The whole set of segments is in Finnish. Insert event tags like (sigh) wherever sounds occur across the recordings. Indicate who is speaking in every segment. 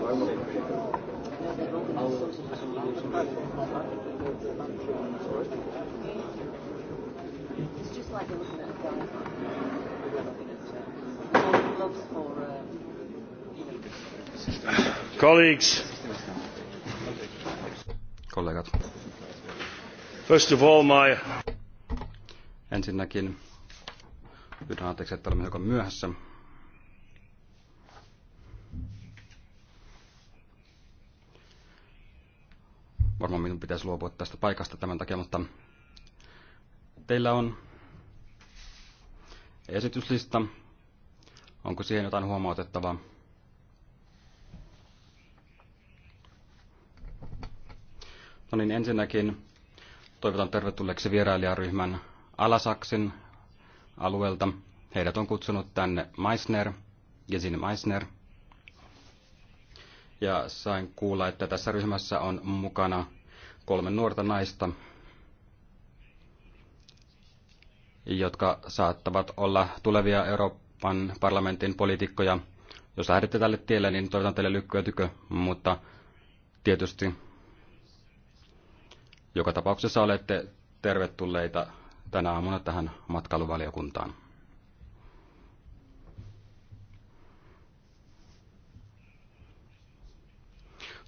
Speaker 1: It's
Speaker 2: uh, Colleagues, kollegat.
Speaker 3: First of all, my...
Speaker 2: Ensinnäkin pyydän anteeksi, että olemme hiukan myöhässä. varmaan minun pitäisi luopua tästä paikasta tämän takia, mutta teillä on esityslista. Onko siihen jotain huomautettavaa? No niin, ensinnäkin toivotan tervetulleeksi vierailijaryhmän Alasaksin alueelta. Heidät on kutsunut tänne Meissner, Jesine Meissner – ja sain kuulla, että tässä ryhmässä on mukana kolme nuorta naista, jotka saattavat olla tulevia Euroopan parlamentin poliitikkoja. Jos lähdette tälle tielle, niin toivotan teille lykkyä tykö, mutta tietysti joka tapauksessa olette tervetulleita tänä aamuna tähän matkailuvaliokuntaan.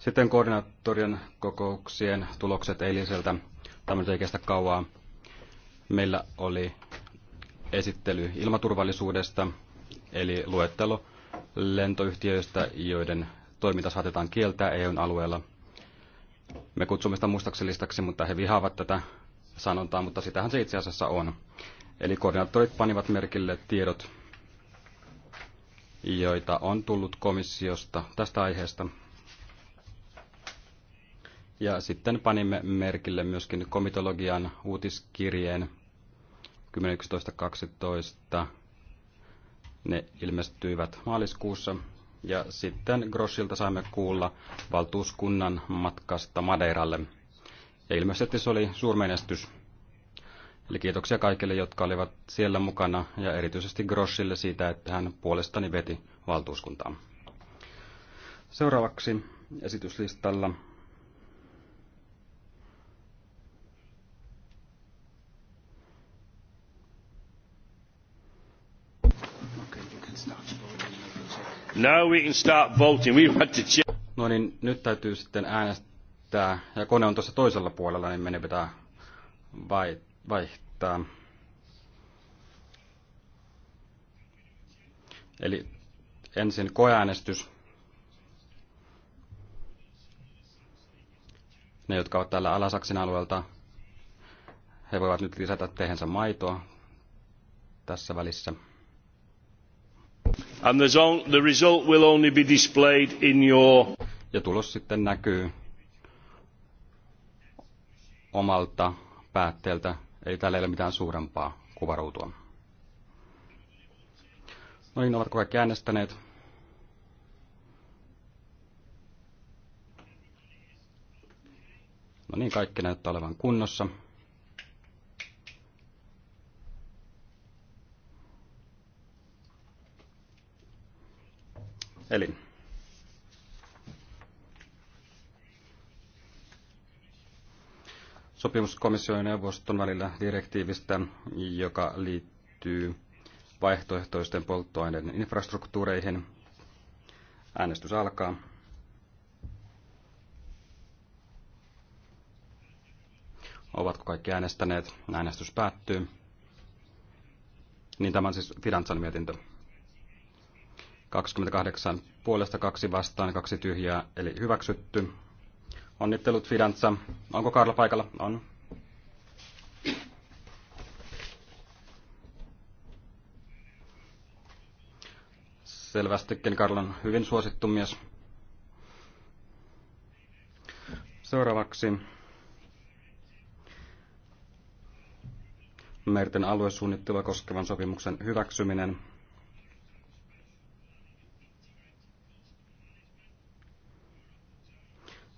Speaker 2: Sitten koordinaattorien kokouksien tulokset eiliseltä. Tämä ei kestä kauaa. Meillä oli esittely ilmaturvallisuudesta, eli luettelo lentoyhtiöistä, joiden toiminta saatetaan kieltää EUn alueella. Me kutsumme sitä mustaksi listaksi, mutta he vihaavat tätä sanontaa, mutta sitähän se itse asiassa on. Eli koordinaattorit panivat merkille tiedot, joita on tullut komissiosta tästä aiheesta – ja sitten panimme merkille myöskin komitologian uutiskirjeen 10.11.12. Ne ilmestyivät maaliskuussa. Ja sitten Grossilta saimme kuulla valtuuskunnan matkasta Madeiralle. Ja ilmeisesti se oli suurmenestys. Eli kiitoksia kaikille, jotka olivat siellä mukana, ja erityisesti Grossille siitä, että hän puolestani veti valtuuskuntaa. Seuraavaksi esityslistalla
Speaker 3: Now we can start voting. We want
Speaker 2: to No niin, nyt täytyy sitten äänestää. Ja kone on tuossa toisella puolella, niin meidän pitää vai, vaihtaa. Eli ensin koeäänestys. Ne, jotka ovat täällä Alasaksin alueelta, he voivat nyt lisätä tehensä maitoa tässä välissä.
Speaker 3: And the, result will only be displayed in
Speaker 2: your... Ja tulos sitten näkyy omalta päätteeltä, ei täällä ei ole mitään suurempaa kuvaruutua. No niin, ovatko kaikki äänestäneet? No niin, kaikki näyttää olevan kunnossa. elin. Sopimus komission ja neuvoston välillä direktiivistä, joka liittyy vaihtoehtoisten polttoaineiden infrastruktuureihin. Äänestys alkaa. Ovatko kaikki äänestäneet? Äänestys päättyy. Niin tämä on siis Fidanzan mietintö. 28 puolesta, kaksi vastaan, kaksi tyhjää, eli hyväksytty. Onnittelut Fidanza. Onko Karla paikalla? On. Selvästikin Karl on hyvin suosittu mies. Seuraavaksi merten aluesuunnittelua koskevan sopimuksen hyväksyminen.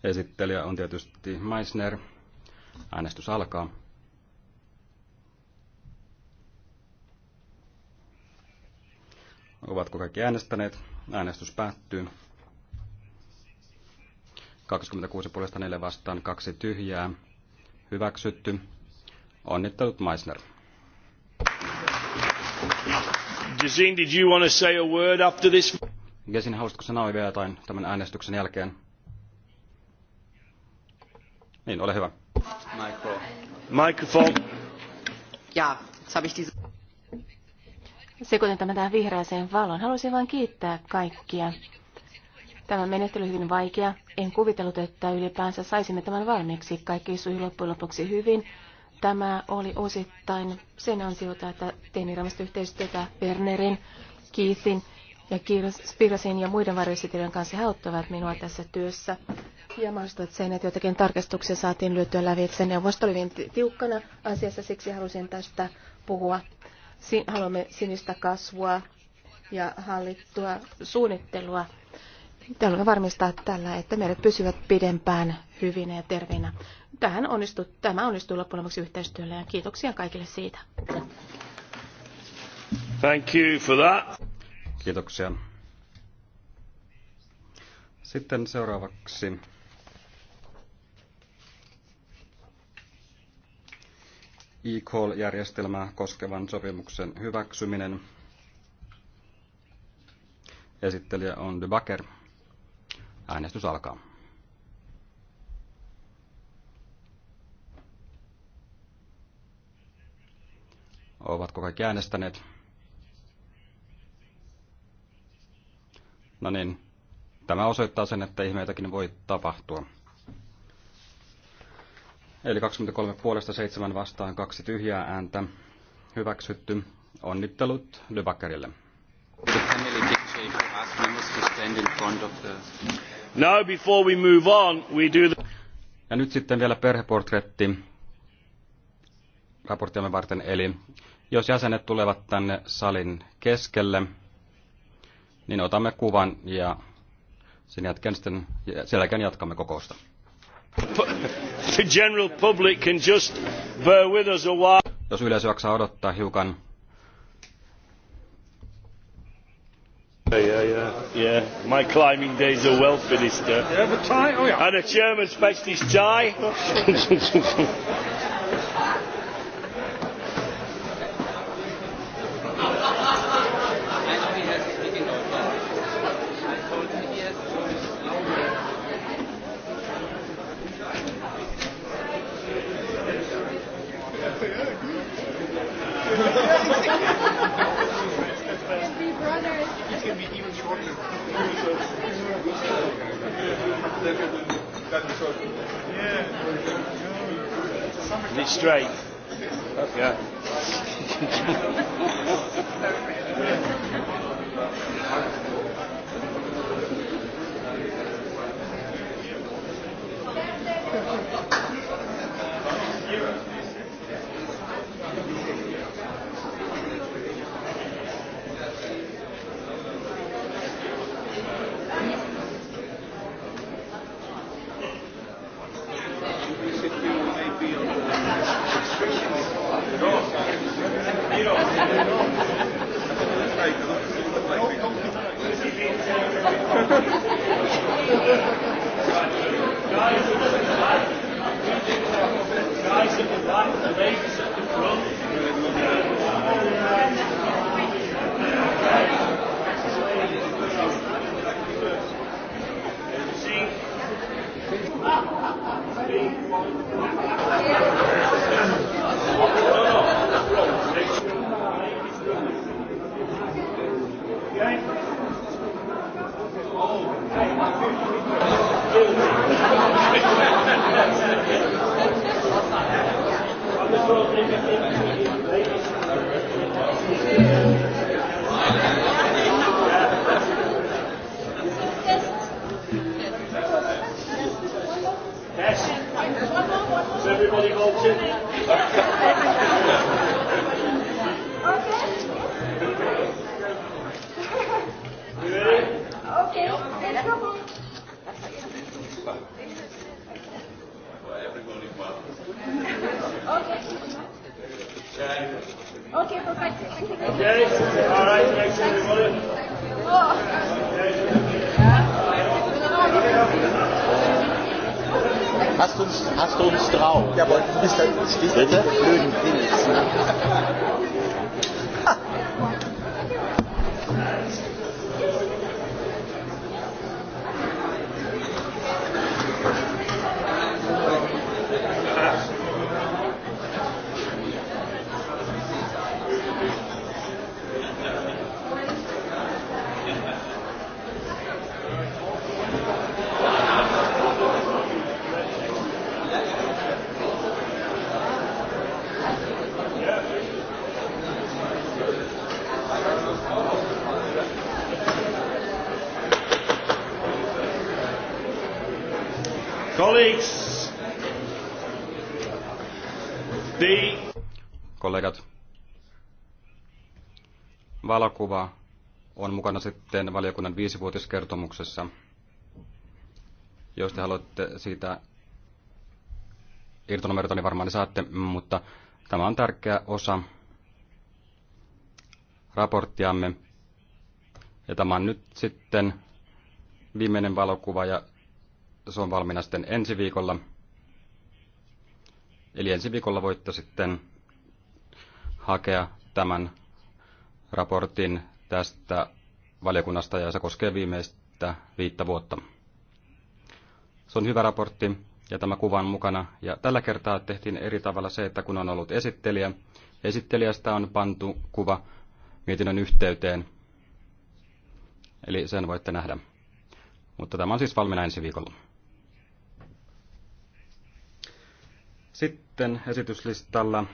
Speaker 2: Esittelijä on tietysti Meissner. Äänestys alkaa. Ovatko kaikki äänestäneet? Äänestys päättyy. 26 puolesta 4 vastaan, kaksi tyhjää. Hyväksytty. Onnittelut Meissner. Gesin, did you want to say a word after this? Gesin, haluaisitko sanoa vielä jotain tämän äänestyksen jälkeen? Niin, ole hyvä. Mikrofon.
Speaker 1: Ja, siis- Sekoitan tämän tähän vihreäseen valon. Haluaisin vain kiittää kaikkia. Tämä menettely hyvin vaikea. En kuvitellut, että ylipäänsä saisimme tämän valmiiksi. Kaikki sujui loppujen lopuksi hyvin. Tämä oli osittain sen ansiota, että tein viranomaista yhteistyötä Bernerin Keithin ja Spirasin ja muiden varjoesitilöiden kanssa. He auttavat minua tässä työssä ja mahdollistavat sen, että jotakin tarkastuksia saatiin lyötyä se Neuvosto oli hyvin tiukkana asiassa, siksi halusin tästä puhua. Haluamme sinistä kasvua ja hallittua suunnittelua. Haluamme varmistaa tällä, että meidät pysyvät pidempään hyvinä ja terveinä. Tähän onnistu, tämä onnistui loppujen lopuksi yhteistyöllä ja kiitoksia kaikille siitä.
Speaker 3: Thank you for that.
Speaker 2: Kiitoksia. Sitten seuraavaksi e-call-järjestelmää koskevan sopimuksen hyväksyminen. Esittelijä on De Backer. Äänestys alkaa. Ovatko kaikki äänestäneet? No niin, tämä osoittaa sen, että ihmeitäkin voi tapahtua. Eli 23 puolesta 7 vastaan kaksi tyhjää ääntä. Hyväksytty. Onnittelut Lybakkerille. Now before we move on, we do the... Ja nyt sitten vielä perheportretti raporttiamme varten. Eli jos jäsenet tulevat tänne salin keskelle, niin otamme kuvan ja sen, jälkeen sitten, sen jälkeen jatkamme kokousta. The general public can
Speaker 3: just bear with us a while.
Speaker 2: Jos yleisö jaksaa odottaa hiukan.
Speaker 3: Yeah, yeah, yeah. My climbing days are well finished. Uh. You have a tie? Oh, yeah. And a chairman's best his tie. (laughs) (laughs) And it's straight. yeah.
Speaker 1: Thank (laughs) you.
Speaker 2: mukana sitten valiokunnan viisivuotiskertomuksessa. Jos te haluatte siitä irtonumerota, niin varmaan ne saatte, mutta tämä on tärkeä osa raporttiamme. Ja tämä on nyt sitten viimeinen valokuva ja se on valmiina sitten ensi viikolla. Eli ensi viikolla voitte sitten hakea tämän raportin tästä valiokunnasta ja se koskee viimeistä viittä vuotta. Se on hyvä raportti ja tämä kuvan mukana. Ja tällä kertaa tehtiin eri tavalla se, että kun on ollut esittelijä, esittelijästä on pantu kuva mietinnön yhteyteen. Eli sen voitte nähdä. Mutta tämä on siis valmiina ensi viikolla. Sitten esityslistalla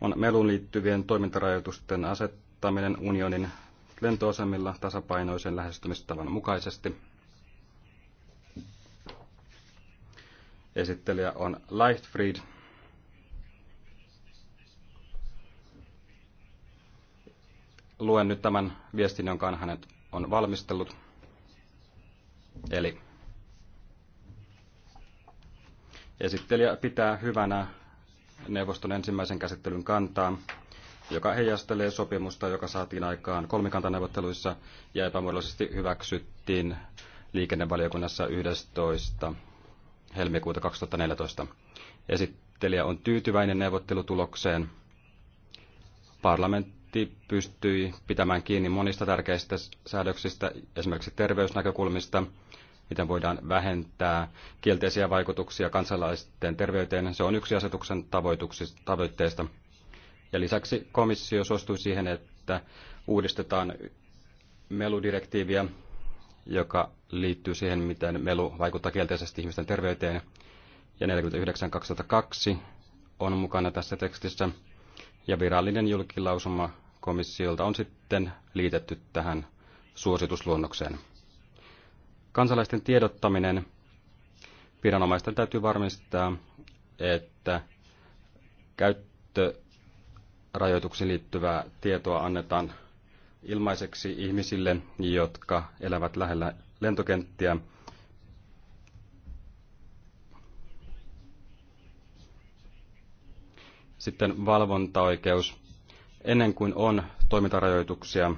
Speaker 2: on meluun liittyvien toimintarajoitusten asettaminen unionin lentoasemilla tasapainoisen lähestymistavan mukaisesti. Esittelijä on Leichtfried. Luen nyt tämän viestin, jonka hänet on valmistellut. Eli esittelijä pitää hyvänä neuvoston ensimmäisen käsittelyn kantaa joka heijastelee sopimusta, joka saatiin aikaan kolmikantaneuvotteluissa ja epämuodollisesti hyväksyttiin liikennevaliokunnassa 11. helmikuuta 2014. Esittelijä on tyytyväinen neuvottelutulokseen. Parlamentti pystyi pitämään kiinni monista tärkeistä säädöksistä, esimerkiksi terveysnäkökulmista, miten voidaan vähentää kielteisiä vaikutuksia kansalaisten terveyteen. Se on yksi asetuksen tavoitteista. Ja lisäksi komissio suostui siihen, että uudistetaan meludirektiiviä, joka liittyy siihen, miten melu vaikuttaa kielteisesti ihmisten terveyteen. Ja 49.2002 on mukana tässä tekstissä. Ja virallinen julkilausuma komissiolta on sitten liitetty tähän suositusluonnokseen. Kansalaisten tiedottaminen. Viranomaisten täytyy varmistaa, että käyttö rajoituksiin liittyvää tietoa annetaan ilmaiseksi ihmisille, jotka elävät lähellä lentokenttiä. Sitten valvontaoikeus. Ennen kuin on toimintarajoituksia,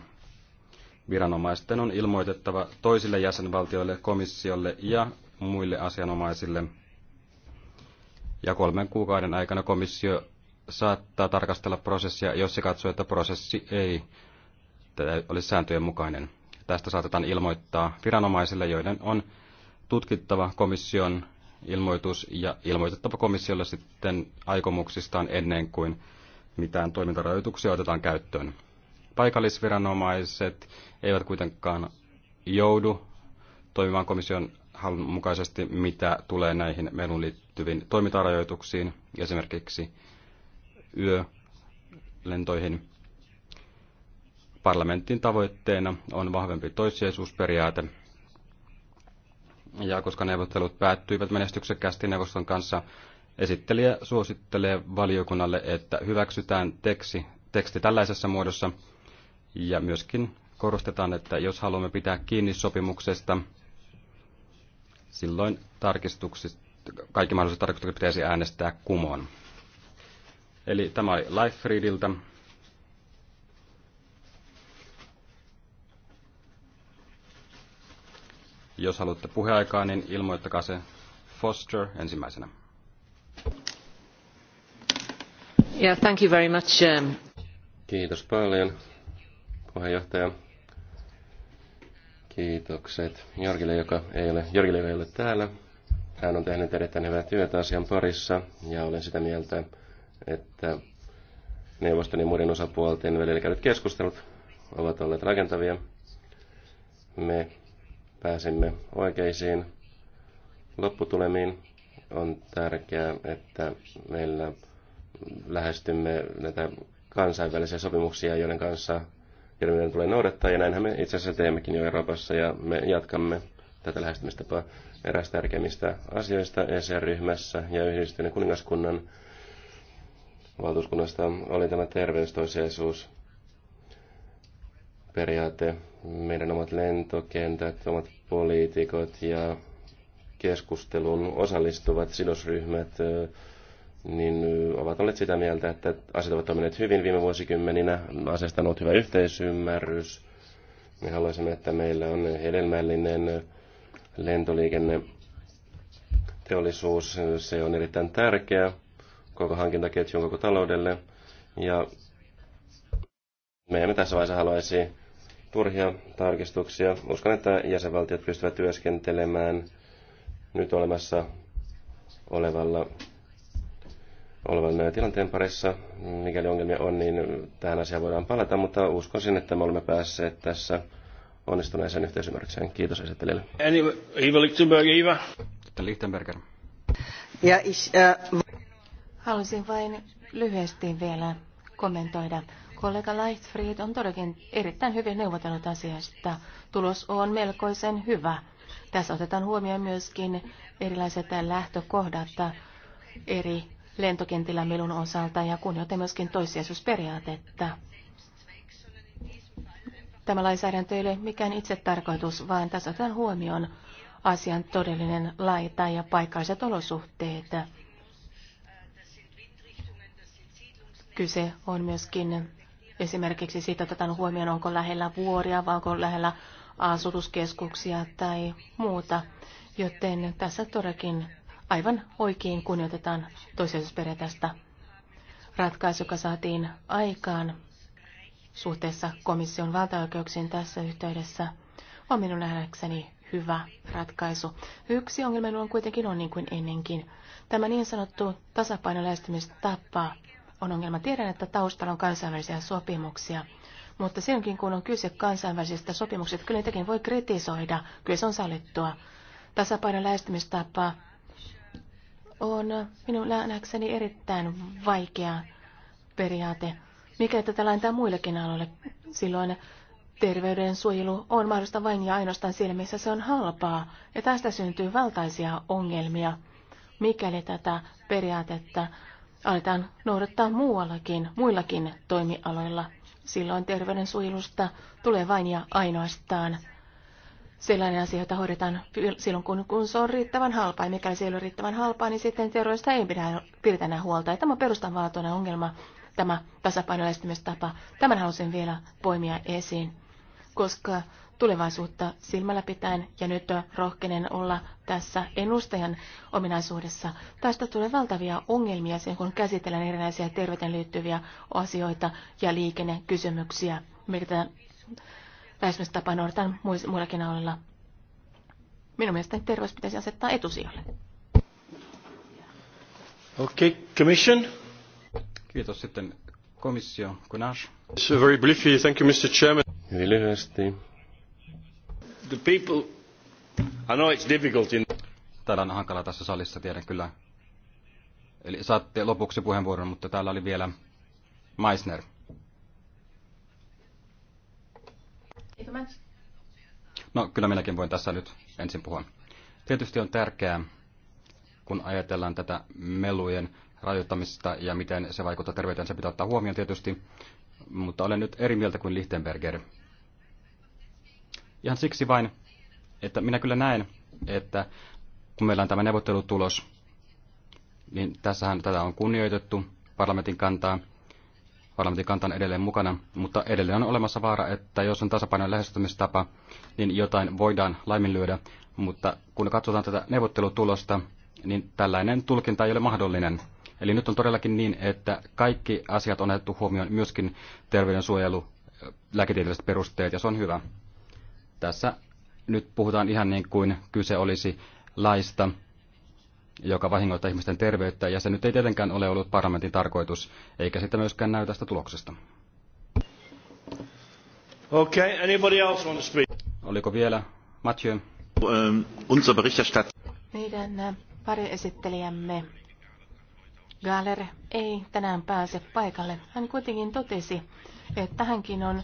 Speaker 2: viranomaisten on ilmoitettava toisille jäsenvaltioille, komissiolle ja muille asianomaisille. Ja kolmen kuukauden aikana komissio saattaa tarkastella prosessia, jos se katsoo, että prosessi ei olisi sääntöjen mukainen. Tästä saatetaan ilmoittaa viranomaisille, joiden on tutkittava komission ilmoitus ja ilmoitettava komissiolle sitten aikomuksistaan ennen kuin mitään toimintarajoituksia otetaan käyttöön. Paikallisviranomaiset eivät kuitenkaan joudu toimimaan komission halun mukaisesti, mitä tulee näihin meluun liittyviin toimintarajoituksiin, esimerkiksi yölentoihin. Parlamentin tavoitteena on vahvempi toissijaisuusperiaate. Ja koska neuvottelut päättyivät menestyksekkäästi neuvoston kanssa, esittelijä suosittelee valiokunnalle, että hyväksytään teksti, teksti tällaisessa muodossa ja myöskin korostetaan, että jos haluamme pitää kiinni sopimuksesta, silloin tarkistuksista, kaikki mahdolliset tarkistukset pitäisi äänestää kumoon. Eli tämä oli Lifefreediltä. Jos haluatte puheaikaa, niin ilmoittakaa se Foster ensimmäisenä.
Speaker 1: Yeah, thank you very much. Um...
Speaker 3: Kiitos paljon, puheenjohtaja. Kiitokset Jorgille, joka ei ole, Jorgille, joka ei ole täällä. Hän on tehnyt erittäin hyvää työtä asian parissa ja olen sitä mieltä, että neuvoston ja muiden osapuolten välillä käydyt keskustelut ovat olleet rakentavia. Me pääsimme oikeisiin lopputulemiin. On tärkeää, että meillä lähestymme näitä kansainvälisiä sopimuksia, joiden kanssa meidän tulee noudattaa, ja näinhän me itse asiassa teemmekin jo Euroopassa, ja me jatkamme tätä lähestymistapaa eräs tärkeimmistä asioista ECR-ryhmässä ja yhdistyneen kuningaskunnan valtuuskunnasta oli tämä terveystoisellisuus periaate. Meidän omat lentokentät, omat poliitikot ja keskustelun osallistuvat sidosryhmät niin ovat olleet sitä mieltä, että asiat ovat toimineet hyvin viime vuosikymmeninä. Asiasta on ollut hyvä yhteisymmärrys. Me haluaisimme, että meillä on hedelmällinen lentoliikenne teollisuus. Se on erittäin tärkeä koko hankintaketjun koko taloudelle. Ja me emme tässä vaiheessa haluaisi turhia tarkistuksia. Uskon, että jäsenvaltiot pystyvät työskentelemään nyt olemassa olevalla olevan tilanteen parissa. Mikäli ongelmia on, niin tähän asiaan voidaan palata, mutta uskoisin, että me olemme päässeet tässä onnistuneeseen yhteisymmärrykseen. Kiitos esittelijälle. Iva Eva. Iva. Lichtenberger. Ja, ich, äh...
Speaker 1: Haluaisin vain lyhyesti vielä kommentoida. Kollega Lightfried on todellakin erittäin hyvin neuvotellut asiasta. Tulos on melkoisen hyvä. Tässä otetaan huomioon myöskin erilaiset lähtökohdat eri lentokentillä melun osalta ja kunnioittaa myöskin toissijaisuusperiaatetta. Tämä lainsäädäntö ei ole mikään itse tarkoitus, vaan tässä otetaan huomioon asian todellinen laita ja paikalliset olosuhteet. Kyse on myöskin esimerkiksi siitä, että tämän huomioon onko lähellä vuoria vai onko lähellä asutuskeskuksia tai muuta. Joten tässä todellakin aivan oikein kunnioitetaan toisiosuusperiaatteesta ratkaisu, joka saatiin aikaan suhteessa komission valtaoikeuksiin tässä yhteydessä, on minun nähdäkseni hyvä ratkaisu. Yksi ongelma on kuitenkin on niin kuin ennenkin. Tämä niin sanottu lähestymistapa on ongelma. Tiedän, että taustalla on kansainvälisiä sopimuksia, mutta silloinkin kun on kyse kansainvälisistä sopimuksista, kyllä niitäkin voi kritisoida. Kyllä se on sallittua. Tasapainon lähestymistapa on minun nähdäkseni erittäin vaikea periaate. Mikä tätä laintaa muillekin aloille? Silloin terveydensuojelu on mahdollista vain ja ainoastaan siellä, missä se on halpaa, ja tästä syntyy valtaisia ongelmia, mikäli tätä periaatetta aletaan noudattaa muuallakin, muillakin toimialoilla. Silloin terveydensuojelusta tulee vain ja ainoastaan sellainen asia, jota hoidetaan silloin, kun, kun se on riittävän halpaa. Ja mikäli se ei ole riittävän halpaa, niin sitten terveydestä ei pidä, pidetä enää huolta. Ja tämä on perustanvaltoinen ongelma, tämä tasapainoistumistapa. Tämän halusin vielä poimia esiin, koska tulevaisuutta silmällä pitäen ja nyt rohkenen olla tässä ennustajan ominaisuudessa. Tästä tulee valtavia ongelmia sen, kun käsitellään erinäisiä terveyteen liittyviä asioita ja liikennekysymyksiä, Mitä tämä lähestymistapa noudataan muillakin alueilla. Minun mielestäni terveys pitäisi asettaa etusijalle.
Speaker 2: Okay, commission. Kiitos sitten komissio. Kunash. So very
Speaker 3: briefly, thank you, Mr. Chairman. Hyvin lyhyesti
Speaker 2: the people, I know it's difficult in... Täällä on hankala tässä salissa, tiedän kyllä. Eli saatte lopuksi puheenvuoron, mutta täällä oli vielä Meissner. No kyllä minäkin voin tässä nyt ensin puhua. Tietysti on tärkeää, kun ajatellaan tätä melujen rajoittamista ja miten se vaikuttaa terveyteen, se pitää ottaa huomioon tietysti. Mutta olen nyt eri mieltä kuin Lichtenberger. Ihan siksi vain, että minä kyllä näen, että kun meillä on tämä neuvottelutulos, niin tässähän tätä on kunnioitettu, parlamentin kantaa, parlamentin kanta on edelleen mukana, mutta edelleen on olemassa vaara, että jos on tasapainon lähestymistapa, niin jotain voidaan laiminlyödä, mutta kun katsotaan tätä neuvottelutulosta, niin tällainen tulkinta ei ole mahdollinen. Eli nyt on todellakin niin, että kaikki asiat on otettu huomioon, myöskin terveydensuojelu, lääketieteelliset perusteet, ja se on hyvä. Tässä nyt puhutaan ihan niin kuin kyse olisi laista, joka vahingoittaa ihmisten terveyttä, ja se nyt ei tietenkään ole ollut parlamentin tarkoitus, eikä sitä myöskään näy tästä tuloksesta.
Speaker 3: Okay, anybody else want
Speaker 2: to speak? Oliko vielä Mathieu? Um, unser Berichterstatter.
Speaker 1: Meidän äh, pari esittelijämme Galler ei tänään pääse paikalle. Hän kuitenkin totesi, että hänkin on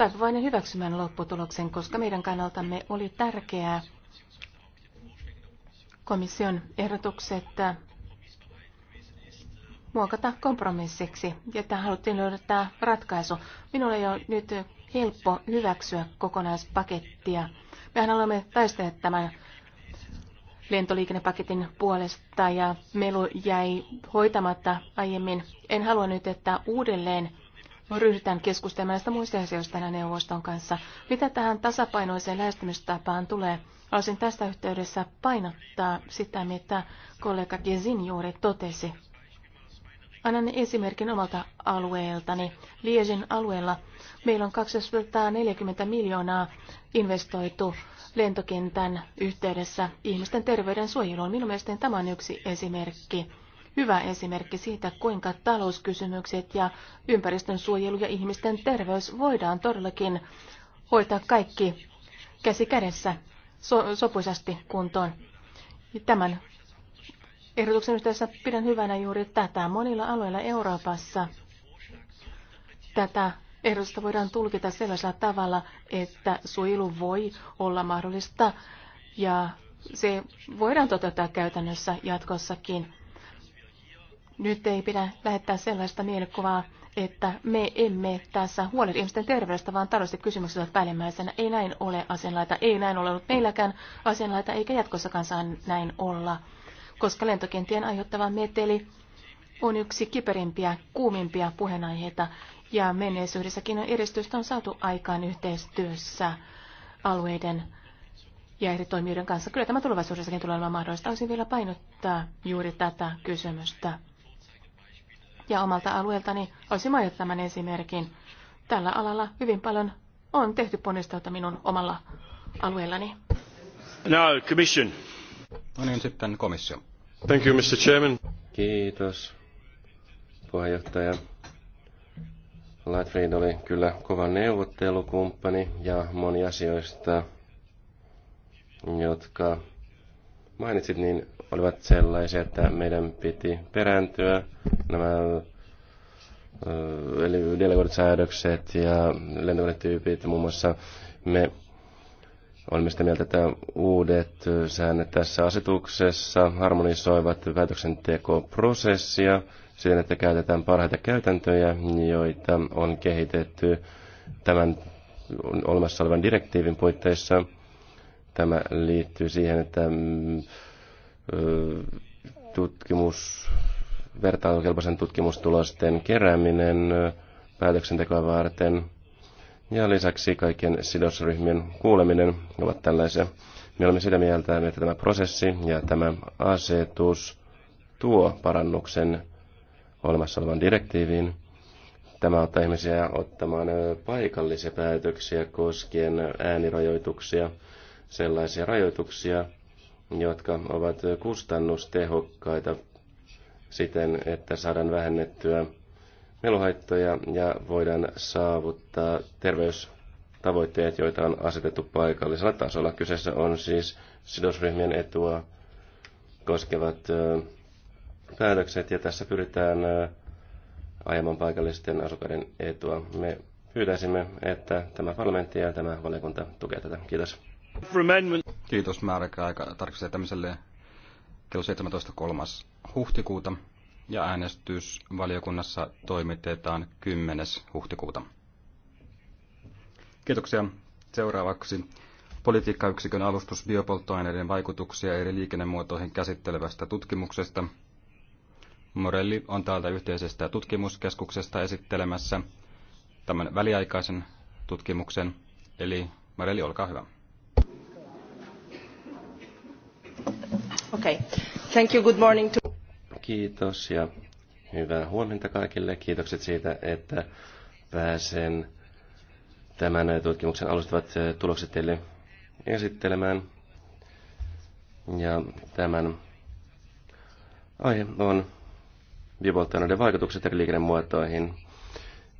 Speaker 1: taipuvainen hyväksymään lopputuloksen, koska meidän kannaltamme oli tärkeää komission ehdotukset muokata kompromissiksi, ja tähän haluttiin löytää ratkaisu. Minulle ei ole nyt helppo hyväksyä kokonaispakettia. Mehän olemme taistelleet tämän lentoliikennepaketin puolesta ja melu jäi hoitamatta aiemmin. En halua nyt, että uudelleen ryhdytään keskustelemaan näistä muista asioista tänään neuvoston kanssa. Mitä tähän tasapainoiseen lähestymistapaan tulee? Haluaisin tästä yhteydessä painottaa sitä, mitä kollega Gezin juuri totesi. Annan esimerkin omalta alueeltani. Liesin alueella meillä on 240 miljoonaa investoitu lentokentän yhteydessä ihmisten terveyden suojeluun. Minun mielestäni tämä on yksi esimerkki hyvä esimerkki siitä, kuinka talouskysymykset ja ympäristön suojelu ja ihmisten terveys voidaan todellakin hoitaa kaikki käsi kädessä so- sopuisasti kuntoon. Tämän ehdotuksen yhteydessä pidän hyvänä juuri tätä. Monilla alueilla Euroopassa tätä ehdotusta voidaan tulkita sellaisella tavalla, että suojelu voi olla mahdollista ja se voidaan toteuttaa käytännössä jatkossakin. Nyt ei pidä lähettää sellaista mielikuvaa, että me emme tässä huolehdi ihmisten terveydestä, vaan taloudelliset kysymykset ovat päällimmäisenä. Ei näin ole asianlaita, ei näin ole ollut meilläkään asianlaita, eikä jatkossakaan saa näin olla, koska lentokentien aiheuttava meteli on yksi kiperimpiä, kuumimpia puheenaiheita, ja menneisyydessäkin on edistystä on saatu aikaan yhteistyössä alueiden ja eri toimijoiden kanssa. Kyllä tämä tulevaisuudessakin tulee olemaan mahdollista. Olisin vielä painottaa juuri tätä kysymystä ja omalta alueeltani olisin mainittu tämän esimerkin. Tällä alalla hyvin paljon on tehty ponnistelta minun omalla alueellani.
Speaker 2: Now, commission. No niin, sitten komissio. Thank you, Mr. Chairman.
Speaker 3: Kiitos, puheenjohtaja. Lightfried oli kyllä kova neuvottelukumppani ja moni asioista, jotka mainitsit, niin olivat sellaisia, että meidän piti perääntyä nämä eli delegoidut säädökset ja lentokonetyypit muun muassa. Me olemme sitä mieltä, että uudet säännöt tässä asetuksessa harmonisoivat päätöksentekoprosessia siten, että käytetään parhaita käytäntöjä, joita on kehitetty tämän olemassa olevan direktiivin puitteissa – Tämä liittyy siihen, että mm, tutkimus, vertailukelpoisen tutkimustulosten kerääminen päätöksentekoa varten ja lisäksi kaikkien sidosryhmien kuuleminen ovat tällaisia. Me olemme sitä mieltä, että tämä prosessi ja tämä asetus tuo parannuksen olemassa olevan direktiiviin. Tämä auttaa ihmisiä ottamaan paikallisia päätöksiä koskien äänirajoituksia sellaisia rajoituksia, jotka ovat kustannustehokkaita siten, että saadaan vähennettyä meluhaittoja ja voidaan saavuttaa terveystavoitteet, joita on asetettu paikallisella tasolla. Kyseessä on siis sidosryhmien etua koskevat päätökset ja tässä pyritään ajamaan paikallisten asukkaiden etua. Me pyytäisimme, että tämä parlamentti ja tämä valiokunta tukee tätä. Kiitos. Kiitos tarkistaa
Speaker 2: tarkistamiselle kello 17.3. huhtikuuta ja äänestys valiokunnassa toimitetaan 10. huhtikuuta. Kiitoksia. Seuraavaksi politiikkayksikön alustus biopolttoaineiden vaikutuksia eri liikennemuotoihin käsittelevästä tutkimuksesta. Morelli on täältä yhteisestä tutkimuskeskuksesta esittelemässä tämän väliaikaisen tutkimuksen. Eli Morelli, olkaa hyvä.
Speaker 1: Okay. Thank you. Good morning to...
Speaker 3: Kiitos ja hyvää huomenta kaikille. Kiitokset siitä, että pääsen tämän tutkimuksen alustavat eh, tulokset teille esittelemään. Ja tämän aihe on biopolttoaineiden vaikutukset eri liikennemuotoihin.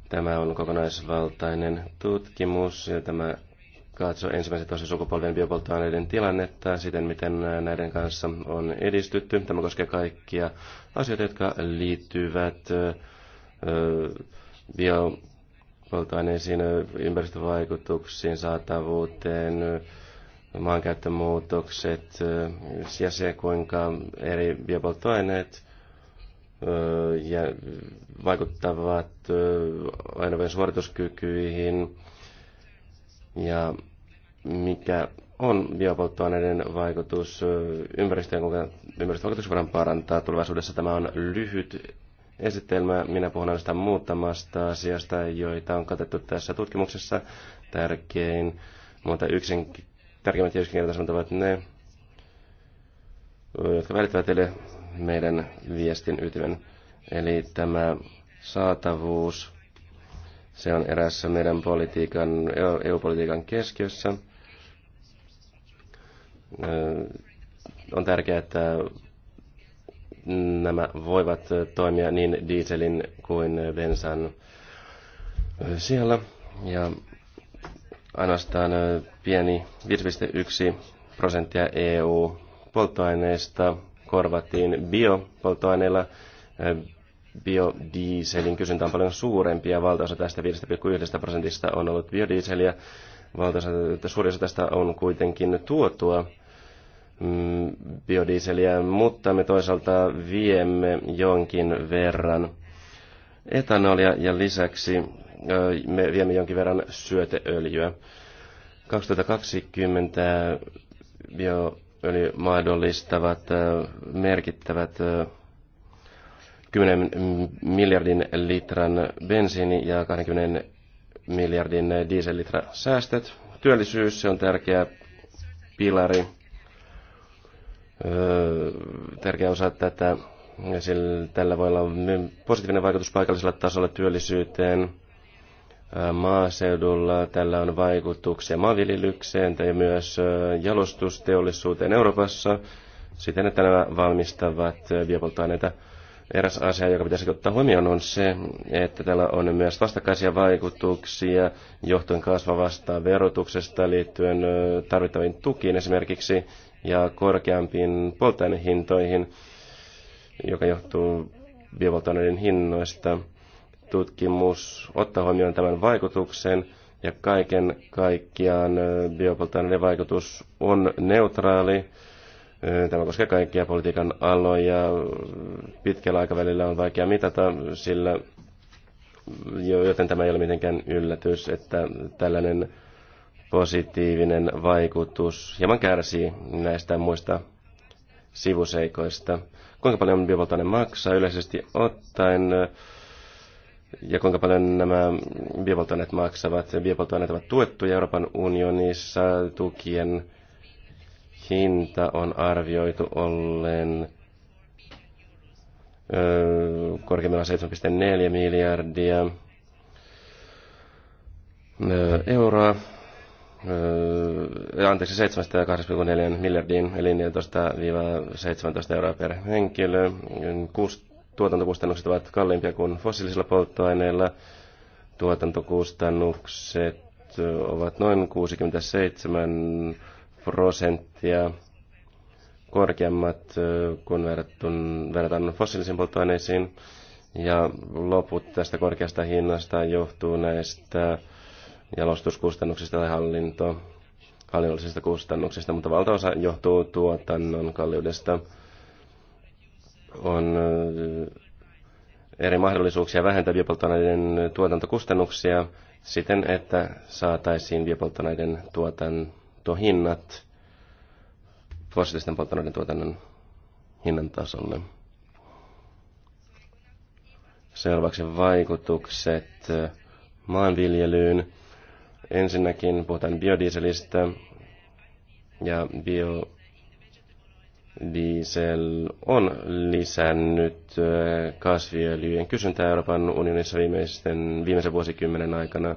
Speaker 3: Tämä on kokonaisvaltainen tutkimus ja tämä katsoa ensimmäisen toisen sukupolven biopolttoaineiden tilannetta, siten miten näiden kanssa on edistytty. Tämä koskee kaikkia asioita, jotka liittyvät biopolttoaineisiin, ympäristövaikutuksiin, saatavuuteen, maankäyttömuutokset ja se, kuinka eri biopolttoaineet ja vaikuttavat aineiden suorituskykyihin ja mikä on biopolttoaineiden vaikutus ympäristöön, kuinka ympäristövaikutus voidaan parantaa tulevaisuudessa. Tämä on lyhyt esitelmä. Minä puhun ainoastaan muutamasta asiasta, joita on katettu tässä tutkimuksessa. Tärkein, mutta yksin, tärkeimmät ja yksinkertaisemmat ovat ne, jotka välittävät teille meidän viestin ytimen. Eli tämä saatavuus, se on erässä meidän politiikan, EU-politiikan keskiössä – on tärkeää, että nämä voivat toimia niin dieselin kuin bensan siellä. Ja ainoastaan pieni 5,1 prosenttia EU-polttoaineista korvattiin biopolttoaineilla. Biodieselin kysyntä on paljon suurempi ja valtaosa tästä 5,1 prosentista on ollut biodieseliä. Valtaosa, suurin osa tästä on kuitenkin tuotua Mm, biodieseliä, mutta me toisaalta viemme jonkin verran etanolia ja lisäksi me viemme jonkin verran syöteöljyä. 2020 bioöljy mahdollistavat merkittävät 10 miljardin litran bensiini- ja 20 miljardin diesellitra säästöt. Työllisyys, se on tärkeä pilari tärkeä osa tätä. Sillä tällä voi olla positiivinen vaikutus paikallisella tasolla työllisyyteen maaseudulla. Tällä on vaikutuksia maanviljelykseen ja myös jalostusteollisuuteen Euroopassa siten, että nämä valmistavat biopolttoaineita. Eräs asia, joka pitäisi ottaa huomioon, on se, että tällä on myös vastakkaisia vaikutuksia johtuen kasvavasta verotuksesta liittyen tarvittaviin tukiin esimerkiksi ja korkeampiin polttoainehintoihin, joka johtuu biopolttoaineiden hinnoista. Tutkimus ottaa huomioon tämän vaikutuksen ja kaiken kaikkiaan biopolttoaineiden vaikutus on neutraali. Tämä koskee kaikkia politiikan aloja. Pitkällä aikavälillä on vaikea mitata, sillä joten tämä ei ole mitenkään yllätys, että tällainen positiivinen vaikutus hieman kärsii näistä muista sivuseikoista. Kuinka paljon biopolttoaine maksaa yleisesti ottaen ja kuinka paljon nämä biopolttoaineet maksavat. Biopolttoaineet ovat tuettuja Euroopan unionissa. Tukien hinta on arvioitu ollen korkeimmillaan 7,4 miljardia euroa. Öö, anteeksi, 7,8,4 miljardiin, eli 14-17 euroa per henkilö. Tuotantokustannukset ovat kalliimpia kuin fossiilisilla polttoaineilla. Tuotantokustannukset ovat noin 67 prosenttia korkeammat, öö, kun verrataan fossiilisiin polttoaineisiin. Ja loput tästä korkeasta hinnasta johtuu näistä jalostuskustannuksista tai hallinto, hallinnollisista kustannuksista, mutta valtaosa johtuu tuotannon kalliudesta. On eri mahdollisuuksia vähentää biopolttoaineiden tuotantokustannuksia siten, että saataisiin biopolttoaineiden tuotantohinnat fossiilisten polttoaineiden tuotannon hinnan tasolle. Seuraavaksi vaikutukset maanviljelyyn. Ensinnäkin puhutaan biodieselistä ja biodiesel on lisännyt äh, kasviöljyjen kysyntää Euroopan unionissa viimeisten, viimeisen vuosikymmenen aikana. Äh,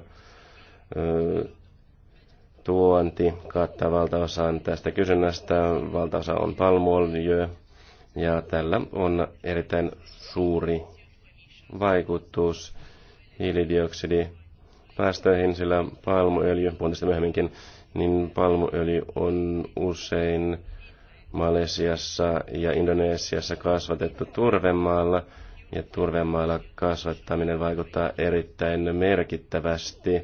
Speaker 3: tuonti kattaa valtaosan tästä kysynnästä, valtaosa on palmuöljyä ja tällä on erittäin suuri vaikutus hiilidioksidi päästöihin, sillä palmuöljy, puhutaan myöhemminkin, niin palmuöljy on usein Malesiassa ja Indonesiassa kasvatettu turvemaalla, ja turvemaalla kasvattaminen vaikuttaa erittäin merkittävästi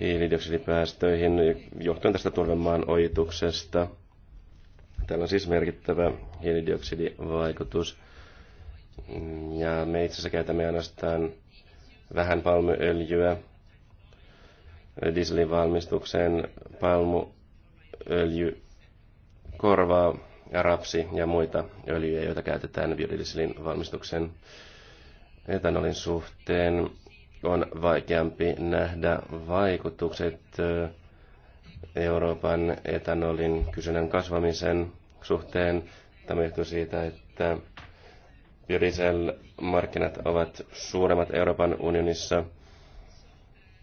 Speaker 3: hiilidioksidipäästöihin johtuen tästä turvemaan ojituksesta. Tällä on siis merkittävä hiilidioksidivaikutus. Ja me itse asiassa käytämme ainoastaan vähän palmuöljyä dieselin valmistukseen palmuöljy korvaa ja rapsi ja muita öljyjä, joita käytetään biodieselin valmistuksen etanolin suhteen. On vaikeampi nähdä vaikutukset Euroopan etanolin kysynnän kasvamisen suhteen. Tämä johtuu siitä, että biodieselmarkkinat ovat suuremmat Euroopan unionissa –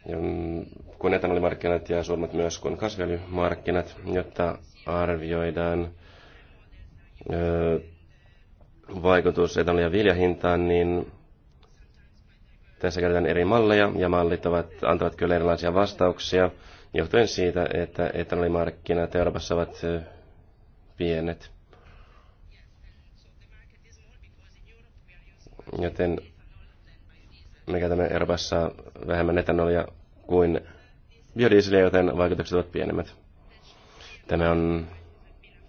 Speaker 3: Mm, kun etanolimarkkinat ja suurimmat myös kuin kasviöljymarkkinat, jotta arvioidaan vaikutus etanolia viljahintaan, niin tässä käytetään eri malleja ja mallit ovat, antavat kyllä erilaisia vastauksia johtuen siitä, että etanolimarkkinat Euroopassa ovat pienet. Joten me käytämme Euroopassa vähemmän etanolia kuin biodieselia, joten vaikutukset ovat pienemmät. Tämä on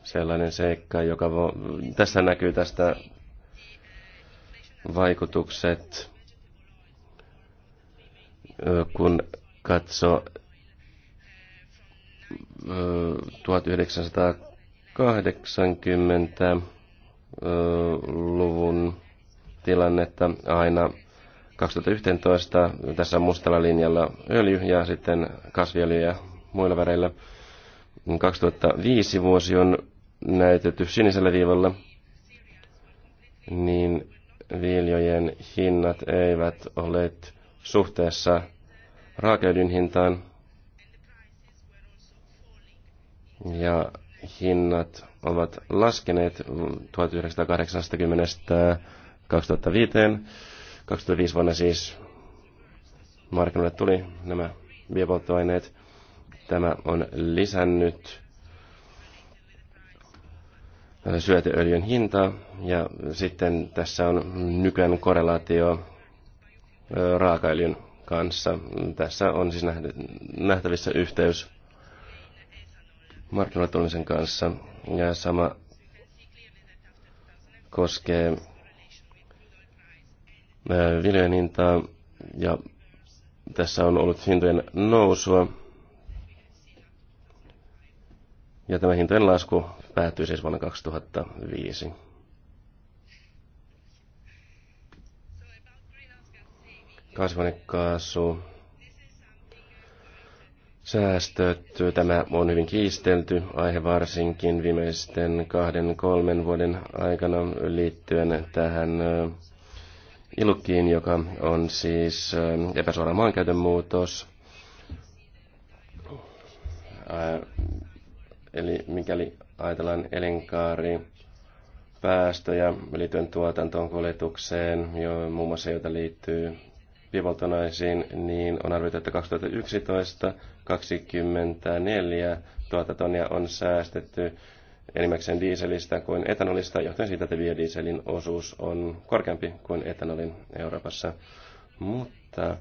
Speaker 3: sellainen seikka, joka vo, tässä näkyy tästä vaikutukset, kun katso 1980 luvun tilannetta aina 2011. Tässä mustalla linjalla öljy ja sitten kasviöljy ja muilla väreillä. 2005 vuosi on näytetty sinisellä viivalla, niin viljojen hinnat eivät ole suhteessa raakeudyn hintaan. Ja hinnat ovat laskeneet 1980 2005 2005 vuonna siis markkinoille tuli nämä biopolttoaineet. Tämä on lisännyt syöteöljyn hintaa ja sitten tässä on nykyään korrelaatio raakaöljyn kanssa. Tässä on siis nähtävissä yhteys markkinoille kanssa ja sama koskee viljojen hintaa ja tässä on ollut hintojen nousua. Ja tämä hintojen lasku päättyi siis vuonna 2005. Kasvanekaasu, säästöt, tämä on hyvin kiistelty aihe varsinkin viimeisten kahden kolmen vuoden aikana liittyen tähän ilukiin, joka on siis äh, epäsuora maankäytön muutos. Äh, eli mikäli ajatellaan elinkaari, päästöjä liittyen tuotantoon, kuljetukseen, jo, muun muassa joita liittyy pivoltonaisiin, niin on arvioitu, että 2011 24 000 tonnia on säästetty enimmäkseen dieselistä kuin etanolista, johtuen siitä, että biodieselin osuus on korkeampi kuin etanolin Euroopassa. Mutta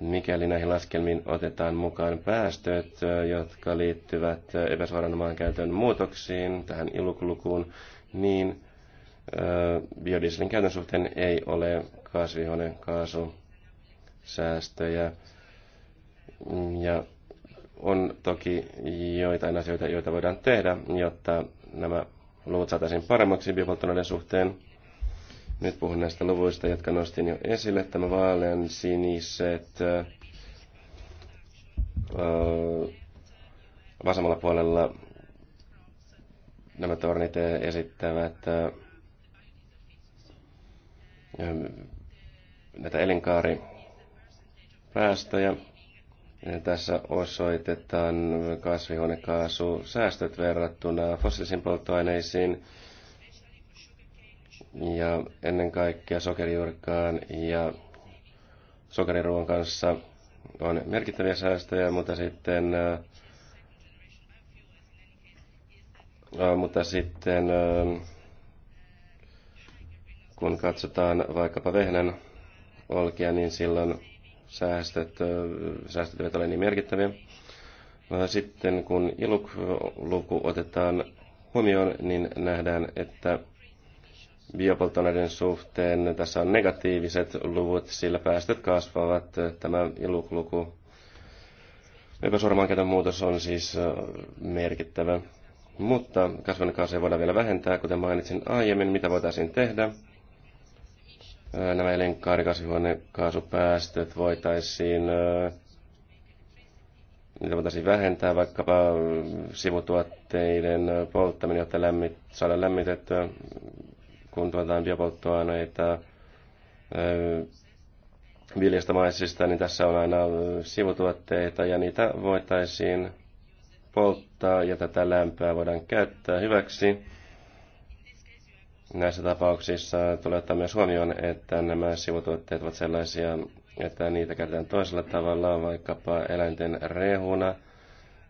Speaker 3: mikäli näihin laskelmiin otetaan mukaan päästöt, jotka liittyvät epäsuoran maankäytön muutoksiin, tähän ilukulukuun, niin biodieselin käytön suhteen ei ole kasvihuonekaasusäästöjä. Ja on toki joitain asioita, joita voidaan tehdä, jotta nämä luvut saataisiin paremmaksi biopolttoaineiden suhteen. Nyt puhun näistä luvuista, jotka nostin jo esille. Tämä vaalean siniset vasemmalla puolella nämä tornit esittävät näitä elinkaaripäästöjä. Tässä osoitetaan säästöt verrattuna fossiilisiin polttoaineisiin ja ennen kaikkea sokerijuurikkaan ja sokeriruoan kanssa on merkittäviä säästöjä, mutta sitten mutta sitten kun katsotaan vaikkapa vehnän olkia, niin silloin säästöt, säästöt eivät ole niin merkittäviä. Sitten kun ILUK-luku otetaan huomioon, niin nähdään, että biopolttoaineiden suhteen tässä on negatiiviset luvut, sillä päästöt kasvavat. Tämä ILUK-luku epäsuoramaan muutos on siis merkittävä. Mutta kasvihuonekaasuja voidaan vielä vähentää, kuten mainitsin aiemmin, mitä voitaisiin tehdä nämä elinkaarikasvihuonekaasupäästöt voitaisiin, niitä voitaisiin vähentää vaikkapa sivutuotteiden polttaminen, jotta lämmit, saadaan lämmitettyä, kun tuotetaan biopolttoaineita viljasta maissista, niin tässä on aina sivutuotteita ja niitä voitaisiin polttaa ja tätä lämpöä voidaan käyttää hyväksi Näissä tapauksissa tulee ottaa myös huomioon, että nämä sivutuotteet ovat sellaisia, että niitä käytetään toisella tavalla, vaikkapa eläinten rehuna.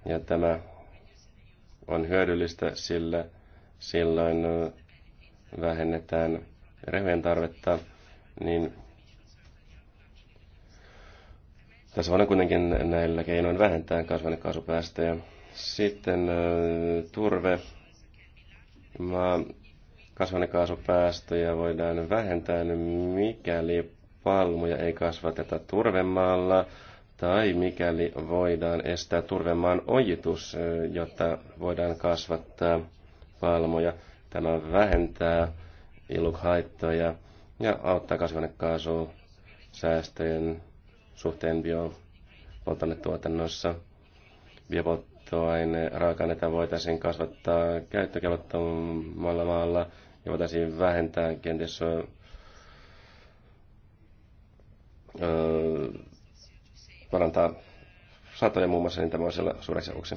Speaker 3: Ja tämä on hyödyllistä, sillä silloin vähennetään rehujen tarvetta, niin tässä voidaan kuitenkin näillä keinoin vähentää kasvainekaasupäästöjä. Sitten äh, turve. Maa kasvanekaasupäästöjä voidaan vähentää, mikäli palmuja ei kasvateta turvemaalla tai mikäli voidaan estää turvemaan ojitus, jotta voidaan kasvattaa palmoja, Tämä vähentää ilukhaittoja ja auttaa kasvanekaasua säästöjen suhteen biopolttoainetuotannossa. Biopolttoaine raaka-aineita voitaisiin kasvattaa käyttökelvottomalla maalla – ja voitaisiin vähentää kenties öö, parantaa satoja muun muassa, niin tämä on siellä suureksi avuksi.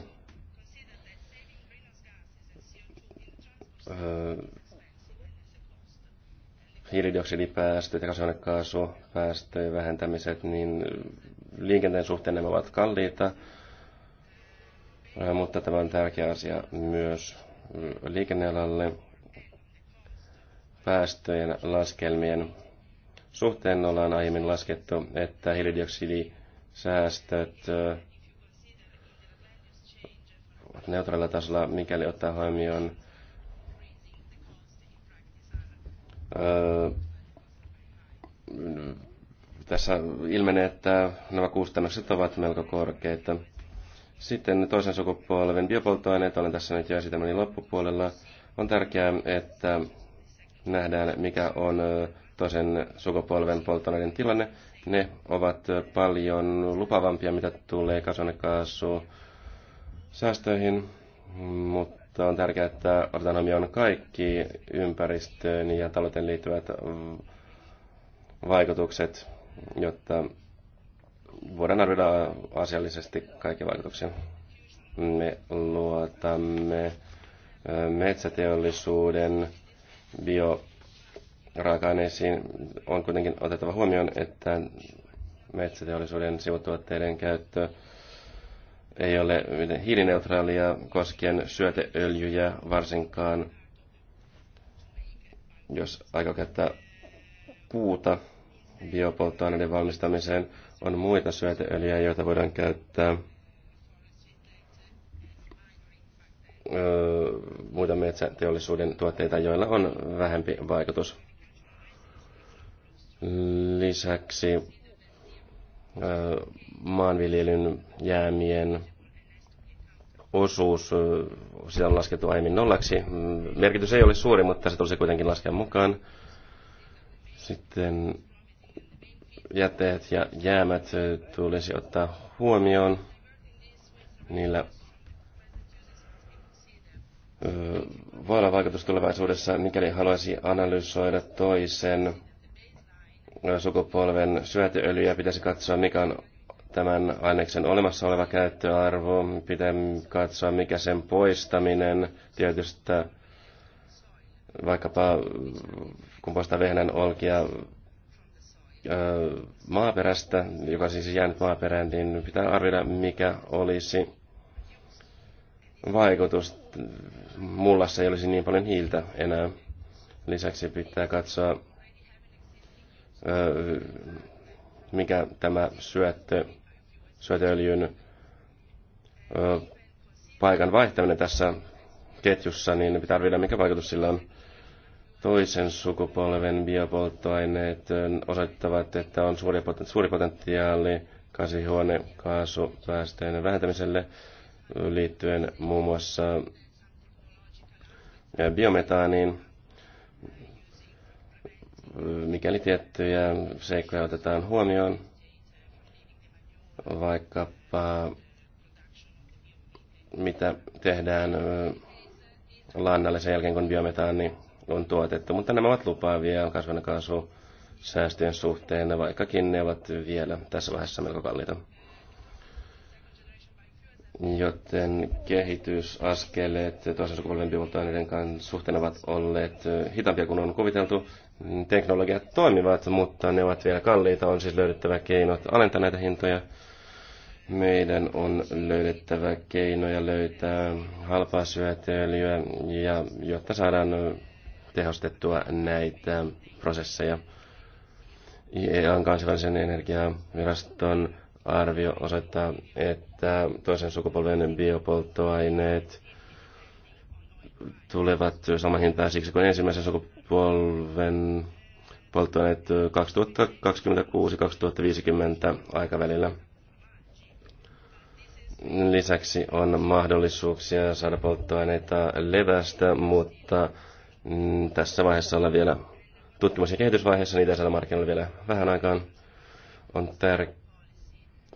Speaker 3: Öö, hiilidioksidipäästöt ja kasvihuonekaasupäästöjen vähentämiset, niin liikenteen suhteen nämä ovat kalliita, mutta tämä on tärkeä asia myös liikennealalle päästöjen laskelmien suhteen ollaan aiemmin laskettu, että hiilidioksidisäästöt äh, ovat neutraalilla tasolla, mikäli ottaa huomioon äh, tässä ilmenee, että nämä kustannukset ovat melko korkeita. Sitten toisen sukupolven biopolttoaineet, olen tässä nyt jo esitämäni loppupuolella. On tärkeää, että nähdään, mikä on toisen sukupolven polttoaineiden tilanne. Ne ovat paljon lupavampia, mitä tulee kasvanekaasu säästöihin, mutta on tärkeää, että otetaan huomioon kaikki ympäristöön ja talouteen liittyvät vaikutukset, jotta voidaan arvioida asiallisesti kaikki vaikutuksia. Me luotamme metsäteollisuuden bioraaka-aineisiin on kuitenkin otettava huomioon, että metsäteollisuuden sivutuotteiden käyttö ei ole hiilineutraalia koskien syöteöljyjä varsinkaan, jos aika käyttää puuta biopolttoaineiden valmistamiseen. On muita syöteöljyjä, joita voidaan käyttää – muita metsäteollisuuden tuotteita, joilla on vähempi vaikutus. Lisäksi maanviljelyn jäämien osuus, sitä on laskettu aiemmin nollaksi. Mm, merkitys ei ole suuri, mutta se tulisi kuitenkin laskea mukaan. Sitten jätteet ja jäämät tulisi ottaa huomioon. Niillä voi olla vaikutus tulevaisuudessa, mikäli haluaisi analysoida toisen sukupolven syötyöljyä, Pitäisi katsoa, mikä on tämän aineksen olemassa oleva käyttöarvo. Pitää katsoa, mikä sen poistaminen tietystä vaikkapa kun poistaa vehnän olkia maaperästä, joka siis jäänyt maaperään, niin pitää arvioida, mikä olisi vaikutus mullassa ei olisi niin paljon hiiltä enää. Lisäksi pitää katsoa, mikä tämä syöttö, syötööljyn paikan vaihtaminen tässä ketjussa, niin pitää arvioida, mikä vaikutus sillä on. Toisen sukupolven biopolttoaineet osoittavat, että on suuri potentiaali kasvihuonekaasupäästöjen vähentämiselle liittyen muun muassa biometaaniin, mikäli tiettyjä seikkoja otetaan huomioon, vaikkapa mitä tehdään lannalle sen jälkeen, kun biometaani on tuotettu. Mutta nämä ovat lupaavia kasvanekaasu säästöjen suhteen, vaikkakin ne ovat vielä tässä vaiheessa melko kalliita joten kehitysaskeleet toisen sukupolven biopolttoaineiden suhteen ovat olleet hitaampia kuin on kuviteltu. Teknologiat toimivat, mutta ne ovat vielä kalliita. On siis löydettävä keinot alentaa näitä hintoja. Meidän on löydettävä keinoja löytää halpaa syötööljyä, ja, jotta saadaan tehostettua näitä prosesseja. IEAn kansainvälisen energiaviraston arvio osoittaa, että että toisen sukupolven biopolttoaineet tulevat saman hintaan siksi kuin ensimmäisen sukupolven polttoaineet 2026-2050 aikavälillä. Lisäksi on mahdollisuuksia saada polttoaineita levästä, mutta mm, tässä vaiheessa ollaan vielä tutkimus- ja kehitysvaiheessa, niitä ei saada markkinoille vielä vähän aikaan. On tärkeää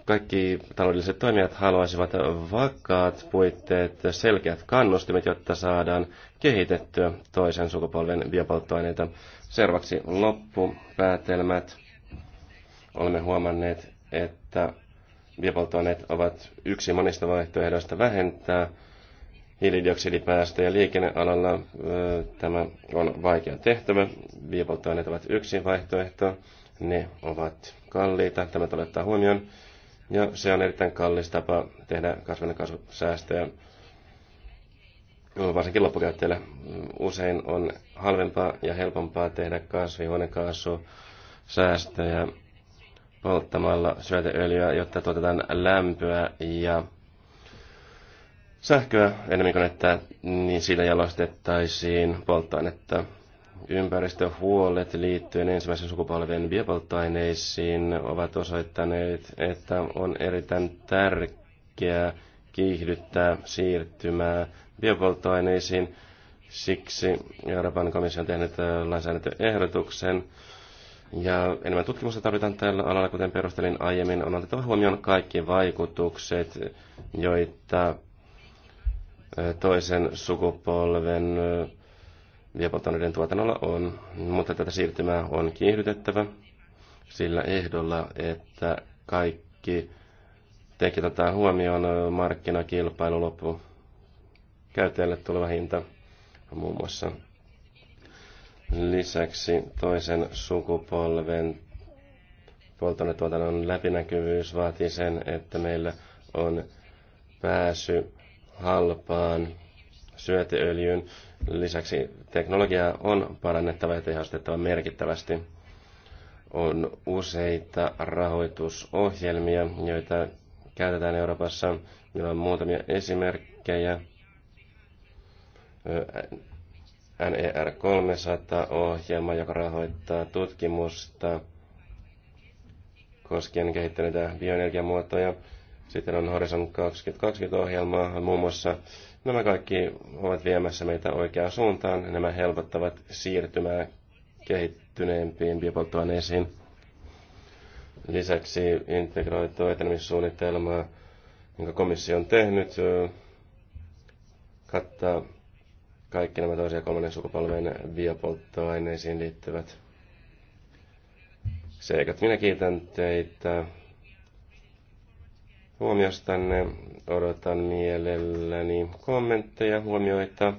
Speaker 3: kaikki taloudelliset toimijat haluaisivat vakaat puitteet, selkeät kannustimet, jotta saadaan kehitettyä toisen sukupolven biopolttoaineita. Seuraavaksi loppupäätelmät. Olemme huomanneet, että biopolttoaineet ovat yksi monista vaihtoehdoista vähentää hiilidioksidipäästöjä liikennealalla. Tämä on vaikea tehtävä. Biopolttoaineet ovat yksi vaihtoehto. Ne ovat kalliita. Tämä tulee ottaa huomioon ja se on erittäin kallis tapa tehdä kasvanekasvusäästöjä, varsinkin loppukäyttäjälle. Usein on halvempaa ja helpompaa tehdä kasvihuonekaasusäästöjä polttamalla syöteöljyä, jotta tuotetaan lämpöä ja sähköä enemmän kuin että niin siitä jalostettaisiin polttoainetta ympäristöhuolet liittyen ensimmäisen sukupolven biopolttoaineisiin ovat osoittaneet, että on erittäin tärkeää kiihdyttää siirtymää biopolttoaineisiin. Siksi Euroopan komissio on tehnyt äh, lainsäädäntöehdotuksen. Ja enemmän tutkimusta tarvitaan tällä alalla, kuten perustelin aiemmin. On otettava huomioon kaikki vaikutukset, joita äh, toisen sukupolven äh, biopolttoaineiden tuotannolla on, mutta tätä siirtymää on kiihdytettävä sillä ehdolla, että kaikki tekijät ottaa huomioon markkinakilpailu, loppu, käyttäjälle tuleva hinta muun muassa. Lisäksi toisen sukupolven polttoainetuotannon läpinäkyvyys vaatii sen, että meillä on pääsy halpaan syöteöljyyn. Lisäksi teknologiaa on parannettava ja tehostettava merkittävästi. On useita rahoitusohjelmia, joita käytetään Euroopassa. Meillä on muutamia esimerkkejä. NER 300-ohjelma, joka rahoittaa tutkimusta koskien kehittäneitä bioenergiamuotoja. Sitten on Horizon 2020-ohjelma, muun muassa Nämä kaikki ovat viemässä meitä oikeaan suuntaan. Nämä helpottavat siirtymää kehittyneempiin biopolttoaineisiin. Lisäksi integroitua etenemissuunnitelmaa, jonka komissio on tehnyt, kattaa kaikki nämä toisia kolmannen sukupolven biopolttoaineisiin liittyvät seikat. Minä kiitän teitä huomiostanne. Odotan mielelläni kommentteja, huomioita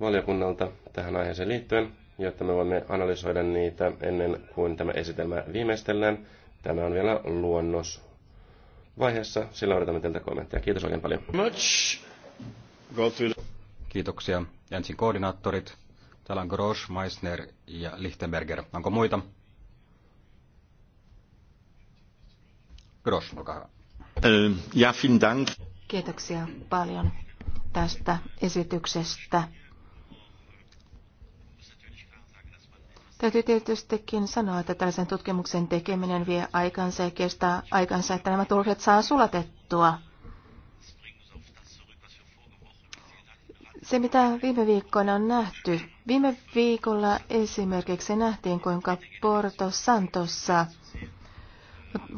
Speaker 3: valiokunnalta tähän aiheeseen liittyen, jotta me voimme analysoida niitä ennen kuin tämä esitelmä viimeistellään. Tämä on vielä luonnos vaiheessa, sillä odotamme teiltä kommentteja. Kiitos oikein paljon.
Speaker 2: Kiitoksia. Ensin koordinaattorit. Täällä on Grosch, Meissner ja Lichtenberger. Onko muita?
Speaker 1: Kiitoksia paljon tästä esityksestä. Täytyy tietystikin sanoa, että tällaisen tutkimuksen tekeminen vie aikansa ja kestää aikansa, että nämä tulokset saa sulatettua. Se, mitä viime viikkoina on nähty. Viime viikolla esimerkiksi nähtiin, kuinka Porto Santossa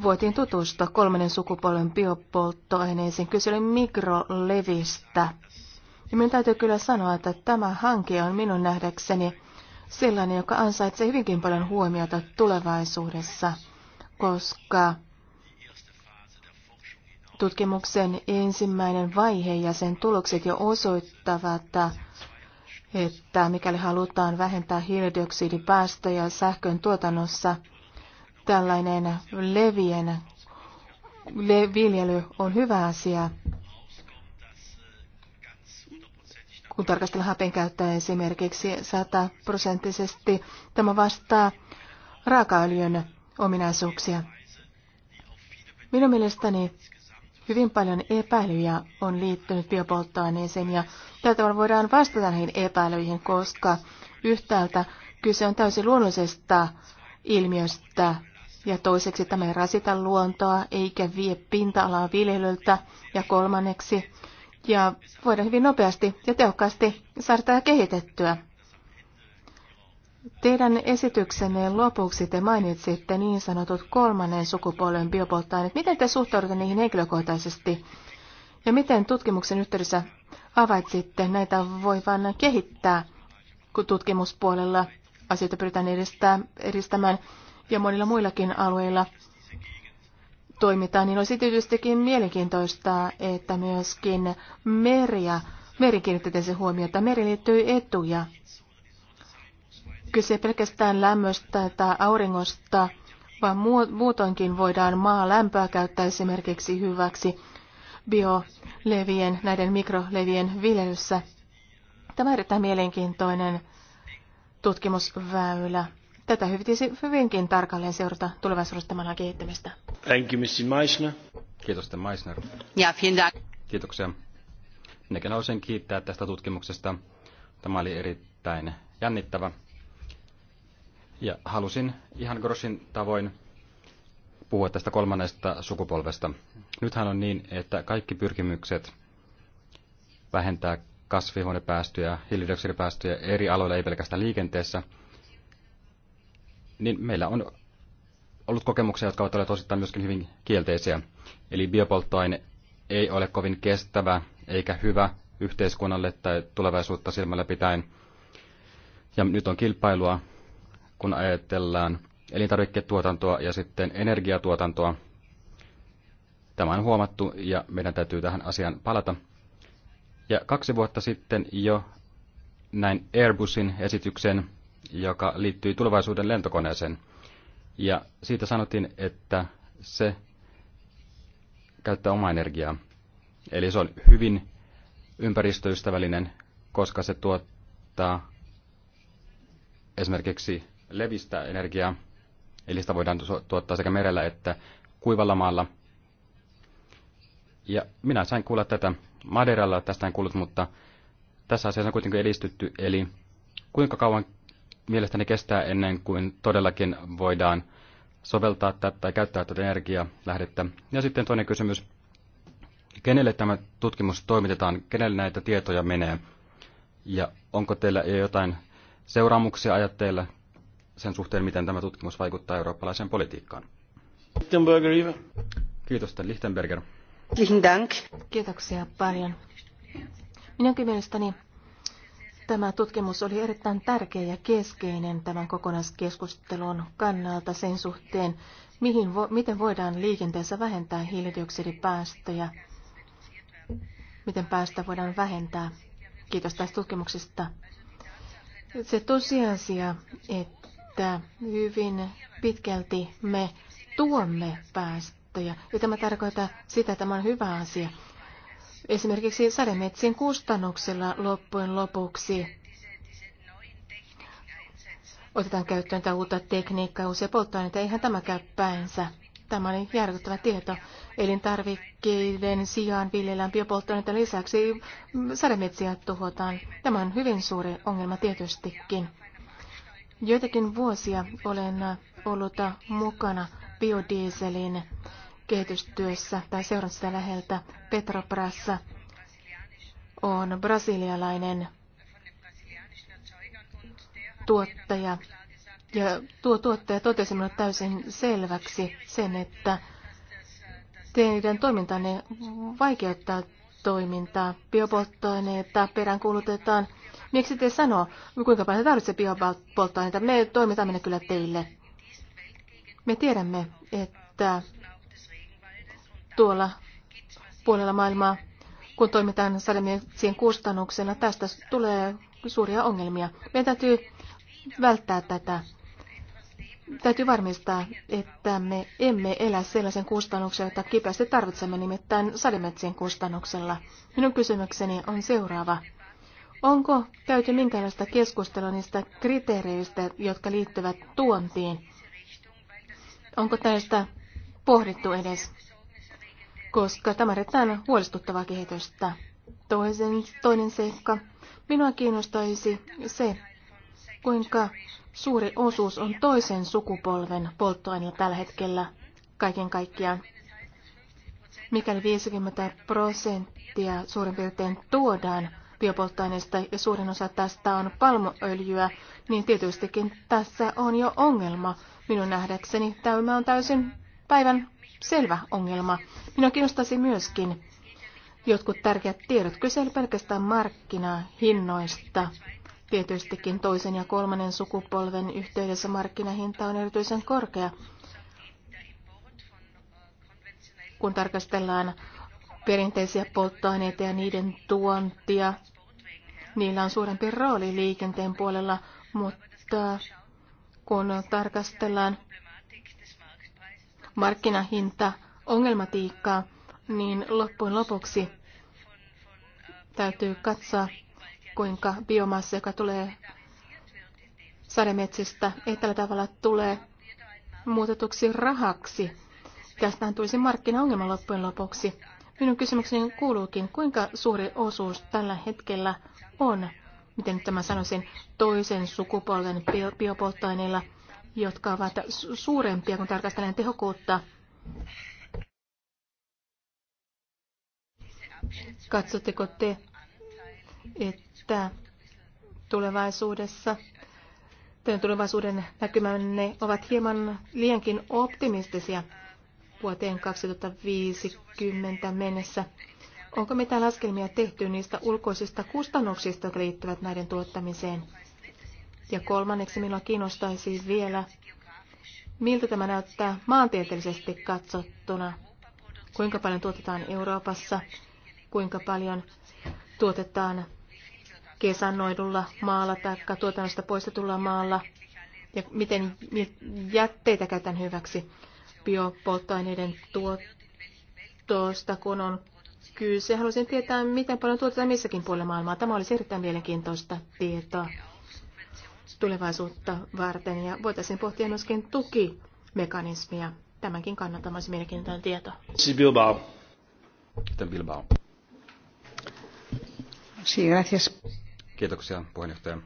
Speaker 1: voitiin tutustua kolmannen sukupolven biopolttoaineisiin. kysyin mikrolevistä. Ja minun täytyy kyllä sanoa, että tämä hanke on minun nähdäkseni sellainen, joka ansaitsee hyvinkin paljon huomiota tulevaisuudessa, koska tutkimuksen ensimmäinen vaihe ja sen tulokset jo osoittavat, että mikäli halutaan vähentää hiilidioksidipäästöjä sähkön tuotannossa – tällainen levien le, viljely on hyvä asia. Kun tarkastellaan hapen käyttöä esimerkiksi sataprosenttisesti, tämä vastaa raakaöljyn ominaisuuksia. Minun mielestäni hyvin paljon epäilyjä on liittynyt biopolttoaineeseen ja tätä voidaan vastata näihin epäilyihin, koska yhtäältä kyse on täysin luonnollisesta ilmiöstä, ja toiseksi tämä ei rasita luontoa eikä vie pinta-alaa viljelyltä. Ja kolmanneksi, ja voidaan hyvin nopeasti ja tehokkaasti saada tämä kehitettyä. Teidän esityksenne lopuksi te mainitsitte niin sanotut kolmannen sukupolven biopolttoaineet. Miten te suhtaudutte niihin henkilökohtaisesti? Ja miten tutkimuksen yhteydessä avaitsitte? näitä voivan kehittää, kun tutkimuspuolella asioita pyritään edistämään ja monilla muillakin alueilla toimitaan, niin olisi tietystikin mielenkiintoista, että myöskin meriä, meri kiinnitetään huomiota. Meri liittyy etuja. Kyse pelkästään lämmöstä tai auringosta, vaan muutoinkin voidaan maa lämpöä käyttää esimerkiksi hyväksi biolevien, näiden mikrolevien viljelyssä. Tämä on erittäin mielenkiintoinen tutkimusväylä. Tätä hyvinkin tarkalleen seurata tulevaisuudessa tämän alan kehittämistä.
Speaker 2: Thank you, Mr. Meissner. Kiitos, Mr. Meissner. Ja, vielen Kiitoksia. Minäkin haluaisin kiittää tästä tutkimuksesta. Tämä oli erittäin jännittävä. Ja halusin ihan Grossin tavoin puhua tästä kolmannesta sukupolvesta. Nythän on niin, että kaikki pyrkimykset vähentää kasvihuonepäästöjä, hiilidioksidipäästöjä eri aloilla, ei pelkästään liikenteessä – niin meillä on ollut kokemuksia, jotka ovat olleet osittain myöskin hyvin kielteisiä. Eli biopolttoaine ei ole kovin kestävä eikä hyvä yhteiskunnalle tai tulevaisuutta silmällä pitäen. Ja nyt on kilpailua, kun ajatellaan elintarviketuotantoa ja sitten energiatuotantoa. Tämä on huomattu ja meidän täytyy tähän asiaan palata. Ja kaksi vuotta sitten jo näin Airbusin esityksen, joka liittyi tulevaisuuden lentokoneeseen. Ja siitä sanottiin, että se käyttää omaa energiaa. Eli se on hyvin ympäristöystävällinen, koska se tuottaa esimerkiksi levistä energiaa. Eli sitä voidaan tuottaa sekä merellä että kuivalla maalla. Ja minä sain kuulla tätä Maderalla, tästä en kuullut, mutta tässä asiassa on kuitenkin edistytty. Eli kuinka kauan mielestäni kestää ennen kuin todellakin voidaan soveltaa tätä tai käyttää tätä energialähdettä. Ja sitten toinen kysymys, kenelle tämä tutkimus toimitetaan, kenelle näitä tietoja menee ja onko teillä jotain seuraamuksia ajatteilla sen suhteen, miten tämä tutkimus vaikuttaa eurooppalaiseen politiikkaan? Lichtenberger, Iva. Kiitos, Lichtenberger. Dank.
Speaker 1: Kiitoksia paljon. Minunkin mielestäni Tämä tutkimus oli erittäin tärkeä ja keskeinen tämän kokonaiskeskustelun kannalta sen suhteen, mihin vo, miten voidaan liikenteessä vähentää hiilidioksidipäästöjä, miten päästä voidaan vähentää. Kiitos tästä tutkimuksesta. Se tosiasia, että hyvin pitkälti me tuomme päästöjä, ja tämä tarkoittaa sitä, että tämä on hyvä asia esimerkiksi sademetsien kustannuksella loppujen lopuksi otetaan käyttöön tätä uutta tekniikkaa, uusia polttoaineita. Eihän tämä käy päänsä. Tämä oli järkyttävä tieto. Elintarvikkeiden sijaan viljellään biopolttoaineita lisäksi sademetsiä tuhotaan. Tämä on hyvin suuri ongelma tietystikin. Joitakin vuosia olen ollut mukana biodieselin kehitystyössä tai seurannut sitä läheltä. Petrobrassa on brasilialainen tuottaja. Ja tuo tuottaja totesi minulle täysin selväksi sen, että teidän toimintanne vaikeuttaa toimintaa. Biopolttoaineita peräänkuulutetaan. Miksi te sanoo, kuinka paljon tarvitsee biopolttoaineita? Me toimitamme ne kyllä teille. Me tiedämme, että tuolla puolella maailmaa, kun toimitaan sademetsien kustannuksena, Tästä tulee suuria ongelmia. Meidän täytyy välttää tätä. Täytyy varmistaa, että me emme elä sellaisen kustannuksen, jota kipeästi tarvitsemme, nimittäin sademetsien kustannuksella. Minun kysymykseni on seuraava. Onko käyty minkälaista keskustelua niistä kriteereistä, jotka liittyvät tuontiin? Onko tästä pohdittu edes? koska tämä on huolestuttavaa kehitystä. Toisen, toinen seikka. Minua kiinnostaisi se, kuinka suuri osuus on toisen sukupolven polttoaineilla tällä hetkellä kaiken kaikkiaan. Mikäli 50 prosenttia suurin piirtein tuodaan biopolttoaineista ja suurin osa tästä on palmoöljyä, niin tietystikin tässä on jo ongelma. Minun nähdäkseni tämä on täysin päivän selvä ongelma. Minua kiinnostaisi myöskin jotkut tärkeät tiedot. Kyse ei pelkästään markkinahinnoista. Tietystikin toisen ja kolmannen sukupolven yhteydessä markkinahinta on erityisen korkea. Kun tarkastellaan perinteisiä polttoaineita ja niiden tuontia, niillä on suurempi rooli liikenteen puolella, mutta kun tarkastellaan markkinahinta ongelmatiikkaa, niin loppujen lopuksi täytyy katsoa, kuinka biomassa, joka tulee sademetsistä, ei tällä tavalla tule muutetuksi rahaksi. Tästähän tulisi markkinaongelma loppujen lopuksi. Minun kysymykseni kuuluukin, kuinka suuri osuus tällä hetkellä on, miten nyt tämä sanoisin, toisen sukupolven biopolttoaineilla – jotka ovat suurempia, kun tarkastellaan tehokkuutta. Katsotteko te, että tulevaisuudessa teidän tulevaisuuden näkymänne ovat hieman liiankin optimistisia vuoteen 2050 mennessä. Onko mitään laskelmia tehty niistä ulkoisista kustannuksista, jotka liittyvät näiden tuottamiseen? Ja kolmanneksi minua kiinnostaisi vielä, miltä tämä näyttää maantieteellisesti katsottuna. Kuinka paljon tuotetaan Euroopassa, kuinka paljon tuotetaan kesannoidulla maalla tai tuotannosta poistetulla maalla ja miten jätteitä käytän hyväksi biopolttoaineiden tuotosta, kun on kyse. Haluaisin tietää, miten paljon tuotetaan missäkin puolella maailmaa. Tämä olisi erittäin mielenkiintoista tietoa tulevaisuutta varten ja voitaisiin pohtia myöskin tukimekanismia. Tämänkin kannalta olisi mielenkiintoinen tieto.
Speaker 2: Bilbao. Bilbao. gracias. Kiitoksia puheenjohtaja.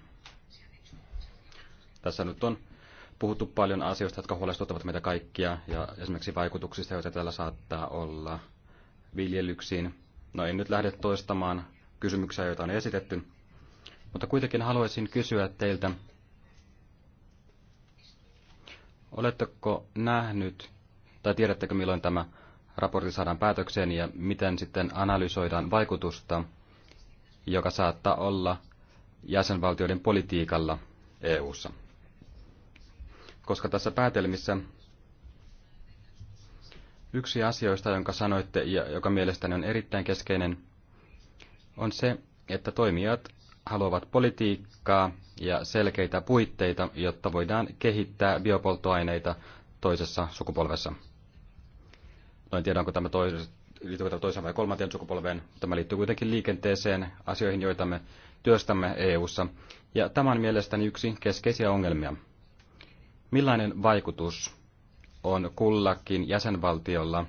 Speaker 2: Tässä nyt on puhuttu paljon asioista, jotka huolestuttavat meitä kaikkia ja esimerkiksi vaikutuksista, joita tällä saattaa olla viljelyksiin. No en nyt lähde toistamaan kysymyksiä, joita on esitetty, mutta kuitenkin haluaisin kysyä teiltä, Oletteko nähnyt tai tiedättekö milloin tämä raportti saadaan päätökseen ja miten sitten analysoidaan vaikutusta, joka saattaa olla jäsenvaltioiden politiikalla EU:ssa? Koska tässä päätelmissä yksi asioista, jonka sanoitte ja joka mielestäni on erittäin keskeinen, on se, että toimijat haluavat politiikkaa ja selkeitä puitteita, jotta voidaan kehittää biopolttoaineita toisessa sukupolvessa. No en tiedä, onko tämä toisen, liittyykö tämä toisen vai kolmanteen sukupolveen. Tämä liittyy kuitenkin liikenteeseen, asioihin, joita me työstämme EU-ssa. Ja tämä on mielestäni yksi keskeisiä ongelmia. Millainen vaikutus on kullakin jäsenvaltiolla,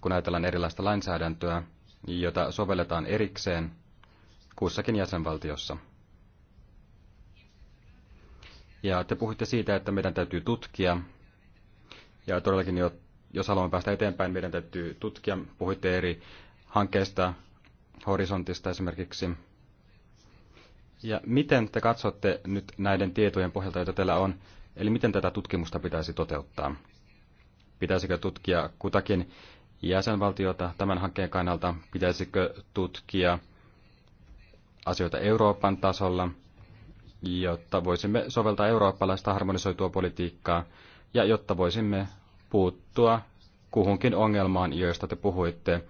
Speaker 2: kun ajatellaan erilaista lainsäädäntöä, jota sovelletaan erikseen – kussakin jäsenvaltiossa. Ja te puhuitte siitä, että meidän täytyy tutkia, ja todellakin jos haluamme päästä eteenpäin, meidän täytyy tutkia. Puhuitte eri hankkeista, horisontista esimerkiksi. Ja miten te katsotte nyt näiden tietojen pohjalta, joita teillä on, eli miten tätä tutkimusta pitäisi toteuttaa? Pitäisikö tutkia kutakin jäsenvaltiota tämän hankkeen kannalta? Pitäisikö tutkia asioita Euroopan tasolla, jotta voisimme soveltaa eurooppalaista harmonisoitua politiikkaa ja jotta voisimme puuttua kuhunkin ongelmaan, joista te puhuitte,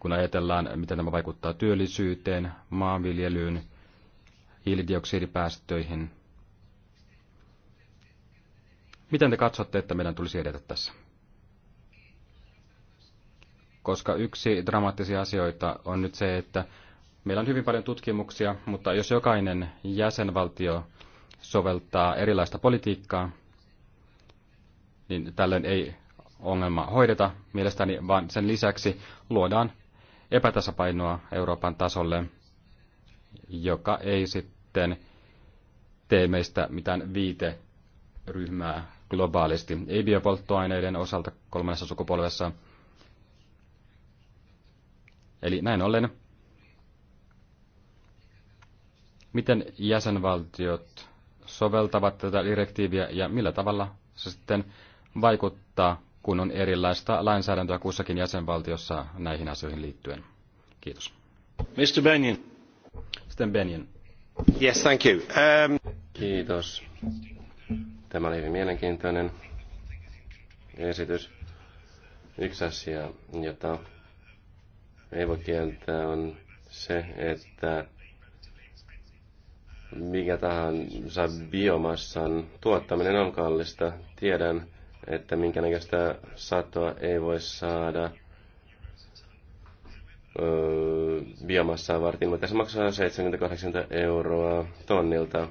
Speaker 2: kun ajatellaan, miten tämä vaikuttaa työllisyyteen, maanviljelyyn, hiilidioksidipäästöihin. Miten te katsotte, että meidän tulisi edetä tässä? Koska yksi dramaattisia asioita on nyt se, että Meillä on hyvin paljon tutkimuksia, mutta jos jokainen jäsenvaltio soveltaa erilaista politiikkaa, niin tällöin ei ongelma hoideta mielestäni, vaan sen lisäksi luodaan epätasapainoa Euroopan tasolle, joka ei sitten tee meistä mitään viiteryhmää globaalisti. Ei biopolttoaineiden osalta kolmannessa sukupolvessa. Eli näin ollen miten jäsenvaltiot soveltavat tätä direktiiviä ja millä tavalla se sitten vaikuttaa, kun on erilaista lainsäädäntöä kussakin jäsenvaltiossa näihin asioihin liittyen.
Speaker 3: Kiitos. Mr. Benjen. Sitten Benjen. Yes, thank you. Um... Kiitos. Tämä oli hyvin mielenkiintoinen esitys. Yksi asia, jota ei voi kieltää, on se, että mikä tahansa biomassan tuottaminen on kallista. Tiedän, että minkä näköistä satoa ei voi saada öö, biomassaa varten, mutta se maksaa 70-80 euroa tonnilta.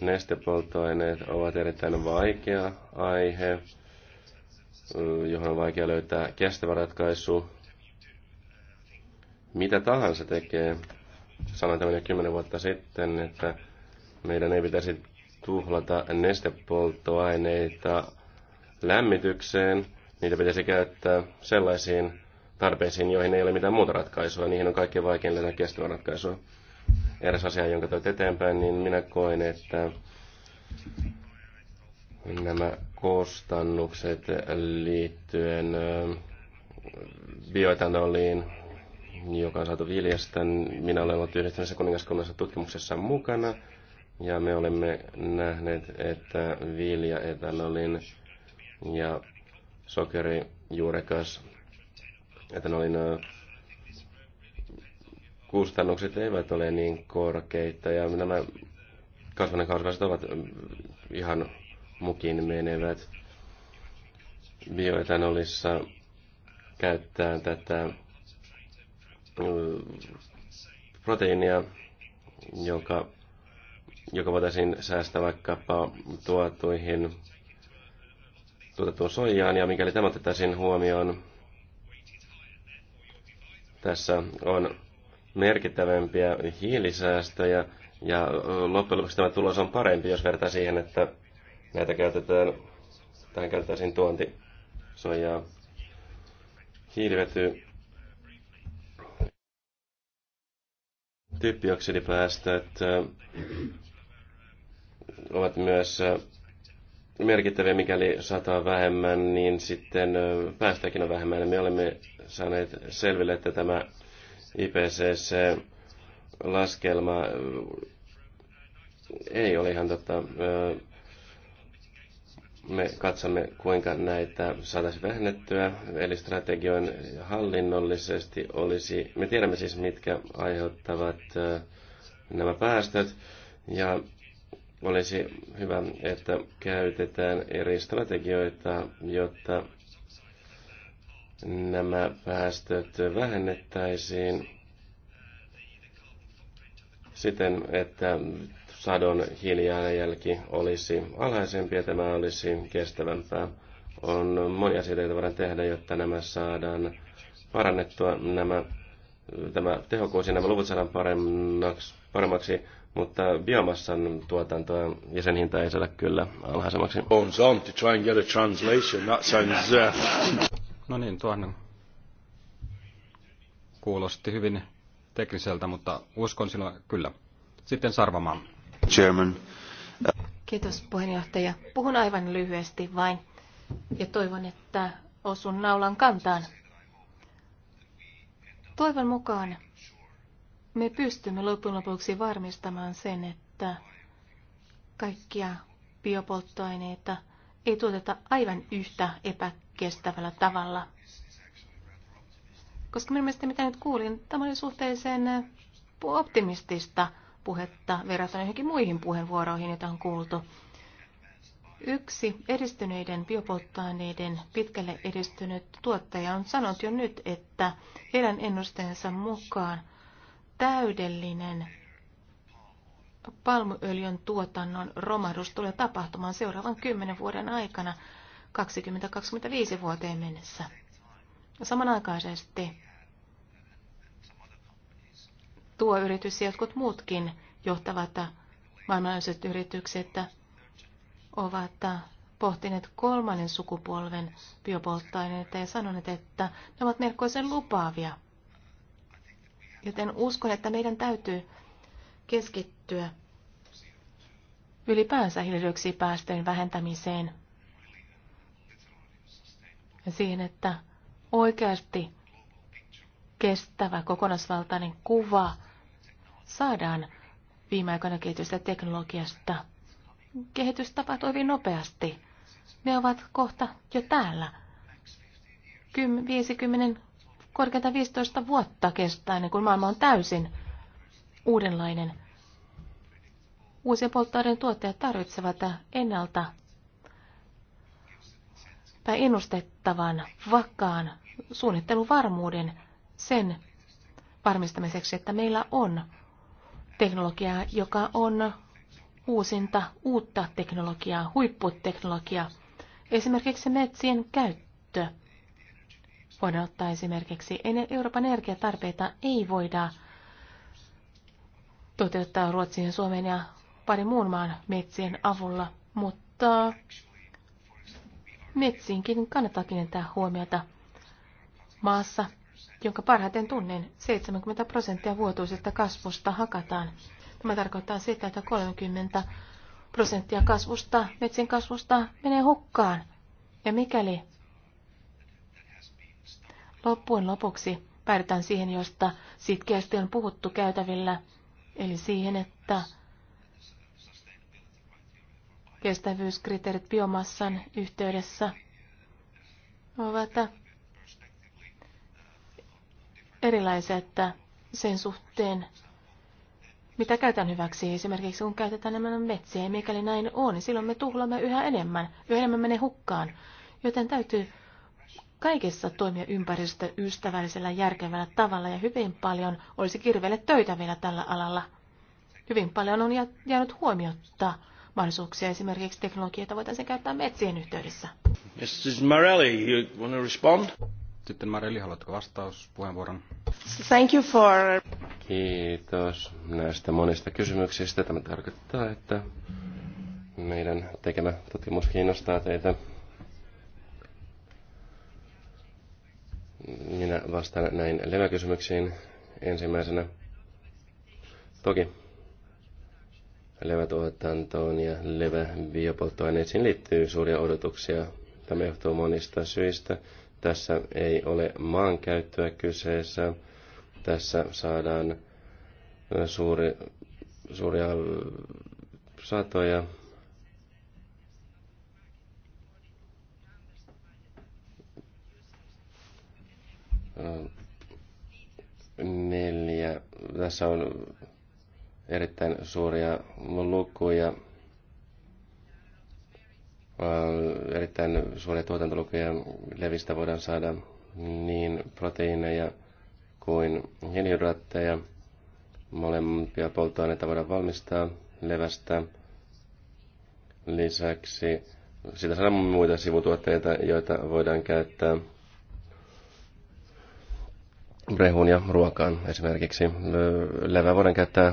Speaker 3: Nestepolttoaineet ovat erittäin vaikea aihe, johon on vaikea löytää kestävä ratkaisu. Mitä tahansa tekee, Sanoin tämän jo kymmenen vuotta sitten, että meidän ei pitäisi tuhlata nestepolttoaineita lämmitykseen. Niitä pitäisi käyttää sellaisiin tarpeisiin, joihin ei ole mitään muuta ratkaisua. Niihin on kaikkein vaikein löytää kestävä ratkaisua. Eräs asia, jonka toit eteenpäin, niin minä koen, että nämä kustannukset liittyen bioetanoliin joka on saatu viljasta. Minä olen ollut yhdistyneessä kuningaskunnassa tutkimuksessa mukana. Ja me olemme nähneet, että vilja, etanolin ja sokeri, juurekas, etanolin kustannukset eivät ole niin korkeita. Ja nämä kasvanekasvaset ovat ihan mukin menevät. Bioetanolissa käyttää tätä Mm, proteiinia, joka, joka voitaisiin säästää vaikkapa tuotuihin tuotettuun soijaan, ja mikäli tämä otettaisiin huomioon, tässä on merkittävämpiä hiilisäästöjä, ja loppujen lopuksi tämä tulos on parempi, jos vertaa siihen, että näitä käytetään, tähän käytetään tuontisoijaa. soijaa. Hiilivety Typpioksidipäästöt äh, ovat myös äh, merkittäviä, mikäli sataa vähemmän, niin sitten äh, päästäkin on vähemmän. Me olemme saaneet selville, että tämä IPCC-laskelma ei ole ihan tota, me katsomme, kuinka näitä saataisiin vähennettyä, eli strategioin hallinnollisesti olisi, me tiedämme siis, mitkä aiheuttavat nämä päästöt, ja olisi hyvä, että käytetään eri strategioita, jotta nämä päästöt vähennettäisiin siten, että sadon hiilijalanjälki olisi alhaisempi ja tämä olisi kestävämpää. On monia asioita, joita voidaan tehdä, jotta nämä saadaan parannettua. Nämä, tämä tehokkuus ja nämä luvut saadaan paremmaksi, paremmaksi mutta biomassan tuotantoa ja sen hinta ei saada kyllä alhaisemmaksi. On on to try and get a translation. That sounds, uh...
Speaker 2: No niin, tuohon kuulosti hyvin tekniseltä, mutta uskon sinua kyllä. Sitten Sarvamaa. Chairman.
Speaker 1: Kiitos puheenjohtaja. Puhun aivan lyhyesti vain ja toivon, että osun naulan kantaan. Toivon mukaan me pystymme loppujen lopuksi varmistamaan sen, että kaikkia biopolttoaineita ei tuoteta aivan yhtä epäkestävällä tavalla. Koska minun mielestäni, mitä nyt kuulin, tämä oli suhteellisen optimistista puhetta verrattuna johonkin muihin puheenvuoroihin, joita on kuultu. Yksi edistyneiden biopolttoaineiden pitkälle edistynyt tuottaja on sanonut jo nyt, että heidän ennusteensa mukaan täydellinen palmuöljyn tuotannon romahdus tulee tapahtumaan seuraavan kymmenen vuoden aikana 2025 vuoteen mennessä. Samanaikaisesti tuo yritys ja jotkut muutkin johtavat maailmanlaajuiset yritykset ovat pohtineet kolmannen sukupolven biopolttoaineita ja sanoneet, että ne ovat melkoisen lupaavia. Joten uskon, että meidän täytyy keskittyä ylipäänsä hiilidioksidipäästöjen vähentämiseen ja siihen, että oikeasti kestävä kokonaisvaltainen kuva – saadaan viime aikoina kehitystä teknologiasta. Kehitys tapahtuu hyvin nopeasti. Ne ovat kohta jo täällä. 10, 50, korkeinta 15 vuotta kestää ennen kuin maailma on täysin uudenlainen. Uusien polttoaineiden tuottajat tarvitsevat ennalta tai ennustettavan, vakaan suunnitteluvarmuuden sen varmistamiseksi, että meillä on teknologiaa, joka on uusinta, uutta teknologiaa, huipputeknologiaa. Esimerkiksi metsien käyttö. Voidaan ottaa esimerkiksi Euroopan energiatarpeita ei voida toteuttaa Ruotsin, Suomen ja pari muun maan metsien avulla, mutta metsiinkin kannattaa kiinnittää huomiota. Maassa jonka parhaiten tunnen, 70 prosenttia vuotuisesta kasvusta hakataan. Tämä tarkoittaa sitä, että 30 prosenttia kasvusta, metsin kasvusta menee hukkaan. Ja mikäli loppujen lopuksi päädytään siihen, josta sitkeästi on puhuttu käytävillä, eli siihen, että kestävyyskriteerit biomassan yhteydessä ovat että sen suhteen, mitä käytän hyväksi. Esimerkiksi kun käytetään enemmän metsiä, mikäli näin on, niin silloin me tuhlaamme yhä enemmän, yhä enemmän menee hukkaan. Joten täytyy kaikessa toimia ympäristöystävällisellä järkevällä tavalla ja hyvin paljon olisi kirveelle töitä vielä tällä alalla. Hyvin paljon on jäänyt huomiotta mahdollisuuksia esimerkiksi teknologioita voitaisiin käyttää metsien yhteydessä.
Speaker 2: Mrs. Morelli, you want to respond? Sitten Mareli, haluatko vastauspuheenvuoron?
Speaker 1: Thank you for...
Speaker 3: Kiitos näistä monista kysymyksistä. Tämä tarkoittaa, että meidän tekemä tutkimus kiinnostaa teitä. Minä vastaan näin leväkysymyksiin ensimmäisenä. Toki levätuotantoon ja levä biopolttoaineisiin liittyy suuria odotuksia. Tämä johtuu monista syistä. Tässä ei ole maankäyttöä kyseessä. Tässä saadaan suuri, suuria satoja. Neljä. Tässä on erittäin suuria lukuja. Äh, erittäin suuria tuotantolukuja levistä voidaan saada niin proteiineja kuin hiilihydraatteja. Molempia polttoaineita voidaan valmistaa levästä. Lisäksi sitä saadaan muita sivutuotteita, joita voidaan käyttää rehun ja ruokaan esimerkiksi. Levää voidaan käyttää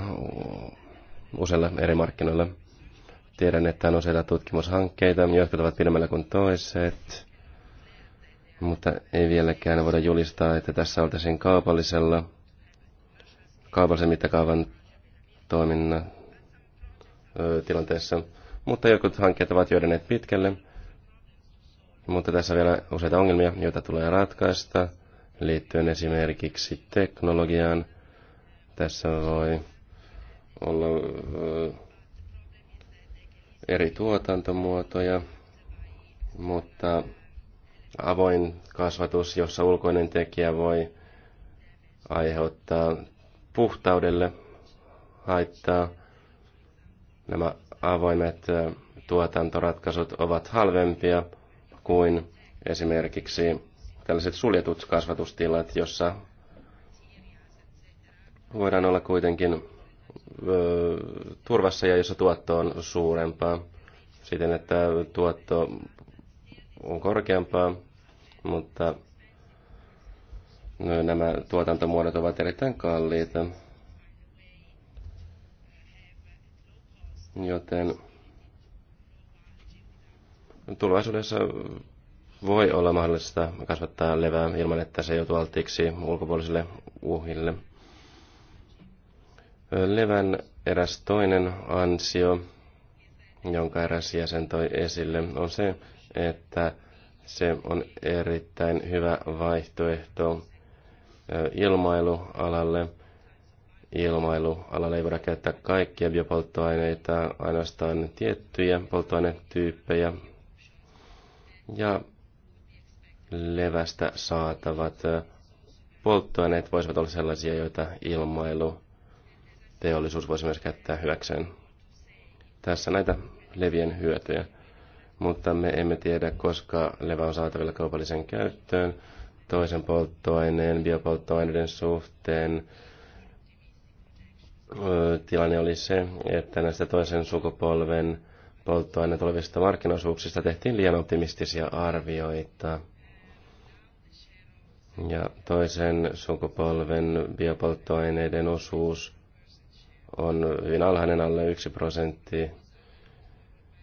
Speaker 3: useilla eri markkinoilla. Tiedän, että on useita tutkimushankkeita, jotka ovat pidemmällä kuin toiset, mutta ei vieläkään voida julistaa, että tässä oltaisiin kaupallisella, kaupallisen mittakaavan toiminnan tilanteessa. Mutta jotkut hankkeet ovat joidenneet pitkälle, mutta tässä on vielä useita ongelmia, joita tulee ratkaista, liittyen esimerkiksi teknologiaan. Tässä voi olla eri tuotantomuotoja, mutta avoin kasvatus, jossa ulkoinen tekijä voi aiheuttaa puhtaudelle haittaa. Nämä avoimet tuotantoratkaisut ovat halvempia kuin esimerkiksi tällaiset suljetut kasvatustilat, jossa voidaan olla kuitenkin turvassa ja jossa tuotto on suurempaa siten, että tuotto on korkeampaa, mutta no, nämä tuotantomuodot ovat erittäin kalliita. Joten tulevaisuudessa voi olla mahdollista kasvattaa levää ilman, että se joutuu alttiiksi ulkopuolisille uhille. Levän eräs toinen ansio, jonka eräs jäsen toi esille, on se, että se on erittäin hyvä vaihtoehto ilmailualalle. Ilmailualalle ei voida käyttää kaikkia biopolttoaineita, ainoastaan tiettyjä polttoainetyyppejä. Ja levästä saatavat polttoaineet voisivat olla sellaisia, joita ilmailu teollisuus voisi myös käyttää hyväkseen. Tässä näitä levien hyötyjä, mutta me emme tiedä, koska levä on saatavilla kaupalliseen käyttöön toisen polttoaineen, biopolttoaineiden suhteen. Tilanne oli se, että näistä toisen sukupolven polttoaineet olevista markkinaosuuksista tehtiin liian optimistisia arvioita. Ja toisen sukupolven biopolttoaineiden osuus on hyvin alhainen, alle 1 prosentti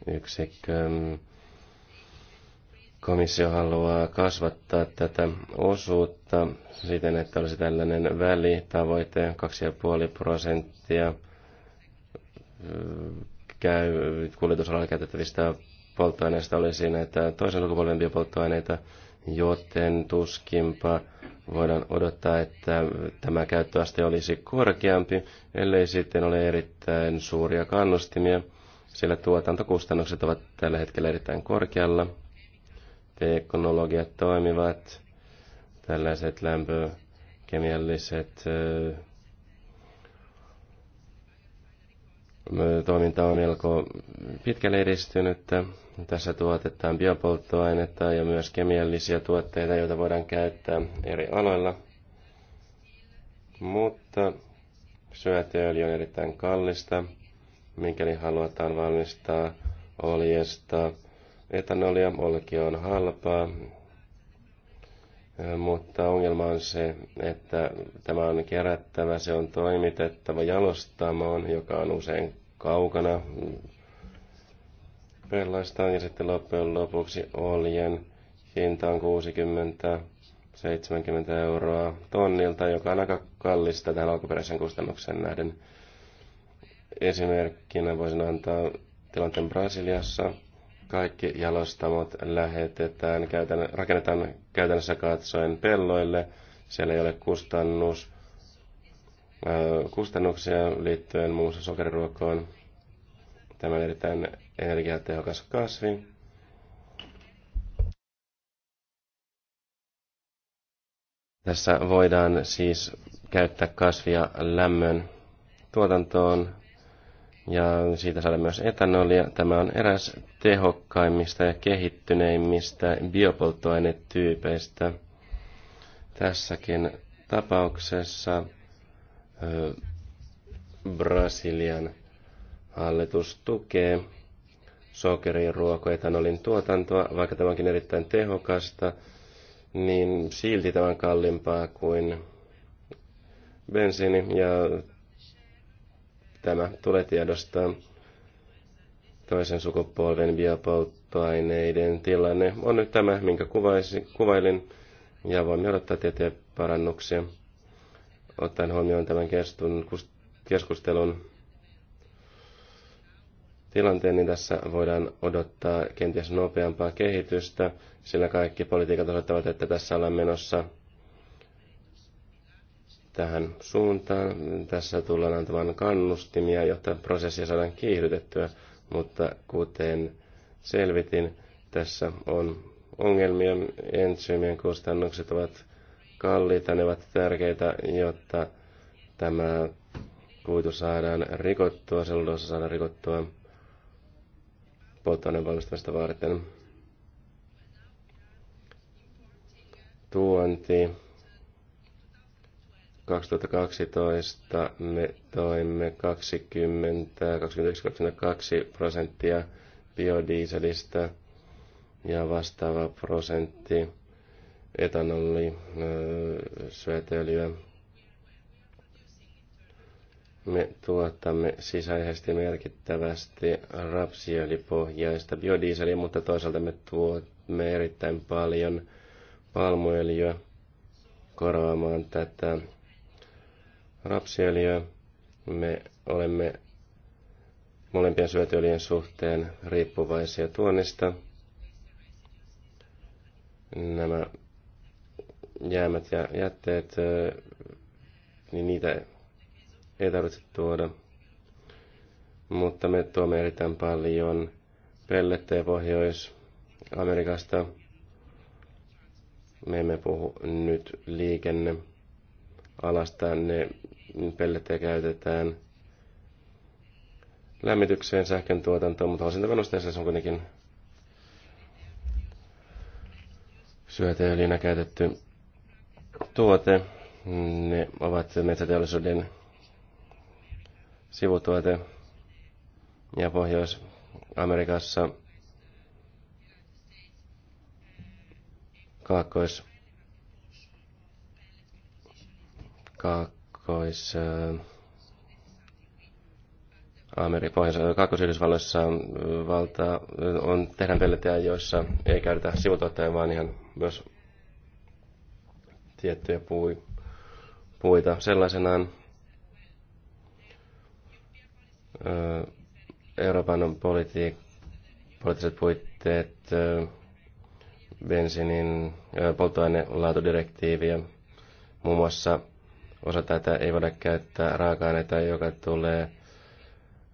Speaker 3: yksikkö. Mm, komissio haluaa kasvattaa tätä osuutta siten, että olisi tällainen välitavoite, 2,5 prosenttia mm, käy, kuljetusalalla käytettävistä polttoaineista olisi näitä toisen sukupolven biopolttoaineita, joten tuskinpa voidaan odottaa, että tämä käyttöaste olisi korkeampi, ellei sitten ole erittäin suuria kannustimia, sillä tuotantokustannukset ovat tällä hetkellä erittäin korkealla. Teknologiat toimivat, tällaiset lämpökemialliset toiminta on melko pitkälle edistynyt. Tässä tuotetaan biopolttoainetta ja myös kemiallisia tuotteita, joita voidaan käyttää eri aloilla. Mutta syöteöljy on erittäin kallista, mikäli halutaan valmistaa oljesta. Etanolia olki on halpaa mutta ongelma on se, että tämä on kerättävä, se on toimitettava jalostamoon, joka on usein kaukana pellastaan ja sitten loppujen lopuksi oljen hinta on 60 70 euroa tonnilta, joka on aika kallista tähän alkuperäisen kustannuksen nähden. Esimerkkinä voisin antaa tilanteen Brasiliassa, kaikki jalostamot lähetetään, rakennetaan käytännössä katsoen pelloille. Siellä ei ole kustannus, kustannuksia liittyen muussa sokeriruokoon. Tämä on erittäin energiatehokas kasvi. Tässä voidaan siis käyttää kasvia lämmön tuotantoon ja siitä saada myös etanolia. Tämä on eräs tehokkaimmista ja kehittyneimmistä biopolttoainetyypeistä. Tässäkin tapauksessa Brasilian hallitus tukee sokerin ruokoetanolin tuotantoa, vaikka tämä onkin erittäin tehokasta, niin silti tämä on kalliimpaa kuin bensiini ja Tämä tulee tiedostaa. Toisen sukupolven biopolttoaineiden tilanne on nyt tämä, minkä kuvaisi, kuvailin, ja voimme odottaa tiettyjä parannuksia. Ottaen huomioon tämän keskustelun tilanteen, niin tässä voidaan odottaa kenties nopeampaa kehitystä, sillä kaikki politiikat osoittavat, että tässä ollaan menossa – tähän suuntaan. Tässä tullaan antamaan kannustimia, jotta prosessia saadaan kiihdytettyä, mutta kuten selvitin, tässä on ongelmia. Entsyymien kustannukset ovat kalliita, ne ovat tärkeitä, jotta tämä kuitu saadaan rikottua, selluloosa saadaan rikottua polttoaineen valmistamista varten. Tuonti 2012 me toimme 20-21-22 prosenttia biodieselistä ja vastaava prosentti etanoli, syötöljyä. Me tuotamme sisäisesti merkittävästi rapsiöljypohjaista biodieseliä, mutta toisaalta me tuomme erittäin paljon palmuöljyä korvaamaan tätä rapsiöljyä. Me olemme molempien syötyöljyjen suhteen riippuvaisia tuonnista. Nämä jäämät ja jätteet, niin niitä ei tarvitse tuoda. Mutta me tuomme erittäin paljon pellettejä Pohjois-Amerikasta. Me emme puhu nyt liikenne alasta. Ne pellettejä käytetään lämmitykseen, sähkön tuotantoon, mutta osintavenusteessa se on kuitenkin syöteöljynä käytetty tuote. Ne ovat metsäteollisuuden sivutuote. Ja Pohjois-Amerikassa kaakkois kaakkois kaakkois Amerikan Kaakkois-Yhdysvalloissa äh, valta äh, on tehdään pelletejä, joissa ei käytetä sivutuotteja, vaan ihan myös tiettyjä pui, puita sellaisenaan. Äh, Euroopan politi, poliittiset puitteet, bensiinin polttoainelaatudirektiivi ja muun muassa – osa tätä ei voida käyttää raaka-aineita, joka tulee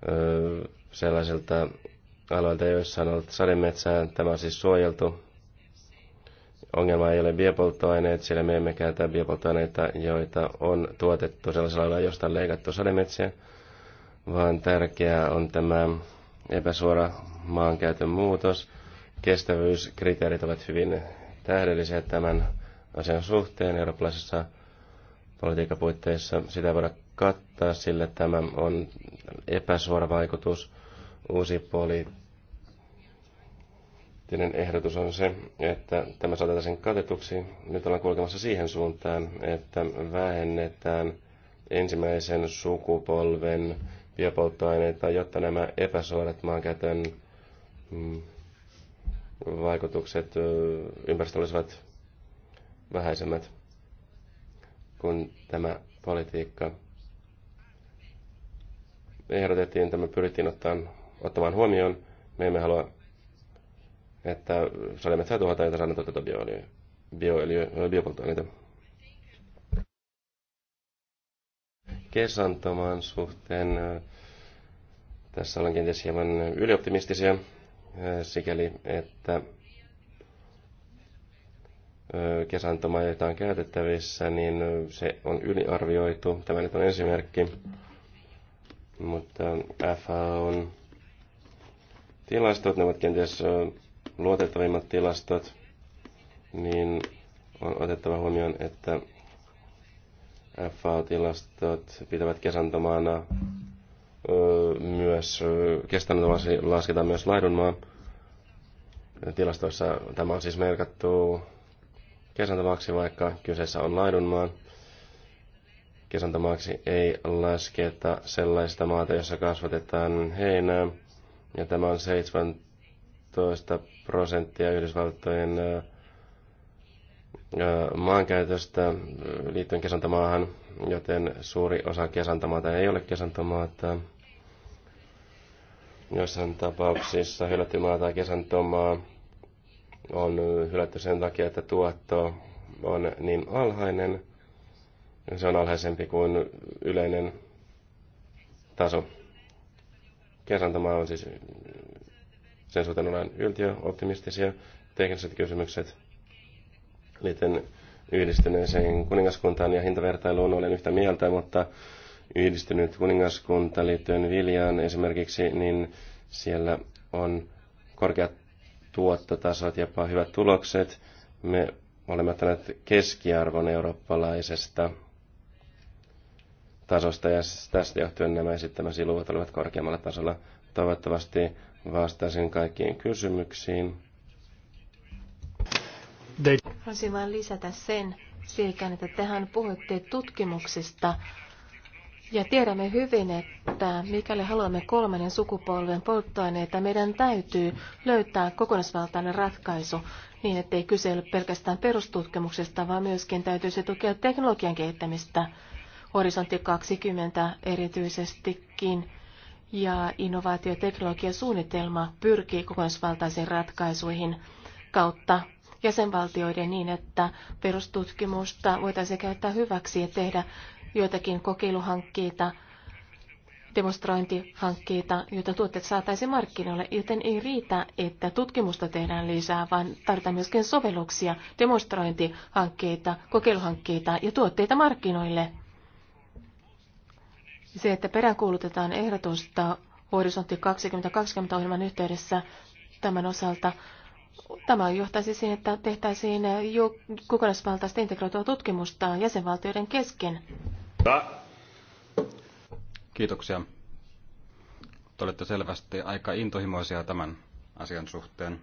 Speaker 3: ö, sellaisilta alueilta, joissa on ollut sademetsää. Tämä on siis suojeltu. Ongelma ei ole biopolttoaineet, sillä me emme käytä biopolttoaineita, joita on tuotettu sellaisella alueella, josta on leikattu sademetsiä, vaan tärkeää on tämä epäsuora maankäytön muutos. Kestävyyskriteerit ovat hyvin tähdellisiä tämän asian suhteen eurooppalaisessa puitteissa Sitä ei voida kattaa, sillä tämä on epäsuora vaikutus. Uusi poliittinen ehdotus on se, että tämä sen katetuksi. Nyt ollaan kulkemassa siihen suuntaan, että vähennetään ensimmäisen sukupolven biopolttoaineita, jotta nämä epäsuorat maankäytön mm, vaikutukset ympäristö olisivat vähäisemmät kun tämä politiikka ehdotettiin, tämä pyrittiin ottaan ottamaan huomioon. Me emme halua, että saa tuhota, että saadaan tuottaa bio- bioöljyä, biopolttoaineita. Kesantomaan suhteen äh, tässä ollaan kenties hieman ylioptimistisia äh, sikäli, että kesantomaa, on käytettävissä, niin se on yliarvioitu. Tämä nyt on esimerkki. Mutta FAOn tilastot, ne ovat kenties luotettavimmat tilastot, niin on otettava huomioon, että FAO-tilastot pitävät kesantomaana myös, kestänyt lasketaan myös laidunmaa. Tilastoissa tämä on siis merkattu kesäntämaaksi, vaikka kyseessä on laidunmaa. Kesäntämaaksi ei lasketa sellaista maata, jossa kasvatetaan heinää, ja tämä on 17 prosenttia Yhdysvaltojen maankäytöstä liittyen kesäntämaahan, joten suuri osa kesantamaata ei ole kesantomaata. Jossain tapauksissa hylätty maa tai kesantomaa on hylätty sen takia, että tuotto on niin alhainen. Se on alhaisempi kuin yleinen taso. Kesantama on siis, sen suhteen ollaan yltiöoptimistisia. Tekniset kysymykset liittyen yhdistyneeseen kuningaskuntaan ja hintavertailuun olen yhtä mieltä, mutta yhdistynyt kuningaskunta liittyen viljaan esimerkiksi, niin siellä on korkeat tuottotasot, jopa hyvät tulokset. Me olemme ottaneet keskiarvon eurooppalaisesta tasosta ja tästä johtuen nämä esittämäsi luvut olivat korkeammalla tasolla. Toivottavasti vastaisin kaikkiin kysymyksiin.
Speaker 1: Haluaisin vain lisätä sen, siikään, että tehän puhutte tutkimuksista, ja tiedämme hyvin, että mikäli haluamme kolmannen sukupolven polttoaineita, meidän täytyy löytää kokonaisvaltainen ratkaisu niin, ettei kyse ole pelkästään perustutkimuksesta, vaan myöskin täytyisi tukea teknologian kehittämistä, horisontti 20 erityisestikin, ja innovaatioteknologiasuunnitelma pyrkii kokonaisvaltaisiin ratkaisuihin kautta jäsenvaltioiden niin, että perustutkimusta voitaisiin käyttää hyväksi ja tehdä joitakin kokeiluhankkeita, demonstrointihankkeita, joita tuotteet saataisiin markkinoille, joten ei riitä, että tutkimusta tehdään lisää, vaan tarvitaan myöskin sovelluksia, demonstrointihankkeita, kokeiluhankkeita ja tuotteita markkinoille. Se, että peräänkuulutetaan ehdotusta Horisontti 2020-ohjelman yhteydessä tämän osalta Tämä johtaisi siihen, että tehtäisiin kokonaisvaltaista integroitua tutkimusta jäsenvaltioiden kesken.
Speaker 2: Kiitoksia. Te olette selvästi aika intohimoisia tämän asian suhteen.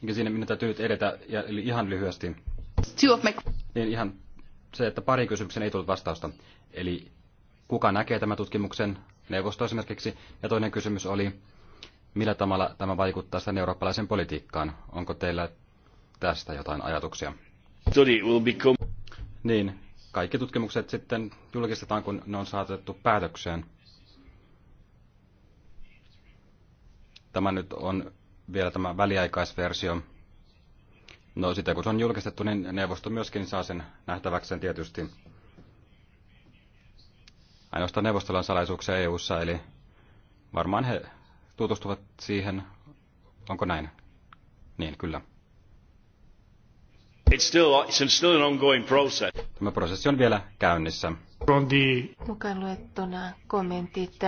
Speaker 2: Minkä siinä minun täytyy nyt edetä eli ihan lyhyesti. Niin ihan se, että pari kysymyksen ei tullut vastausta. Eli kuka näkee tämän tutkimuksen, neuvosto esimerkiksi, ja toinen kysymys oli, millä tavalla tämä vaikuttaa sen eurooppalaisen politiikkaan. Onko teillä tästä jotain ajatuksia? Niin, kaikki tutkimukset sitten julkistetaan, kun ne on saatettu päätökseen. Tämä nyt on vielä tämä väliaikaisversio. No sitten kun se on julkistettu, niin neuvosto myöskin saa sen nähtäväkseen tietysti. Ainoastaan neuvostolla on salaisuuksia EU-ssa, eli varmaan he tutustuvat siihen. Onko näin? Niin, kyllä.
Speaker 3: It's still, it's still an ongoing process.
Speaker 2: Tämä prosessi on vielä käynnissä.
Speaker 1: Mukaan luettuna kommentit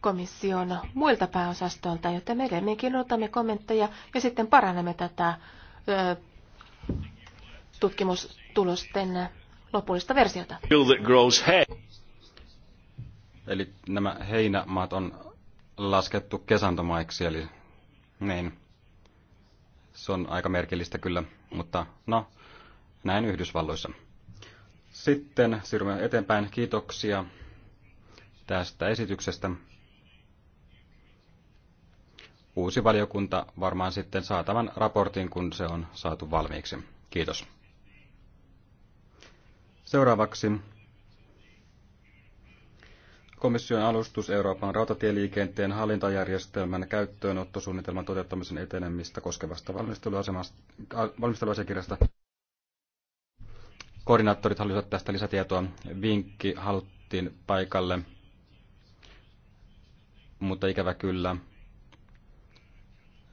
Speaker 1: komission muilta pääosastolta, joten me edelleenkin otamme kommentteja ja sitten parannamme tätä ö, tutkimustulosten lopullista versiota.
Speaker 2: Eli nämä heinämaat on laskettu kesantomaiksi, eli niin. Se on aika merkillistä kyllä, mutta no, näin Yhdysvalloissa. Sitten siirrymme eteenpäin. Kiitoksia tästä esityksestä. Uusi valiokunta varmaan sitten saa tämän raportin, kun se on saatu valmiiksi. Kiitos. Seuraavaksi komission alustus Euroopan rautatieliikenteen hallintajärjestelmän käyttöönottosuunnitelman toteuttamisen etenemistä koskevasta äh, valmisteluasiakirjasta. Koordinaattorit halusivat tästä lisätietoa. Vinkki haluttiin paikalle, mutta ikävä kyllä.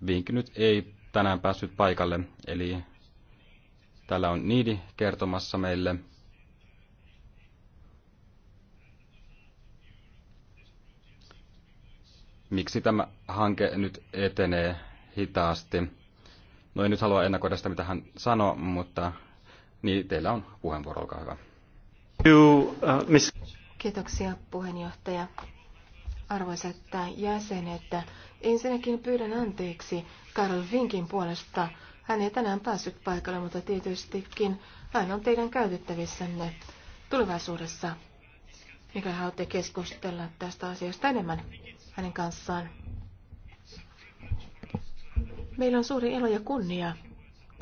Speaker 2: Vinkki nyt ei tänään päässyt paikalle, eli täällä on Niidi kertomassa meille – miksi tämä hanke nyt etenee hitaasti. No en nyt halua ennakoida sitä, mitä hän sanoi, mutta niin, teillä on puheenvuoro, olkaa hyvä. Uh,
Speaker 1: Kiitoksia puheenjohtaja. Arvoisat jäsenet, ensinnäkin pyydän anteeksi Karl Vinkin puolesta. Hän ei tänään päässyt paikalle, mutta tietystikin hän on teidän käytettävissänne tulevaisuudessa, mikä haluatte keskustella tästä asiasta enemmän hänen kanssaan. Meillä on suuri ilo ja kunnia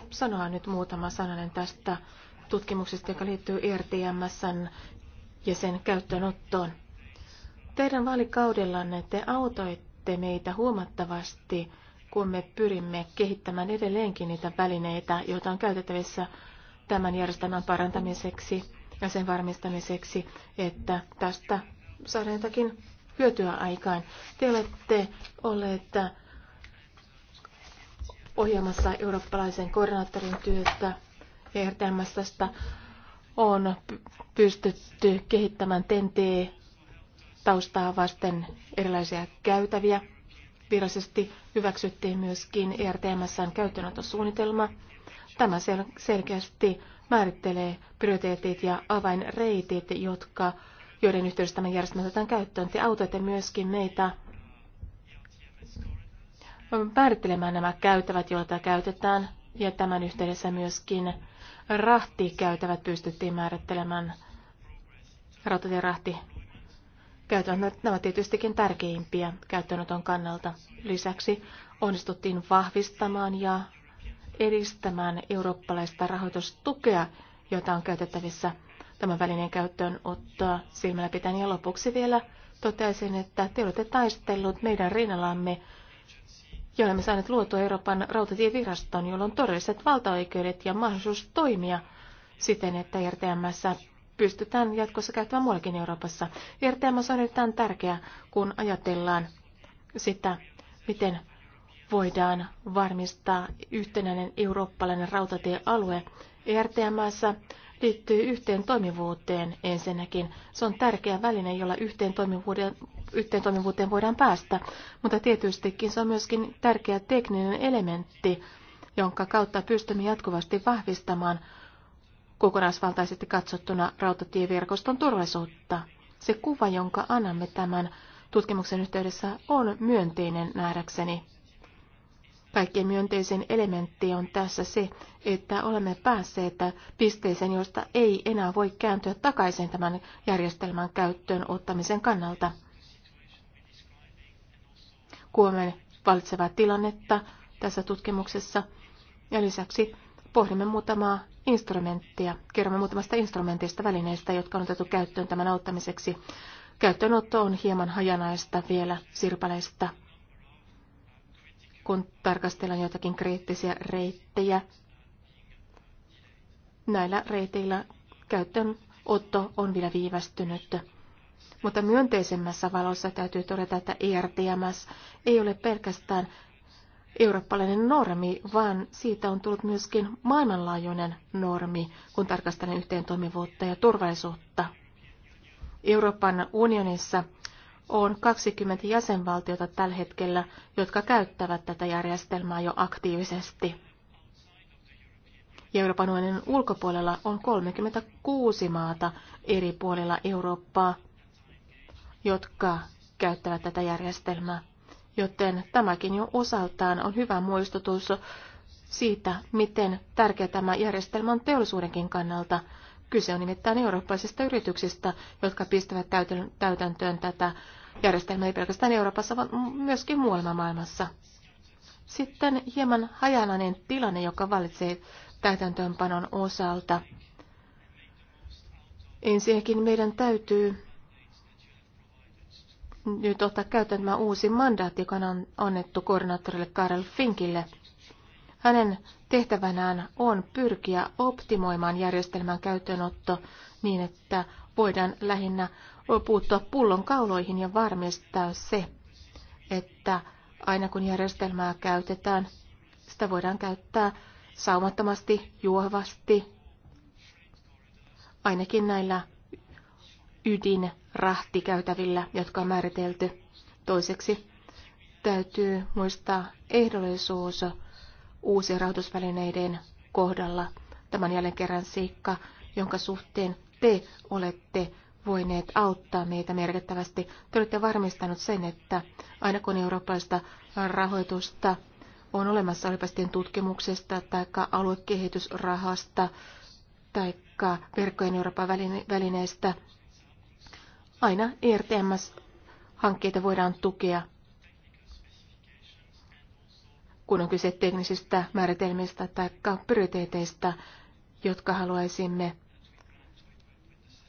Speaker 1: sanoa nyt muutama sananen tästä tutkimuksesta, joka liittyy ERTMSn ja sen käyttöönottoon. Teidän vaalikaudellanne te autoitte meitä huomattavasti, kun me pyrimme kehittämään edelleenkin niitä välineitä, joita on käytettävissä tämän järjestelmän parantamiseksi ja sen varmistamiseksi, että tästä saadaan jotakin hyötyä aikaan. Te olette olleet ohjelmassa eurooppalaisen koordinaattorin työstä ERTMSstä on pystytty kehittämään TNT-taustaa vasten erilaisia käytäviä. Virallisesti hyväksyttiin myöskin ERTMSn käyttöönottosuunnitelma. Tämä sel- selkeästi määrittelee prioriteetit ja avainreitit, jotka joiden yhteydessä tämä järjestelmä otetaan käyttöön. Te autatte myöskin meitä määrittelemään nämä käytävät, joita käytetään, ja tämän yhteydessä myöskin rahtikäytävät pystyttiin määrittelemään rahti. Käytön. nämä tietystikin tärkeimpiä käyttöönoton kannalta. Lisäksi onnistuttiin vahvistamaan ja edistämään eurooppalaista rahoitustukea, jota on käytettävissä tämän välineen käyttöön ottaa silmällä pitäen. Ja lopuksi vielä toteaisin, että te olette taistellut meidän rinnallamme ja olemme saaneet luotua Euroopan rautatieviraston, jolla on todelliset valtaoikeudet ja mahdollisuus toimia siten, että RTMssä pystytään jatkossa käyttämään muuallakin Euroopassa. RTMS on erittäin tärkeä, kun ajatellaan sitä, miten voidaan varmistaa yhtenäinen eurooppalainen rautatiealue. ERTMssä liittyy yhteen toimivuuteen ensinnäkin. Se on tärkeä väline, jolla yhteen toimivuuden yhteen toimivuuteen voidaan päästä, mutta tietystikin se on myöskin tärkeä tekninen elementti, jonka kautta pystymme jatkuvasti vahvistamaan kokonaisvaltaisesti katsottuna rautatieverkoston turvallisuutta. Se kuva, jonka annamme tämän tutkimuksen yhteydessä, on myönteinen nähdäkseni. Kaikkein myönteisen elementti on tässä se, että olemme päässeet pisteeseen, josta ei enää voi kääntyä takaisin tämän järjestelmän käyttöön ottamisen kannalta. Kuomen valitsevaa tilannetta tässä tutkimuksessa ja lisäksi pohdimme muutamaa instrumenttia, kerromme muutamasta instrumentista välineistä, jotka on otettu käyttöön tämän auttamiseksi. Käyttöönotto on hieman hajanaista vielä sirpaleista kun tarkastellaan jotakin kriittisiä reittejä. Näillä reiteillä käyttöönotto on vielä viivästynyt. Mutta myönteisemmässä valossa täytyy todeta, että ERTMS ei ole pelkästään eurooppalainen normi, vaan siitä on tullut myöskin maailmanlaajuinen normi, kun tarkastellaan yhteentoimivuutta ja turvallisuutta. Euroopan unionissa on 20 jäsenvaltiota tällä hetkellä, jotka käyttävät tätä järjestelmää jo aktiivisesti. Ja Euroopan unionin ulkopuolella on 36 maata eri puolilla Eurooppaa, jotka käyttävät tätä järjestelmää. Joten tämäkin jo osaltaan on hyvä muistutus siitä, miten tärkeä tämä järjestelmä on teollisuudenkin kannalta – Kyse on nimittäin eurooppalaisista yrityksistä, jotka pistävät täytäntöön tätä järjestelmää ei pelkästään Euroopassa, vaan myöskin muualla maailmassa. Sitten hieman hajanainen tilanne, joka valitsee täytäntöönpanon osalta. Ensinnäkin meidän täytyy nyt ottaa käyttöön tämä uusi mandaatti, joka on annettu koordinaattorille Karel Finkille – hänen tehtävänään on pyrkiä optimoimaan järjestelmän käyttöönotto niin, että voidaan lähinnä puuttua pullon kauloihin ja varmistaa se, että aina kun järjestelmää käytetään, sitä voidaan käyttää saumattomasti, juovasti. ainakin näillä ydinrahtikäytävillä, jotka on määritelty. Toiseksi täytyy muistaa ehdollisuus uusien rahoitusvälineiden kohdalla. Tämän jälleen kerran seikka, jonka suhteen te olette voineet auttaa meitä merkittävästi. Te olette varmistanut sen, että aina kun eurooppalaista rahoitusta on olemassa olipa tutkimuksesta tai aluekehitysrahasta tai verkkojen Euroopan välineistä aina ERTMS-hankkeita voidaan tukea kun on kyse teknisistä määritelmistä tai prioriteeteista, jotka haluaisimme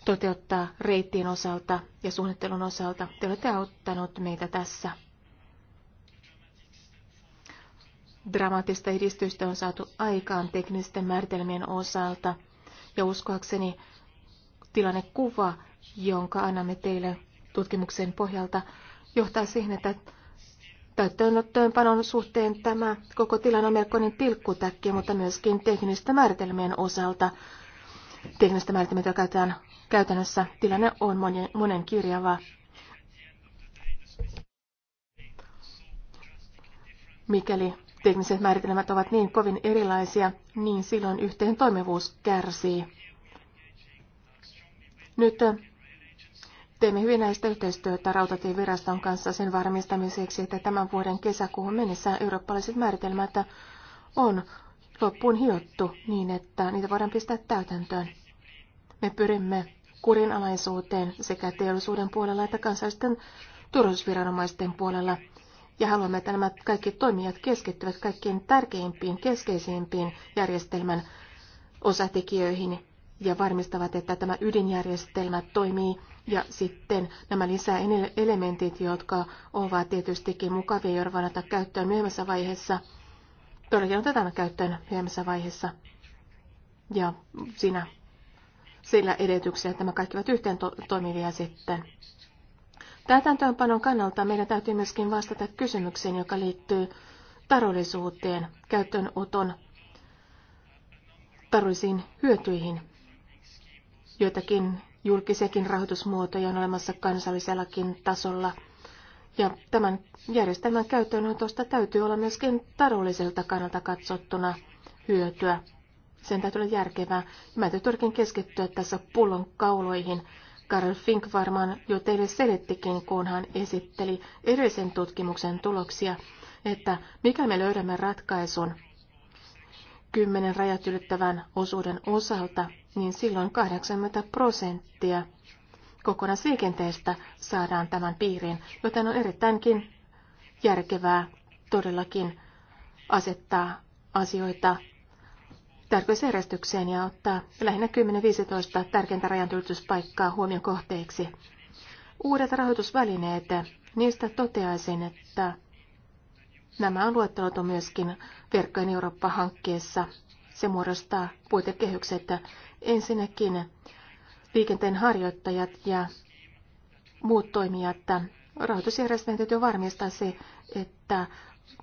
Speaker 1: toteuttaa reittien osalta ja suunnittelun osalta. Te olette auttanut meitä tässä. Dramaattista edistystä on saatu aikaan teknisten määritelmien osalta, ja uskoakseni tilannekuva, jonka annamme teille tutkimuksen pohjalta, johtaa siihen, että Täyttöönottojenpanon suhteen tämä koko tilanne on melkoinen tilkkutäkki, mutta myöskin teknistä määritelmien osalta. Teknistä määritelmiä käytetään käytännössä. Tilanne on monen, monen kirjava. Mikäli tekniset määritelmät ovat niin kovin erilaisia, niin silloin yhteen toimivuus kärsii. Nyt Teemme hyvin näistä yhteistyötä Rautatieviraston kanssa sen varmistamiseksi, että tämän vuoden kesäkuuhun mennessä eurooppalaiset määritelmät on loppuun hiottu niin, että niitä voidaan pistää täytäntöön. Me pyrimme kurinalaisuuteen sekä teollisuuden puolella että kansallisten turvallisuusviranomaisten puolella. Ja haluamme, että nämä kaikki toimijat keskittyvät kaikkein tärkeimpiin, keskeisimpiin järjestelmän osatekijöihin ja varmistavat, että tämä ydinjärjestelmä toimii ja sitten nämä lisäelementit, jotka ovat tietystikin mukavia, joita voidaan ottaa käyttöön myöhemmässä vaiheessa. Todellakin otetaan käyttöön myöhemmässä vaiheessa. Ja siinä sillä edetyksellä, että nämä kaikki ovat yhteen to- toimivia sitten. Täytäntöönpanon kannalta meidän täytyy myöskin vastata kysymykseen, joka liittyy tarollisuuteen, käyttöönoton tarvisiin hyötyihin. Joitakin julkisiakin rahoitusmuotoja on olemassa kansallisellakin tasolla. Ja tämän järjestelmän käyttöönotosta täytyy olla myöskin taloudelliselta kannalta katsottuna hyötyä. Sen täytyy olla järkevää. Mä täytyy keskittyä tässä pullon kauloihin. Karl Fink varmaan jo teille selittikin, kun hän esitteli edellisen tutkimuksen tuloksia, että mikä me löydämme ratkaisun kymmenen rajat ylittävän osuuden osalta, niin silloin 80 prosenttia kokonaisliikenteestä saadaan tämän piiriin, joten on erittäinkin järkevää todellakin asettaa asioita tärkeysjärjestykseen ja ottaa lähinnä 10-15 tärkeintä rajantyrityspaikkaa huomion kohteeksi. Uudet rahoitusvälineet, niistä toteaisin, että nämä on luetteloitu myöskin Verkkojen Eurooppa-hankkeessa. Se muodostaa puitekehykset Ensinnäkin liikenteen harjoittajat ja muut toimijat. Rahoitusjärjestelmän täytyy varmistaa se, että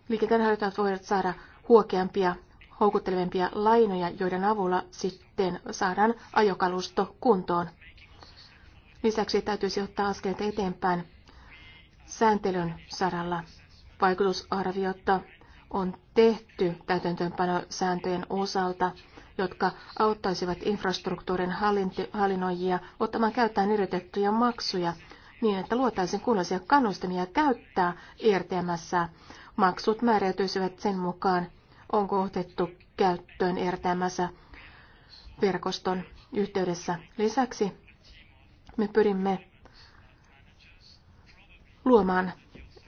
Speaker 1: liikenteen harjoittajat voivat saada huokeampia, houkuttelevampia lainoja, joiden avulla sitten saadaan ajokalusto kuntoon. Lisäksi täytyisi ottaa askeleita eteenpäin sääntelyn saralla. Vaikutusarviota on tehty sääntöjen osalta jotka auttaisivat infrastruktuurin hallinnoijia ottamaan käyttöön yritettyjä maksuja niin, että luotaisiin kunnollisia kannustimia käyttää ERTMS. Maksut määräytyisivät sen mukaan, onko otettu käyttöön ERTMS verkoston yhteydessä. Lisäksi me pyrimme luomaan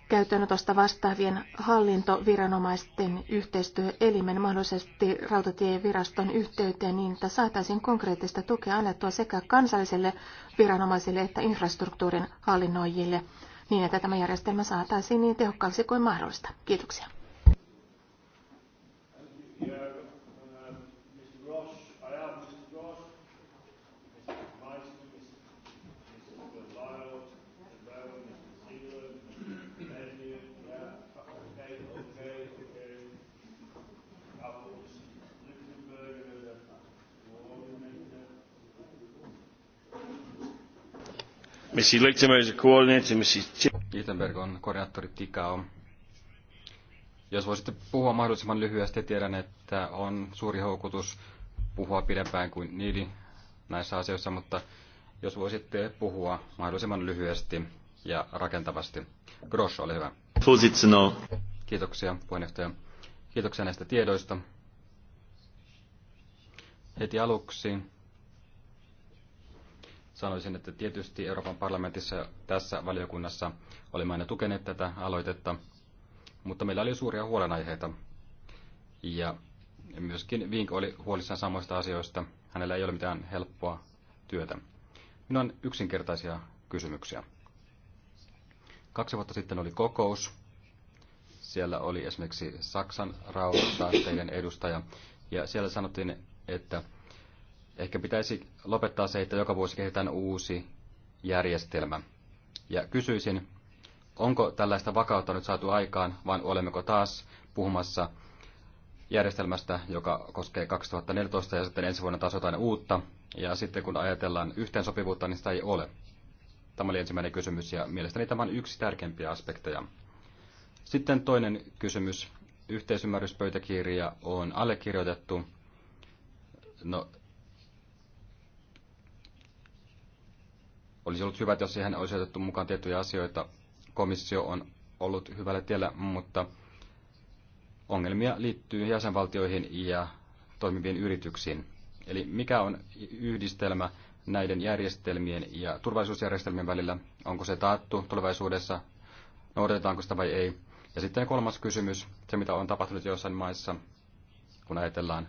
Speaker 1: käytännötosta vastaavien hallintoviranomaisten yhteistyöelimen mahdollisesti rautatieviraston yhteyteen niin, että saataisiin konkreettista tukea annettua sekä kansallisille viranomaisille että infrastruktuurin hallinnoijille niin, että tämä järjestelmä saataisiin niin tehokkaaksi kuin mahdollista. Kiitoksia.
Speaker 3: Mrs.
Speaker 2: on koordinaattori Tikao. Jos voisitte puhua mahdollisimman lyhyesti, tiedän, että on suuri houkutus puhua pidempään kuin niidi näissä asioissa, mutta jos voisitte puhua mahdollisimman lyhyesti ja rakentavasti. Gross, ole hyvä. No. Kiitoksia, puheenjohtaja. Kiitoksia näistä tiedoista. Heti aluksi sanoisin, että tietysti Euroopan parlamentissa ja tässä valiokunnassa olimme aina tukeneet tätä aloitetta, mutta meillä oli suuria huolenaiheita. Ja myöskin Vink oli huolissaan samoista asioista. Hänellä ei ole mitään helppoa työtä. Minulla on yksinkertaisia kysymyksiä. Kaksi vuotta sitten oli kokous. Siellä oli esimerkiksi Saksan rauhoittaa edustaja. Ja siellä sanottiin, että Ehkä pitäisi lopettaa se, että joka vuosi kehitetään uusi järjestelmä. Ja kysyisin, onko tällaista vakautta nyt saatu aikaan, vai olemmeko taas puhumassa järjestelmästä, joka koskee 2014 ja sitten ensi vuonna taas jotain uutta. Ja sitten kun ajatellaan yhteensopivuutta, niin sitä ei ole. Tämä oli ensimmäinen kysymys ja mielestäni tämä on yksi tärkeimpiä aspekteja. Sitten toinen kysymys. Yhteisymmärryspöytäkirja on allekirjoitettu. No, Olisi ollut hyvä, jos siihen olisi otettu mukaan tiettyjä asioita. Komissio on ollut hyvällä tiellä, mutta ongelmia liittyy jäsenvaltioihin ja toimiviin yrityksiin. Eli mikä on yhdistelmä näiden järjestelmien ja turvallisuusjärjestelmien välillä? Onko se taattu tulevaisuudessa? Noudatetaanko sitä vai ei? Ja sitten kolmas kysymys, se mitä on tapahtunut joissain maissa, kun ajatellaan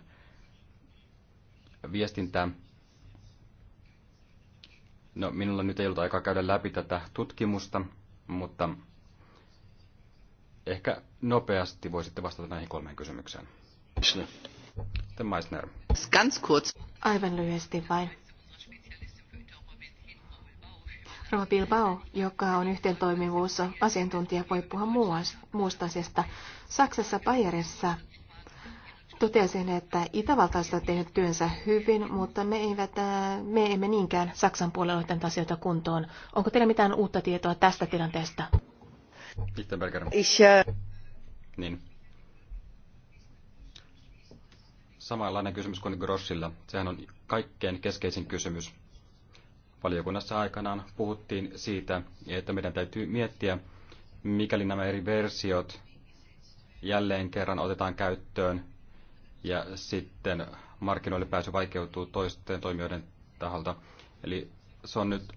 Speaker 2: viestintää. No, minulla nyt ei ollut aikaa käydä läpi tätä tutkimusta, mutta ehkä nopeasti voisitte vastata näihin kolmeen kysymykseen. Sitten Meissner. Ganz kurz.
Speaker 1: Aivan lyhyesti vain. Rova Bilbao, joka on yhteentoimivuus, asiantuntija voi puhua muusta asiasta. Saksassa Bayerissa totesin, että Itävalta on tehnyt työnsä hyvin, mutta me, eivät, äh, me emme niinkään Saksan puolella ole asioita kuntoon. Onko teillä mitään uutta tietoa tästä tilanteesta?
Speaker 2: Lichtenberger. Äh, niin. Samanlainen kysymys kuin Grossilla. Sehän on kaikkein keskeisin kysymys. Valiokunnassa aikanaan puhuttiin siitä, että meidän täytyy miettiä, mikäli nämä eri versiot jälleen kerran otetaan käyttöön ja sitten markkinoille pääsy vaikeutuu toisten toimijoiden taholta. Eli se on nyt,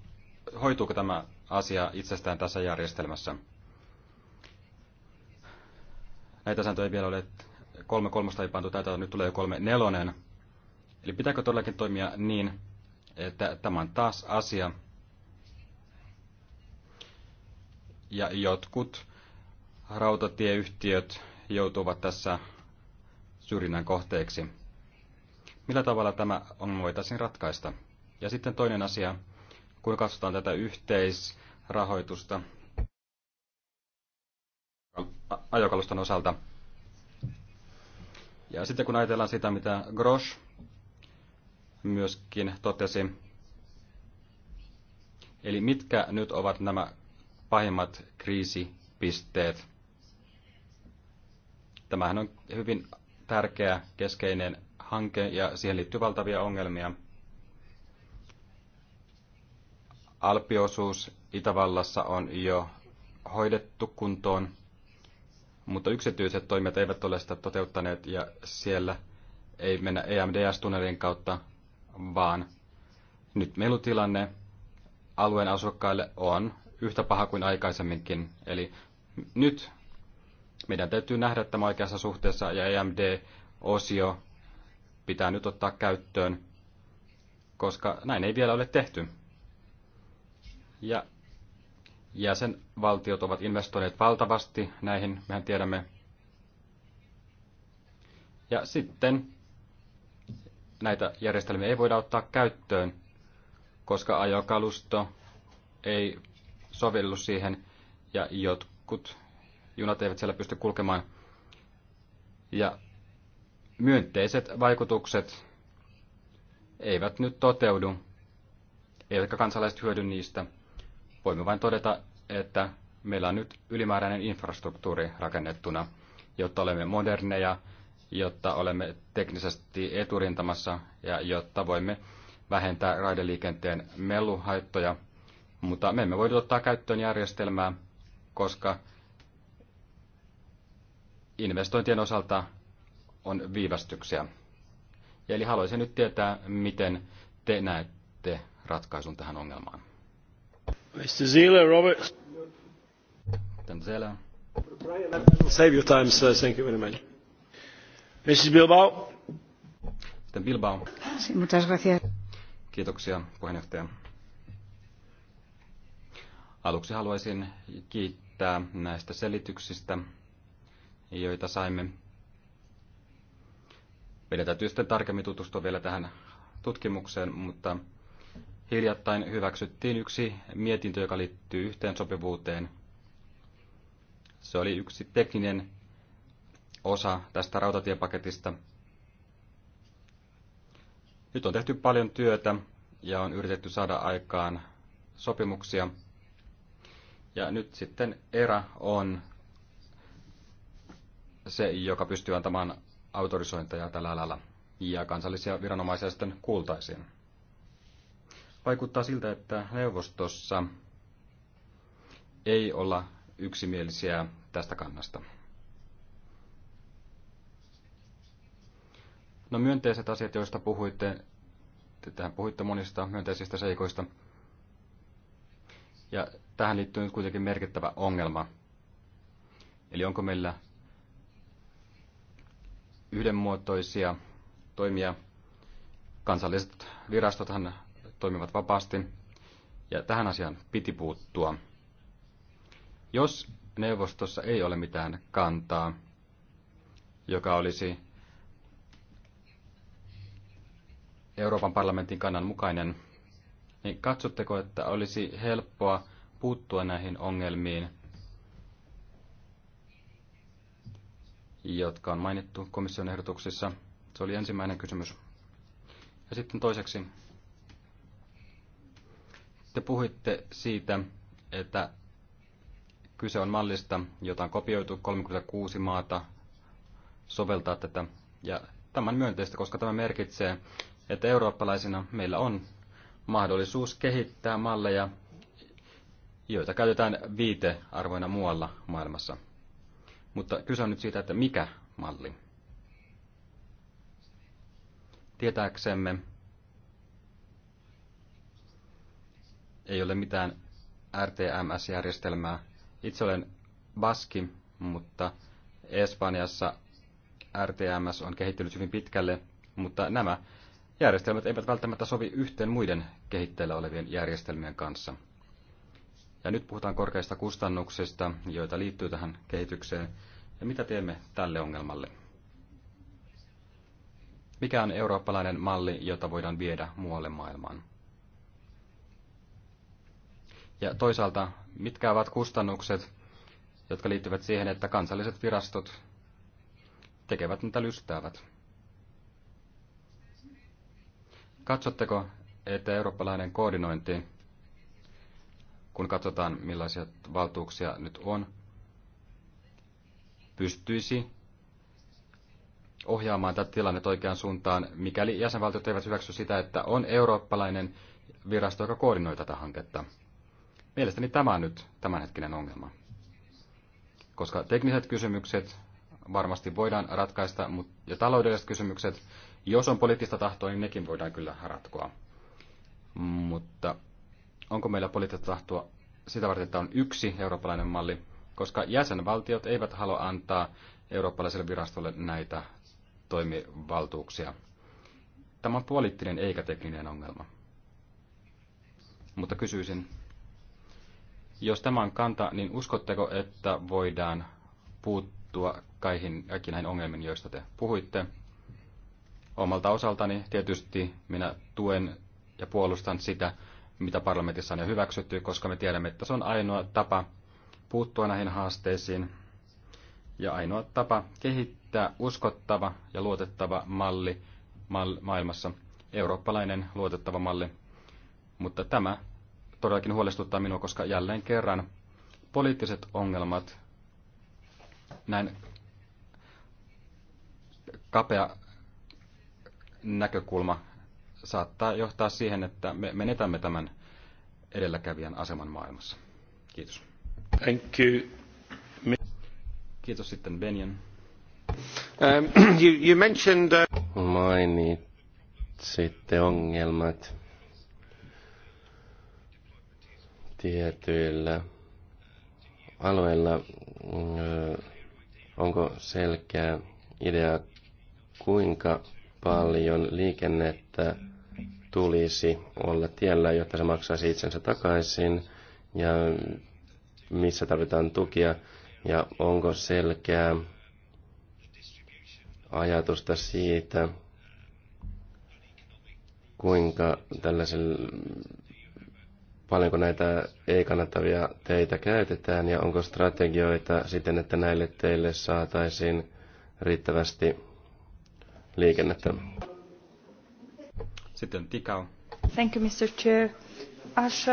Speaker 2: hoituuko tämä asia itsestään tässä järjestelmässä? Näitä sääntöjä ei vielä ole, kolme kolmosta ei pantu tätä, nyt tulee kolme nelonen. Eli pitääkö todellakin toimia niin, että tämä on taas asia, ja jotkut rautatieyhtiöt joutuvat tässä syrjinnän kohteeksi. Millä tavalla tämä ongelma voitaisiin ratkaista? Ja sitten toinen asia, kun katsotaan tätä yhteisrahoitusta ajokaluston osalta. Ja sitten kun ajatellaan sitä, mitä Grosch myöskin totesi, eli mitkä nyt ovat nämä pahimmat kriisipisteet. Tämähän on hyvin tärkeä keskeinen hanke ja siihen liittyy valtavia ongelmia. Alpiosuus Itävallassa on jo hoidettu kuntoon, mutta yksityiset toimijat eivät ole sitä toteuttaneet ja siellä ei mennä EMDS-tunnelin kautta, vaan nyt melutilanne alueen asukkaille on yhtä paha kuin aikaisemminkin. Eli nyt meidän täytyy nähdä tämä oikeassa suhteessa ja EMD-osio pitää nyt ottaa käyttöön, koska näin ei vielä ole tehty. Ja jäsenvaltiot ovat investoineet valtavasti näihin, mehän tiedämme. Ja sitten näitä järjestelmiä ei voida ottaa käyttöön, koska ajokalusto ei sovellu siihen ja jotkut junat eivät siellä pysty kulkemaan. Ja myönteiset vaikutukset eivät nyt toteudu, eivätkä kansalaiset hyödy niistä. Voimme vain todeta, että meillä on nyt ylimääräinen infrastruktuuri rakennettuna, jotta olemme moderneja, jotta olemme teknisesti eturintamassa ja jotta voimme vähentää raideliikenteen meluhaittoja. Mutta me emme voi ottaa käyttöön järjestelmää, koska investointien osalta on viivästyksiä. Eli haluaisin nyt tietää, miten te näette ratkaisun tähän ongelmaan. Mr. Zila, Robert. Mr. Zila. Save your time, sir. Thank you very much. Mrs. Bilbao. Sitten Bilbao.
Speaker 1: Sí, muchas gracias.
Speaker 2: Kiitoksia, puheenjohtaja. Aluksi haluaisin kiittää näistä selityksistä joita saimme. Meidän täytyy sitten tarkemmin tutustua vielä tähän tutkimukseen, mutta hiljattain hyväksyttiin yksi mietintö, joka liittyy yhteensopivuuteen. Se oli yksi tekninen osa tästä rautatiepaketista. Nyt on tehty paljon työtä ja on yritetty saada aikaan sopimuksia. Ja nyt sitten ERA on se, joka pystyy antamaan autorisointeja tällä alalla, ja kansallisia viranomaisia sitten kuultaisiin. Vaikuttaa siltä, että neuvostossa ei olla yksimielisiä tästä kannasta. No myönteiset asiat, joista puhuitte, tähän puhuitte monista myönteisistä seikoista. Ja tähän liittyy nyt kuitenkin merkittävä ongelma. Eli onko meillä yhdenmuotoisia toimia. Kansalliset virastothan toimivat vapaasti, ja tähän asiaan piti puuttua. Jos neuvostossa ei ole mitään kantaa, joka olisi Euroopan parlamentin kannan mukainen, niin katsotteko, että olisi helppoa puuttua näihin ongelmiin jotka on mainittu komission ehdotuksissa. Se oli ensimmäinen kysymys. Ja sitten toiseksi, te puhuitte siitä, että kyse on mallista, jota on kopioitu 36 maata soveltaa tätä. Ja tämän myönteistä, koska tämä merkitsee, että eurooppalaisina meillä on mahdollisuus kehittää malleja, joita käytetään viitearvoina muualla maailmassa. Mutta kyse on nyt siitä, että mikä malli. Tietääksemme ei ole mitään RTMS-järjestelmää. Itse olen baski, mutta Espanjassa RTMS on kehittynyt hyvin pitkälle, mutta nämä järjestelmät eivät välttämättä sovi yhteen muiden kehitteillä olevien järjestelmien kanssa. Ja nyt puhutaan korkeista kustannuksista, joita liittyy tähän kehitykseen. Ja mitä teemme tälle ongelmalle? Mikä on eurooppalainen malli, jota voidaan viedä muualle maailmaan? Ja toisaalta, mitkä ovat kustannukset, jotka liittyvät siihen, että kansalliset virastot tekevät mitä lystäävät? Katsotteko, että eurooppalainen koordinointi kun katsotaan millaisia valtuuksia nyt on, pystyisi ohjaamaan tätä tilannetta oikeaan suuntaan, mikäli jäsenvaltiot eivät hyväksy sitä, että on eurooppalainen virasto, joka koordinoi tätä hanketta. Mielestäni tämä on nyt tämänhetkinen ongelma. Koska tekniset kysymykset varmasti voidaan ratkaista, ja taloudelliset kysymykset, jos on poliittista tahtoa, niin nekin voidaan kyllä ratkoa. Mutta onko meillä poliittista tahtoa sitä varten, että on yksi eurooppalainen malli, koska jäsenvaltiot eivät halua antaa eurooppalaiselle virastolle näitä toimivaltuuksia. Tämä on poliittinen eikä tekninen ongelma. Mutta kysyisin, jos tämä on kanta, niin uskotteko, että voidaan puuttua kaikkiin, kaikkiin näihin ongelmiin, joista te puhuitte? Omalta osaltani tietysti minä tuen ja puolustan sitä, mitä parlamentissa on jo hyväksytty, koska me tiedämme, että se on ainoa tapa puuttua näihin haasteisiin ja ainoa tapa kehittää uskottava ja luotettava malli maailmassa, eurooppalainen luotettava malli. Mutta tämä todellakin huolestuttaa minua, koska jälleen kerran poliittiset ongelmat näin kapea näkökulma saattaa johtaa siihen, että me menetämme tämän edelläkävijän aseman maailmassa. Kiitos. Thank you. Kiitos sitten Benjen. Um,
Speaker 3: (clears throat) you, you mentioned, uh... Mainitsitte ongelmat tietyillä alueilla. Mm, onko selkeä idea, kuinka paljon liikennettä tulisi olla tiellä, jotta se maksaisi itsensä takaisin ja missä tarvitaan tukia ja onko selkeää ajatusta siitä, kuinka tällaisen paljonko näitä ei-kannattavia teitä käytetään ja onko strategioita siten, että näille teille saataisiin riittävästi liikennettä.
Speaker 2: Sitten Tikau.
Speaker 1: Thank you, Mr. Chair. Aș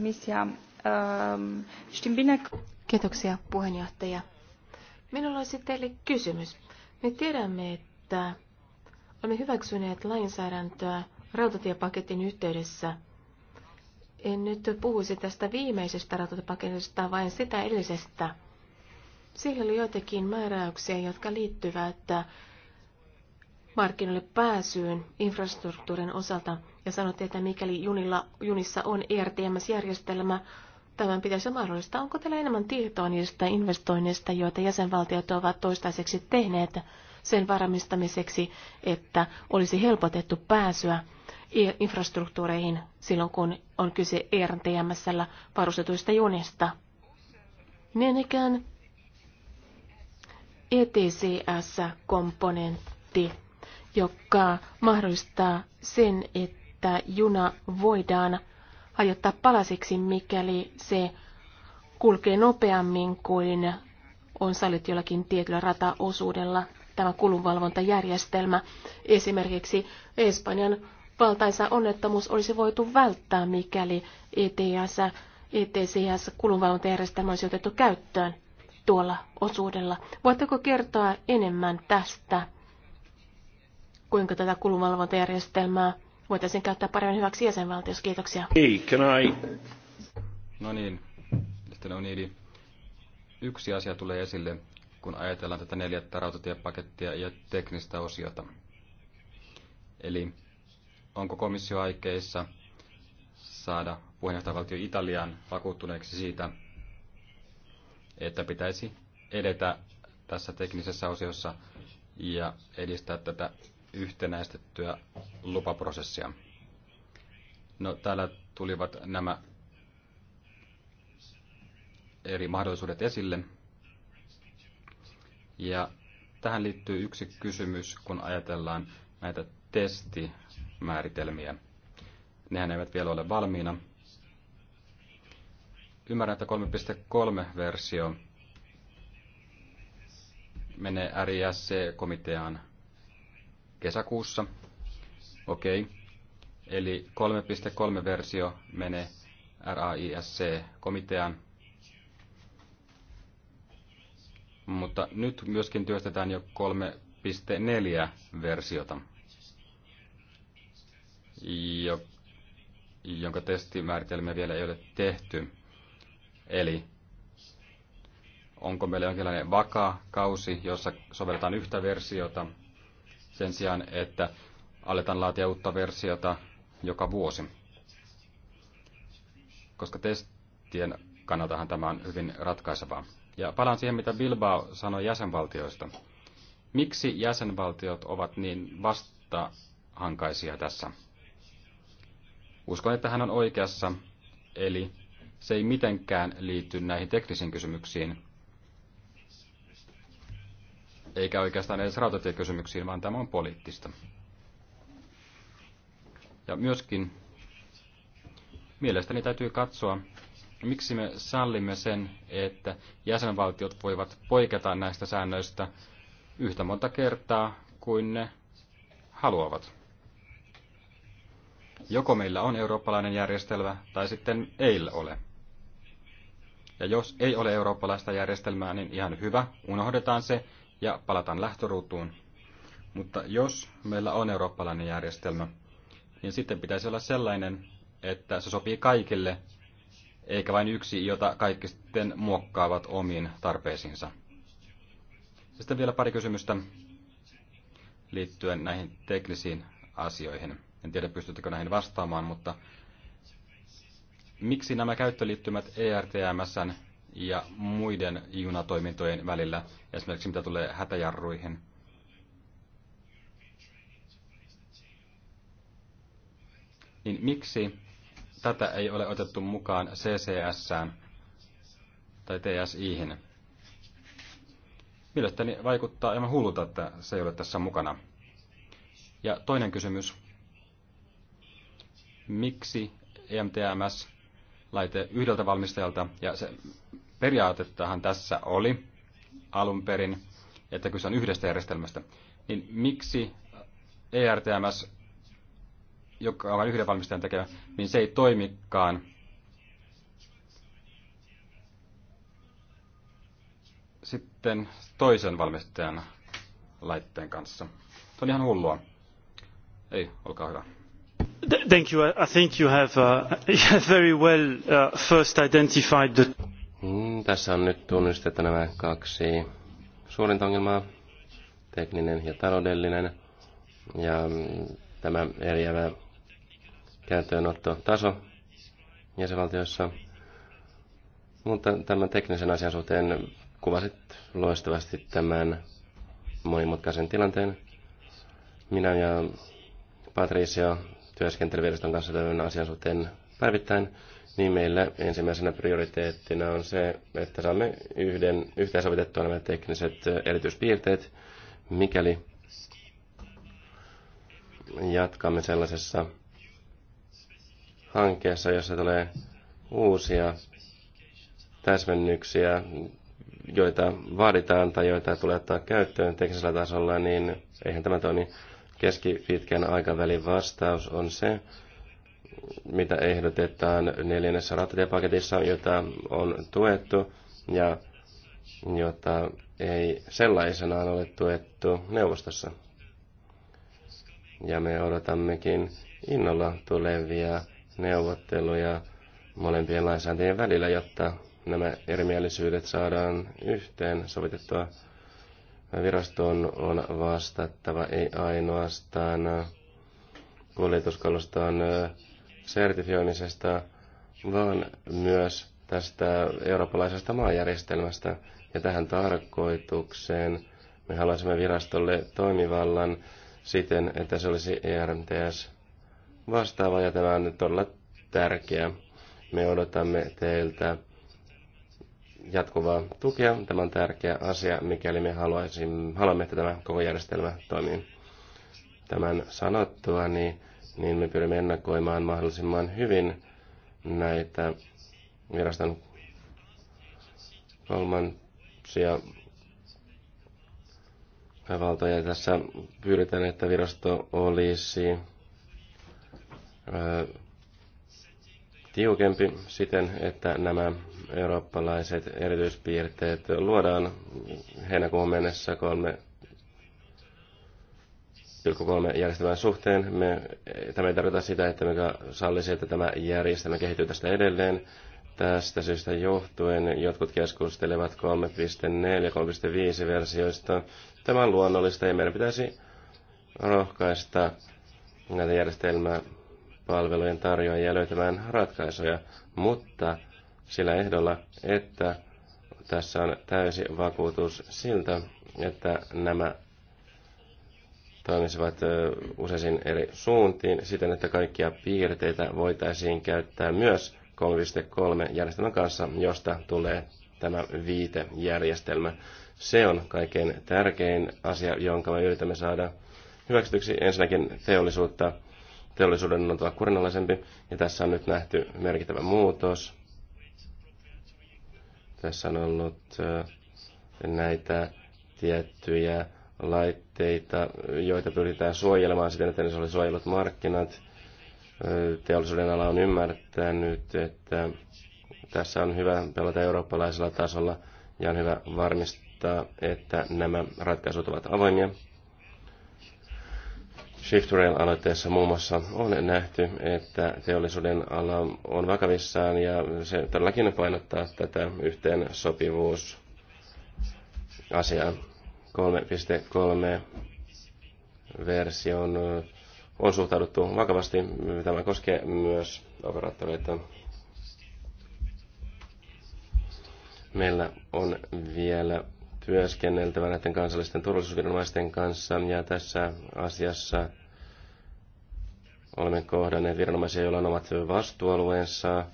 Speaker 1: misia. Știm um, bine... Kiitoksia, puheenjohtaja. Minulla olisi teille kysymys. Me tiedämme, että olemme hyväksyneet lainsäädäntöä rautatiepaketin yhteydessä. En nyt puhuisi tästä viimeisestä rautatiepaketista, vaan sitä edellisestä. Siellä oli joitakin määräyksiä, jotka liittyvät markkinoille pääsyyn infrastruktuurin osalta ja sanotte, että mikäli junilla, junissa on ERTMS-järjestelmä, tämän pitäisi mahdollistaa. Onko teillä enemmän tietoa niistä investoinneista, joita jäsenvaltiot ovat toistaiseksi tehneet sen varmistamiseksi, että olisi helpotettu pääsyä e infrastruktuureihin silloin, kun on kyse ERTMSllä varustetuista junista? Niin ikään ETCS-komponentti joka mahdollistaa sen, että juna voidaan hajottaa palasiksi, mikäli se kulkee nopeammin kuin on sallittu jollakin tietyllä rataosuudella tämä kulunvalvontajärjestelmä. Esimerkiksi Espanjan valtaisa onnettomuus olisi voitu välttää, mikäli ETS, ETCS kulunvalvontajärjestelmä olisi otettu käyttöön tuolla osuudella. Voitteko kertoa enemmän tästä kuinka tätä kulunvalvontajärjestelmää voitaisiin käyttää paremmin hyväksi jäsenvaltiossa. Kiitoksia.
Speaker 2: Hey, can I... No niin, sitten on niin. Yksi asia tulee esille, kun ajatellaan tätä neljättä rautatiepakettia ja teknistä osiota. Eli onko komissio aikeissa saada puheenjohtajavaltio Italian vakuuttuneeksi siitä, että pitäisi edetä tässä teknisessä osiossa ja edistää tätä yhtenäistettyä lupaprosessia. No, täällä tulivat nämä eri mahdollisuudet esille. Ja tähän liittyy yksi kysymys, kun ajatellaan näitä testimääritelmiä. Nehän eivät vielä ole valmiina. Ymmärrän, että 3.3-versio menee RISC-komiteaan kesäkuussa. Okei. Okay. Eli 3.3 versio menee RAISC-komiteaan. Mutta nyt myöskin työstetään jo 3.4 versiota, jonka testimääritelmiä vielä ei ole tehty. Eli onko meillä jonkinlainen vakaa kausi, jossa sovelletaan yhtä versiota – sen sijaan, että aletaan laatia uutta versiota joka vuosi. Koska testien kannaltahan tämä on hyvin ratkaisevaa. Ja palaan siihen, mitä Bilbao sanoi jäsenvaltioista. Miksi jäsenvaltiot ovat niin vastahankaisia tässä? Uskon, että hän on oikeassa, eli se ei mitenkään liity näihin teknisiin kysymyksiin, eikä oikeastaan edes rautatiekysymyksiin, vaan tämä on poliittista. Ja myöskin mielestäni täytyy katsoa, miksi me sallimme sen, että jäsenvaltiot voivat poiketa näistä säännöistä yhtä monta kertaa kuin ne haluavat. Joko meillä on eurooppalainen järjestelmä tai sitten ei ole. Ja jos ei ole eurooppalaista järjestelmää, niin ihan hyvä, unohdetaan se ja palataan lähtöruutuun. Mutta jos meillä on eurooppalainen järjestelmä, niin sitten pitäisi olla sellainen, että se sopii kaikille, eikä vain yksi, jota kaikki sitten muokkaavat omiin tarpeisiinsa. Sitten vielä pari kysymystä liittyen näihin teknisiin asioihin. En tiedä, pystyttekö näihin vastaamaan, mutta miksi nämä käyttöliittymät ERTMSn ja muiden junatoimintojen välillä, esimerkiksi mitä tulee hätäjarruihin. Niin miksi tätä ei ole otettu mukaan ccs tai TSIhin? Mielestäni vaikuttaa aivan hullulta, että se ei ole tässä mukana. Ja toinen kysymys. Miksi EMTMS laite yhdeltä valmistajalta ja se periaatettahan tässä oli alun perin, että kyse on yhdestä järjestelmästä. Niin miksi ERTMS, joka on vain yhden valmistajan tekemä, niin se ei toimikaan sitten toisen valmistajan laitteen kanssa. Se on ihan hullua. Ei, olkaa hyvä. Thank you. I think you have uh, (laughs) very well uh, first
Speaker 3: identified the Mm, tässä on nyt tunnistettu nämä kaksi suurinta ongelmaa, tekninen ja taloudellinen. Ja mm, tämä eriävä käyttöönottotaso jäsenvaltioissa. Mutta tämän teknisen asian suhteen kuvasit loistavasti tämän monimutkaisen tilanteen. Minä ja Patricia työskentelevät kanssa tämän asian suhteen päivittäin niin meillä ensimmäisenä prioriteettina on se, että saamme yhden, yhteensovitettua nämä tekniset erityispiirteet, mikäli jatkamme sellaisessa hankkeessa, jossa tulee uusia täsmennyksiä, joita vaaditaan tai joita tulee ottaa käyttöön teknisellä tasolla, niin eihän tämä toimi. Keskipitkän aikavälin vastaus on se, mitä ehdotetaan neljännessä rautatiepaketissa, jota on tuettu ja jota ei sellaisenaan ole tuettu neuvostossa. Ja me odotammekin innolla tulevia neuvotteluja molempien lainsäätäjien välillä, jotta nämä erimielisyydet saadaan yhteen sovitettua. Viraston on vastattava ei ainoastaan kuljetuskaluston sertifioimisesta, vaan myös tästä eurooppalaisesta maajärjestelmästä. Ja tähän tarkoitukseen me haluaisimme virastolle toimivallan siten, että se olisi ERMTS vastaava ja tämä on todella tärkeä. Me odotamme teiltä jatkuvaa tukea. Tämä on tärkeä asia, mikäli me haluaisimme, haluamme, että tämä koko järjestelmä toimii. Tämän sanottua, niin niin me pyrimme ennakoimaan mahdollisimman hyvin näitä viraston kolmansia valtoja. Tässä pyritään, että virasto olisi ö, tiukempi siten, että nämä eurooppalaiset erityispiirteet luodaan heinäkuun mennessä kolme 1,3 järjestelmän suhteen. Me, tämä ei tarkoita sitä, että me sallisi, että tämä järjestelmä kehittyy tästä edelleen. Tästä syystä johtuen jotkut keskustelevat 3.4 3.5 versioista. Tämä on luonnollista ja meidän pitäisi rohkaista näitä palvelujen tarjoajia löytämään ratkaisuja, mutta sillä ehdolla, että tässä on täysi vakuutus siltä, että nämä toimisivat useisiin eri suuntiin siten, että kaikkia piirteitä voitaisiin käyttää myös 3.3 järjestelmän kanssa, josta tulee tämä viitejärjestelmä. Se on kaikkein tärkein asia, jonka me yritämme saada hyväksytyksi. Ensinnäkin teollisuutta. Teollisuuden on oltava kurinalaisempi, ja tässä on nyt nähty merkittävä muutos. Tässä on ollut näitä tiettyjä laitteita, joita pyritään suojelemaan siten, että ne oli suojellut markkinat. Teollisuuden ala on ymmärtänyt, että tässä on hyvä pelata eurooppalaisella tasolla ja on hyvä varmistaa, että nämä ratkaisut ovat avoimia. Shift Rail-aloitteessa muun muassa on nähty, että teollisuuden ala on vakavissaan ja se todellakin painottaa tätä yhteen sopivuusasiaa. 3.3 version on suhtauduttu vakavasti. Tämä koskee myös operaattoreita. Meillä on vielä työskenneltävä näiden kansallisten turvallisuusviranomaisten kanssa ja tässä asiassa olemme kohdanneet viranomaisia, joilla on omat vastuualueensa.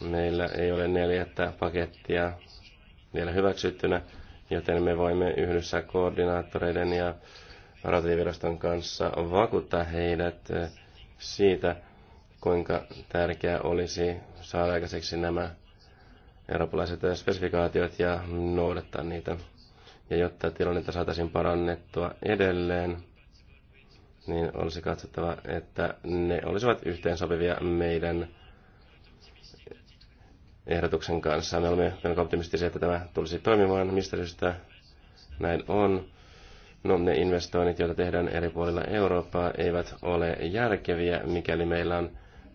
Speaker 3: Meillä ei ole neljättä pakettia vielä hyväksyttynä joten me voimme yhdessä koordinaattoreiden ja rautatieviraston kanssa vakuuttaa heidät eh, siitä, kuinka tärkeää olisi saada aikaiseksi nämä eurooppalaiset eh, spesifikaatiot ja noudattaa niitä. Ja jotta tilannetta saataisiin parannettua edelleen, niin olisi katsottava, että ne olisivat yhteensopivia meidän ehdotuksen kanssa. Me olemme melko optimistisia, että tämä tulisi toimimaan. Mistä syystä näin on? No, ne investoinnit, joita tehdään eri puolilla Eurooppaa, eivät ole järkeviä, mikäli meillä on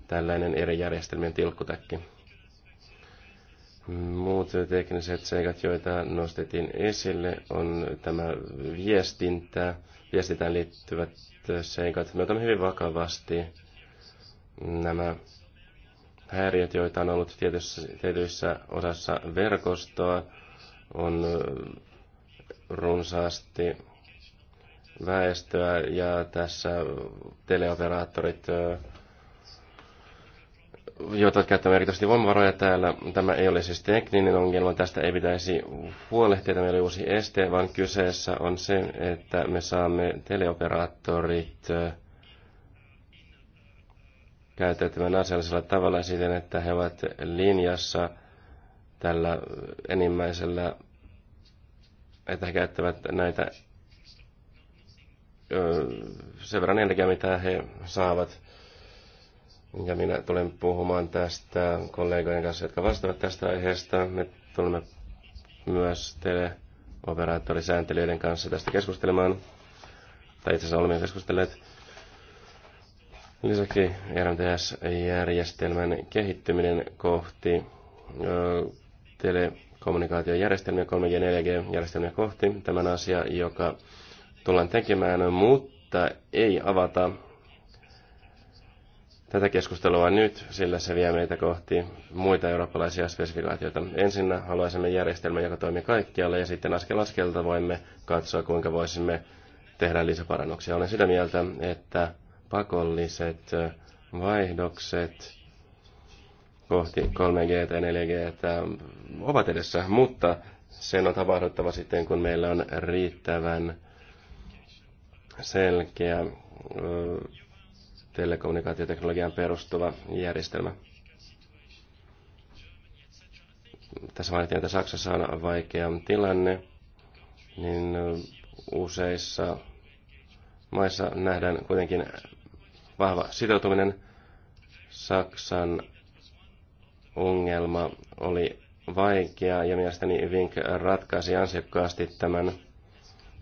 Speaker 3: tällainen eri järjestelmien tilkkutäkki. Muut tekniset seikat, joita nostettiin esille, on tämä viestintä, viestintään liittyvät seikat. Me otamme hyvin vakavasti nämä häiriöt, joita on ollut tietyissä, tietyissä osassa verkostoa, on runsaasti väestöä ja tässä teleoperaattorit joita käyttävät merkittävästi voimavaroja täällä. Tämä ei ole siis tekninen ongelma, tästä ei pitäisi huolehtia, tämä meillä uusi este, vaan kyseessä on se, että me saamme teleoperaattorit käyttäytymään asiallisella tavalla siten, että he ovat linjassa tällä enimmäisellä, että he käyttävät näitä sen verran energiaa, mitä he saavat. Ja minä tulen puhumaan tästä kollegojen kanssa, jotka vastaavat tästä aiheesta. Me tulemme myös teleoperaattorisääntelyiden kanssa tästä keskustelemaan. Tai itse asiassa olemme keskustelleet Lisäksi RMTS-järjestelmän kehittyminen kohti telekommunikaatiojärjestelmiä 3G- ja 4G-järjestelmiä kohti. Tämän asia, joka tullaan tekemään, mutta ei avata tätä keskustelua nyt, sillä se vie meitä kohti muita eurooppalaisia spesifikaatioita. Ensin haluaisimme järjestelmän, joka toimii kaikkialla, ja sitten askel askelta voimme katsoa, kuinka voisimme tehdä lisäparannuksia. Olen sitä mieltä, että pakolliset äh, vaihdokset kohti 3G ja 4G ovat edessä, mutta sen on tapahduttava sitten, kun meillä on riittävän selkeä äh, telekommunikaatioteknologian perustuva järjestelmä. Tässä mainittiin, että Saksassa on vaikea tilanne, niin äh, useissa maissa nähdään kuitenkin vahva sitoutuminen. Saksan ongelma oli vaikea ja mielestäni Vink ratkaisi ansiokkaasti tämän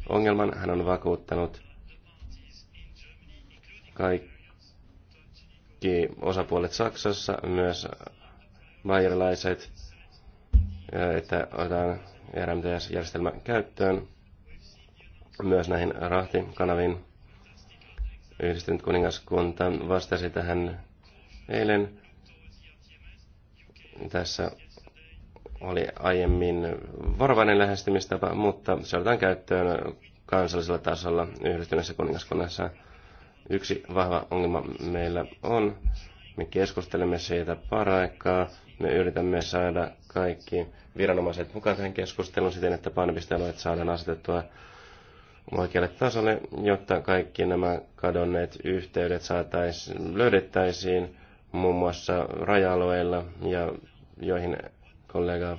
Speaker 3: ongelman. Hän on vakuuttanut kaikki osapuolet Saksassa, myös bayerilaiset, että otetaan RMTS-järjestelmä käyttöön myös näihin rahtikanaviin. Yhdistynyt kuningaskunta vastasi tähän eilen. Tässä oli aiemmin varovainen lähestymistapa, mutta se otetaan käyttöön kansallisella tasolla yhdistyneessä kuningaskunnassa. Yksi vahva ongelma meillä on. Me keskustelemme siitä paraikaa. Me yritämme saada kaikki viranomaiset mukaan tähän keskusteluun siten, että painopistealueet saadaan asetettua oikealle tasolle, jotta kaikki nämä kadonneet yhteydet saataisiin, löydettäisiin muun muassa raja-alueilla ja joihin kollega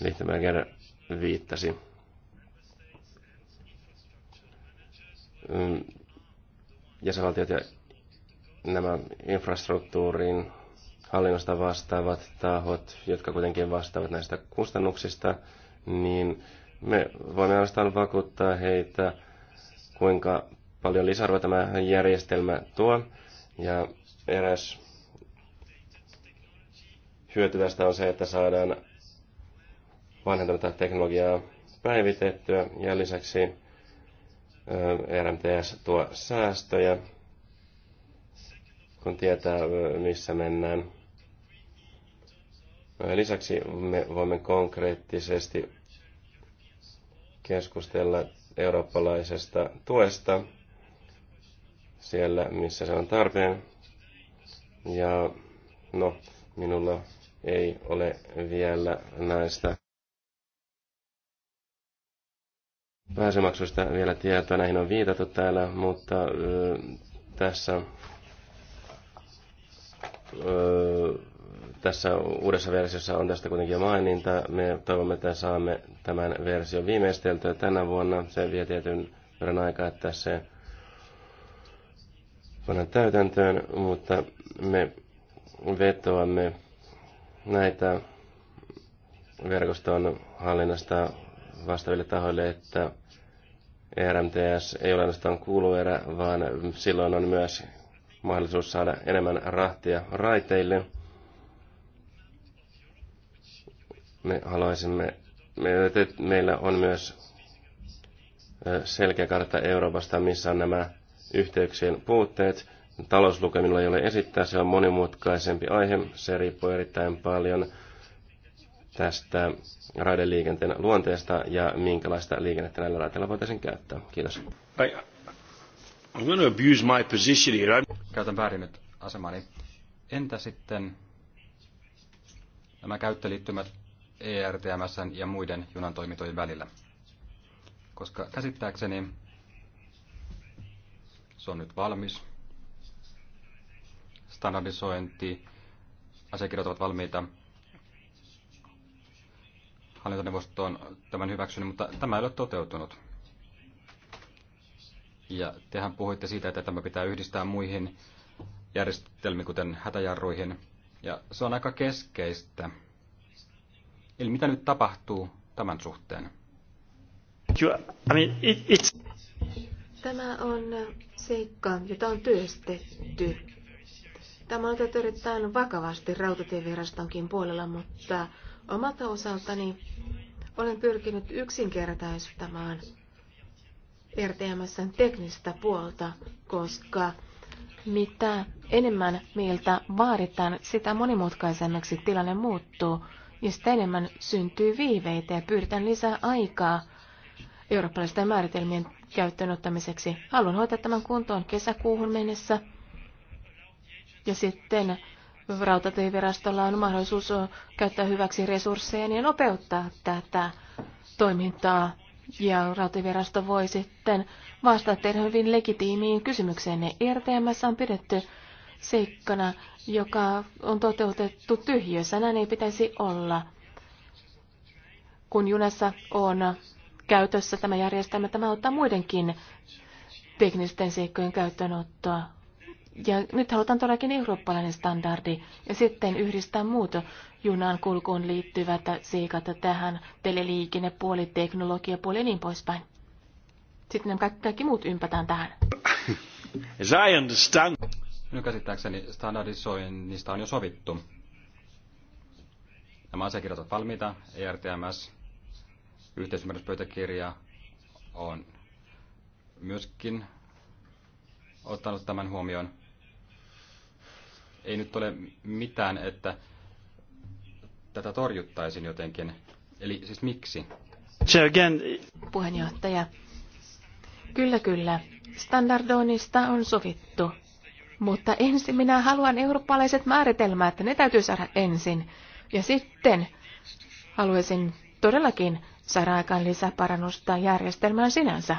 Speaker 3: Lichtenberger viittasi. Mm, jäsenvaltiot ja nämä infrastruktuurin hallinnosta vastaavat tahot, jotka kuitenkin vastaavat näistä kustannuksista, niin me voimme ainoastaan vakuuttaa heitä, kuinka paljon lisäarvoa tämä järjestelmä tuo. Ja eräs hyöty tästä on se, että saadaan vanhentunutta teknologiaa päivitettyä ja lisäksi RMTS tuo säästöjä, kun tietää missä mennään. Lisäksi me voimme konkreettisesti keskustella eurooppalaisesta tuesta siellä, missä se on tarpeen. Ja no, minulla ei ole vielä näistä pääsemaksuista vielä tietoa. Näihin on viitattu täällä, mutta ö, tässä ö, tässä uudessa versiossa on tästä kuitenkin jo maininta. Me toivomme, että saamme tämän version viimeisteltyä tänä vuonna. Se vie tietyn verran aikaa, että se pannaan täytäntöön, mutta me vetoamme näitä verkoston hallinnasta vastaaville tahoille, että ERMTS ei ole ainoastaan kuuluerä, vaan silloin on myös mahdollisuus saada enemmän rahtia raiteille – Me haluaisimme, me, meillä on myös selkeä kartta Euroopasta, missä on nämä yhteyksien puutteet. Talouslukemilla ei ole esittää, se on monimutkaisempi aihe, se riippuu erittäin paljon tästä raideliikenteen luonteesta ja minkälaista liikennettä näillä raiteilla voitaisiin käyttää. Kiitos. I,
Speaker 2: I'm going to abuse my position here. I'm... Käytän väärin nyt asemani. Entä sitten nämä käyttöliittymät ERTMS ja muiden junantoimintojen välillä. Koska käsittääkseni se on nyt valmis. Standardisointi, asiakirjat ovat valmiita. Hallintoneuvosto on tämän hyväksynyt, mutta tämä ei ole toteutunut. Ja tehän puhuitte siitä, että tämä pitää yhdistää muihin järjestelmiin, kuten hätäjarruihin. Ja se on aika keskeistä Eli mitä nyt tapahtuu tämän suhteen?
Speaker 1: Tämä on seikka, jota on työstetty. Tämä on otettu erittäin vakavasti rautatievirastonkin puolella, mutta omalta osaltani olen pyrkinyt yksinkertaistamaan RTMSn teknistä puolta, koska mitä enemmän meiltä vaaditaan, sitä monimutkaisemmaksi tilanne muuttuu ja sitä enemmän syntyy viiveitä ja pyydetään lisää aikaa eurooppalaisten määritelmien käyttöön ottamiseksi. Haluan hoitaa tämän kuntoon kesäkuuhun mennessä. Ja sitten rautatievirastolla on mahdollisuus käyttää hyväksi resursseja ja nopeuttaa tätä toimintaa. Ja rautatievirasto voi sitten vastata teidän hyvin legitiimiin kysymykseenne. ERTMS on pidetty seikkana, joka on toteutettu tyhjössä. Näin ei pitäisi olla. Kun junassa on käytössä tämä järjestelmä, tämä ottaa muidenkin teknisten seikkojen käyttöönottoa. Ja nyt halutaan todellakin eurooppalainen standardi ja sitten yhdistää muut junan kulkuun liittyvät seikat tähän, teleliikenne, puoli, teknologia, puoli ja niin poispäin. Sitten nämä kaikki muut ympätään tähän.
Speaker 2: As I understand. Minun käsittääkseni standardisoinnista on jo sovittu. Nämä asiakirjat ovat valmiita, ERTMS, yhteisymmärryspöytäkirja on myöskin ottanut tämän huomioon. Ei nyt ole mitään, että tätä torjuttaisiin jotenkin. Eli siis miksi?
Speaker 1: Puheenjohtaja. Kyllä, kyllä. Standardoinnista on sovittu. Mutta ensin minä haluan eurooppalaiset määritelmät, ne täytyy saada ensin. Ja sitten haluaisin todellakin saada aikaan lisäparannusta järjestelmään sinänsä.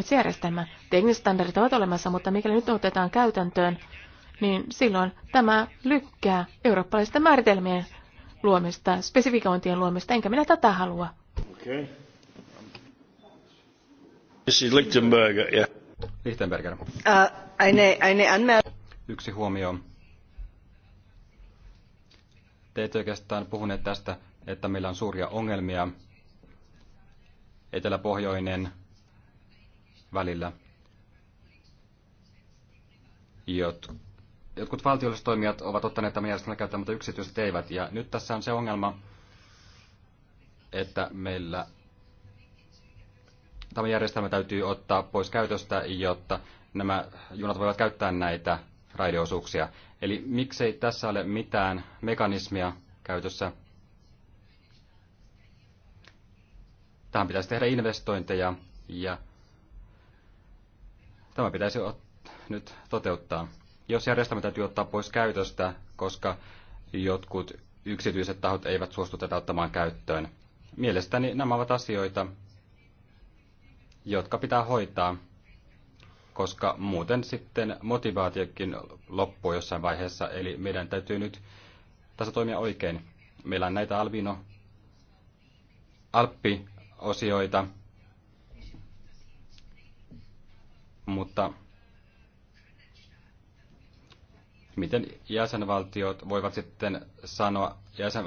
Speaker 1: se järjestelmä. Tekniset standardit ovat olemassa, mutta mikäli nyt otetaan käytäntöön, niin silloin tämä lykkää eurooppalaisten määritelmien luomista, spesifikointien luomista, enkä minä tätä halua. Okay.
Speaker 3: Lichtenberger, yeah. Lichtenberger.
Speaker 2: Uh, Yksi huomio. Te ette oikeastaan puhuneet tästä, että meillä on suuria ongelmia eteläpohjoinen välillä. Jot, jotkut valtiolliset toimijat ovat ottaneet tämän järjestelmän käyttöön, mutta yksityiset eivät. Ja nyt tässä on se ongelma, että meillä tämä järjestelmä täytyy ottaa pois käytöstä, jotta nämä junat voivat käyttää näitä raideosuuksia. Eli miksei tässä ole mitään mekanismia käytössä? Tähän pitäisi tehdä investointeja ja tämä pitäisi nyt toteuttaa. Jos järjestelmä täytyy ottaa pois käytöstä, koska jotkut yksityiset tahot eivät suostu tätä ottamaan käyttöön. Mielestäni nämä ovat asioita, jotka pitää hoitaa, koska muuten sitten motivaatiokin loppuu jossain vaiheessa. Eli meidän täytyy nyt tässä toimia oikein. Meillä on näitä albino osioita, mutta miten jäsenvaltiot voivat sitten sanoa jäsen,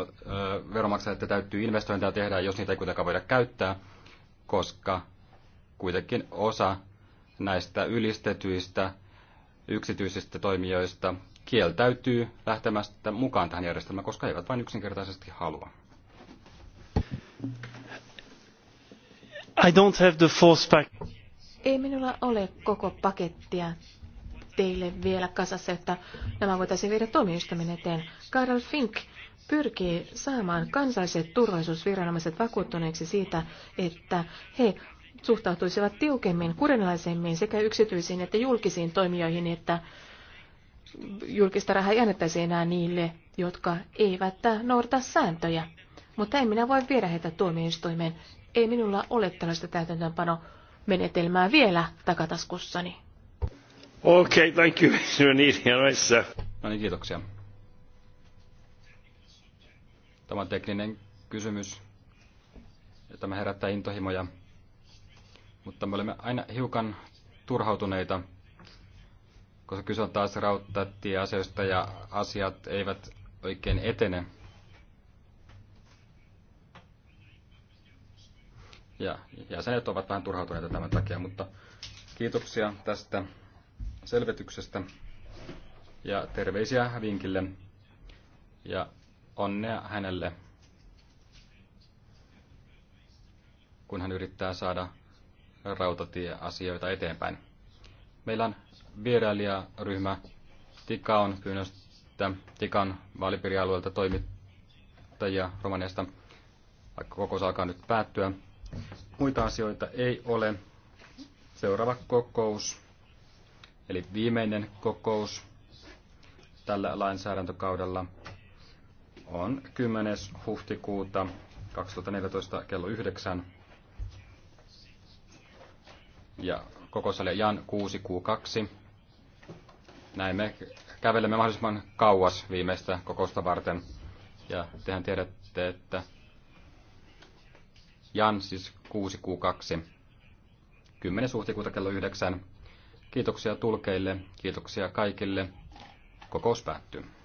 Speaker 2: että täytyy investointeja tehdä, jos niitä ei kuitenkaan voida käyttää, koska kuitenkin osa näistä ylistetyistä yksityisistä toimijoista kieltäytyy lähtemästä mukaan tähän järjestelmään, koska eivät vain yksinkertaisesti halua.
Speaker 3: I don't have the force pack.
Speaker 1: Ei minulla ole koko pakettia teille vielä kasassa, että nämä voitaisiin viedä tuomioistuimen eteen. Karel Fink pyrkii saamaan kansalliset turvallisuusviranomaiset vakuuttuneeksi siitä, että he suhtautuisivat tiukemmin, kurinalaisemmin sekä yksityisiin että julkisiin toimijoihin, että julkista rahaa ei annettaisi enää niille, jotka eivät noudata sääntöjä. Mutta en minä voi viedä heitä tuomioistuimeen. Ei minulla ole tällaista täytäntöönpanomenetelmää vielä takataskussani.
Speaker 3: Okei, okay, thank you.
Speaker 2: No niin, kiitoksia. Tämä on tekninen kysymys. Tämä herättää intohimoja mutta me olemme aina hiukan turhautuneita, koska kyse on taas rautatieasioista ja asiat eivät oikein etene. Ja jäsenet ovat vähän turhautuneita tämän takia, mutta kiitoksia tästä selvityksestä ja terveisiä Vinkille ja onnea hänelle, kun hän yrittää saada rautatieasioita eteenpäin. Meillä on vierailijaryhmä on pyynnöstä, Tikan vaalipiirialueelta toimittajia Romaniasta, vaikka kokous alkaa nyt päättyä. Muita asioita ei ole. Seuraava kokous, eli viimeinen kokous tällä lainsäädäntökaudella on 10. huhtikuuta 2014 kello 9 ja kokoussa oli Jan 2 Näin me kävelemme mahdollisimman kauas viimeistä kokousta varten. Ja tehän tiedätte, että Jan siis 6, Q2. 10. huhtikuuta kello 9. Kiitoksia tulkeille, kiitoksia kaikille. Kokous päättyy.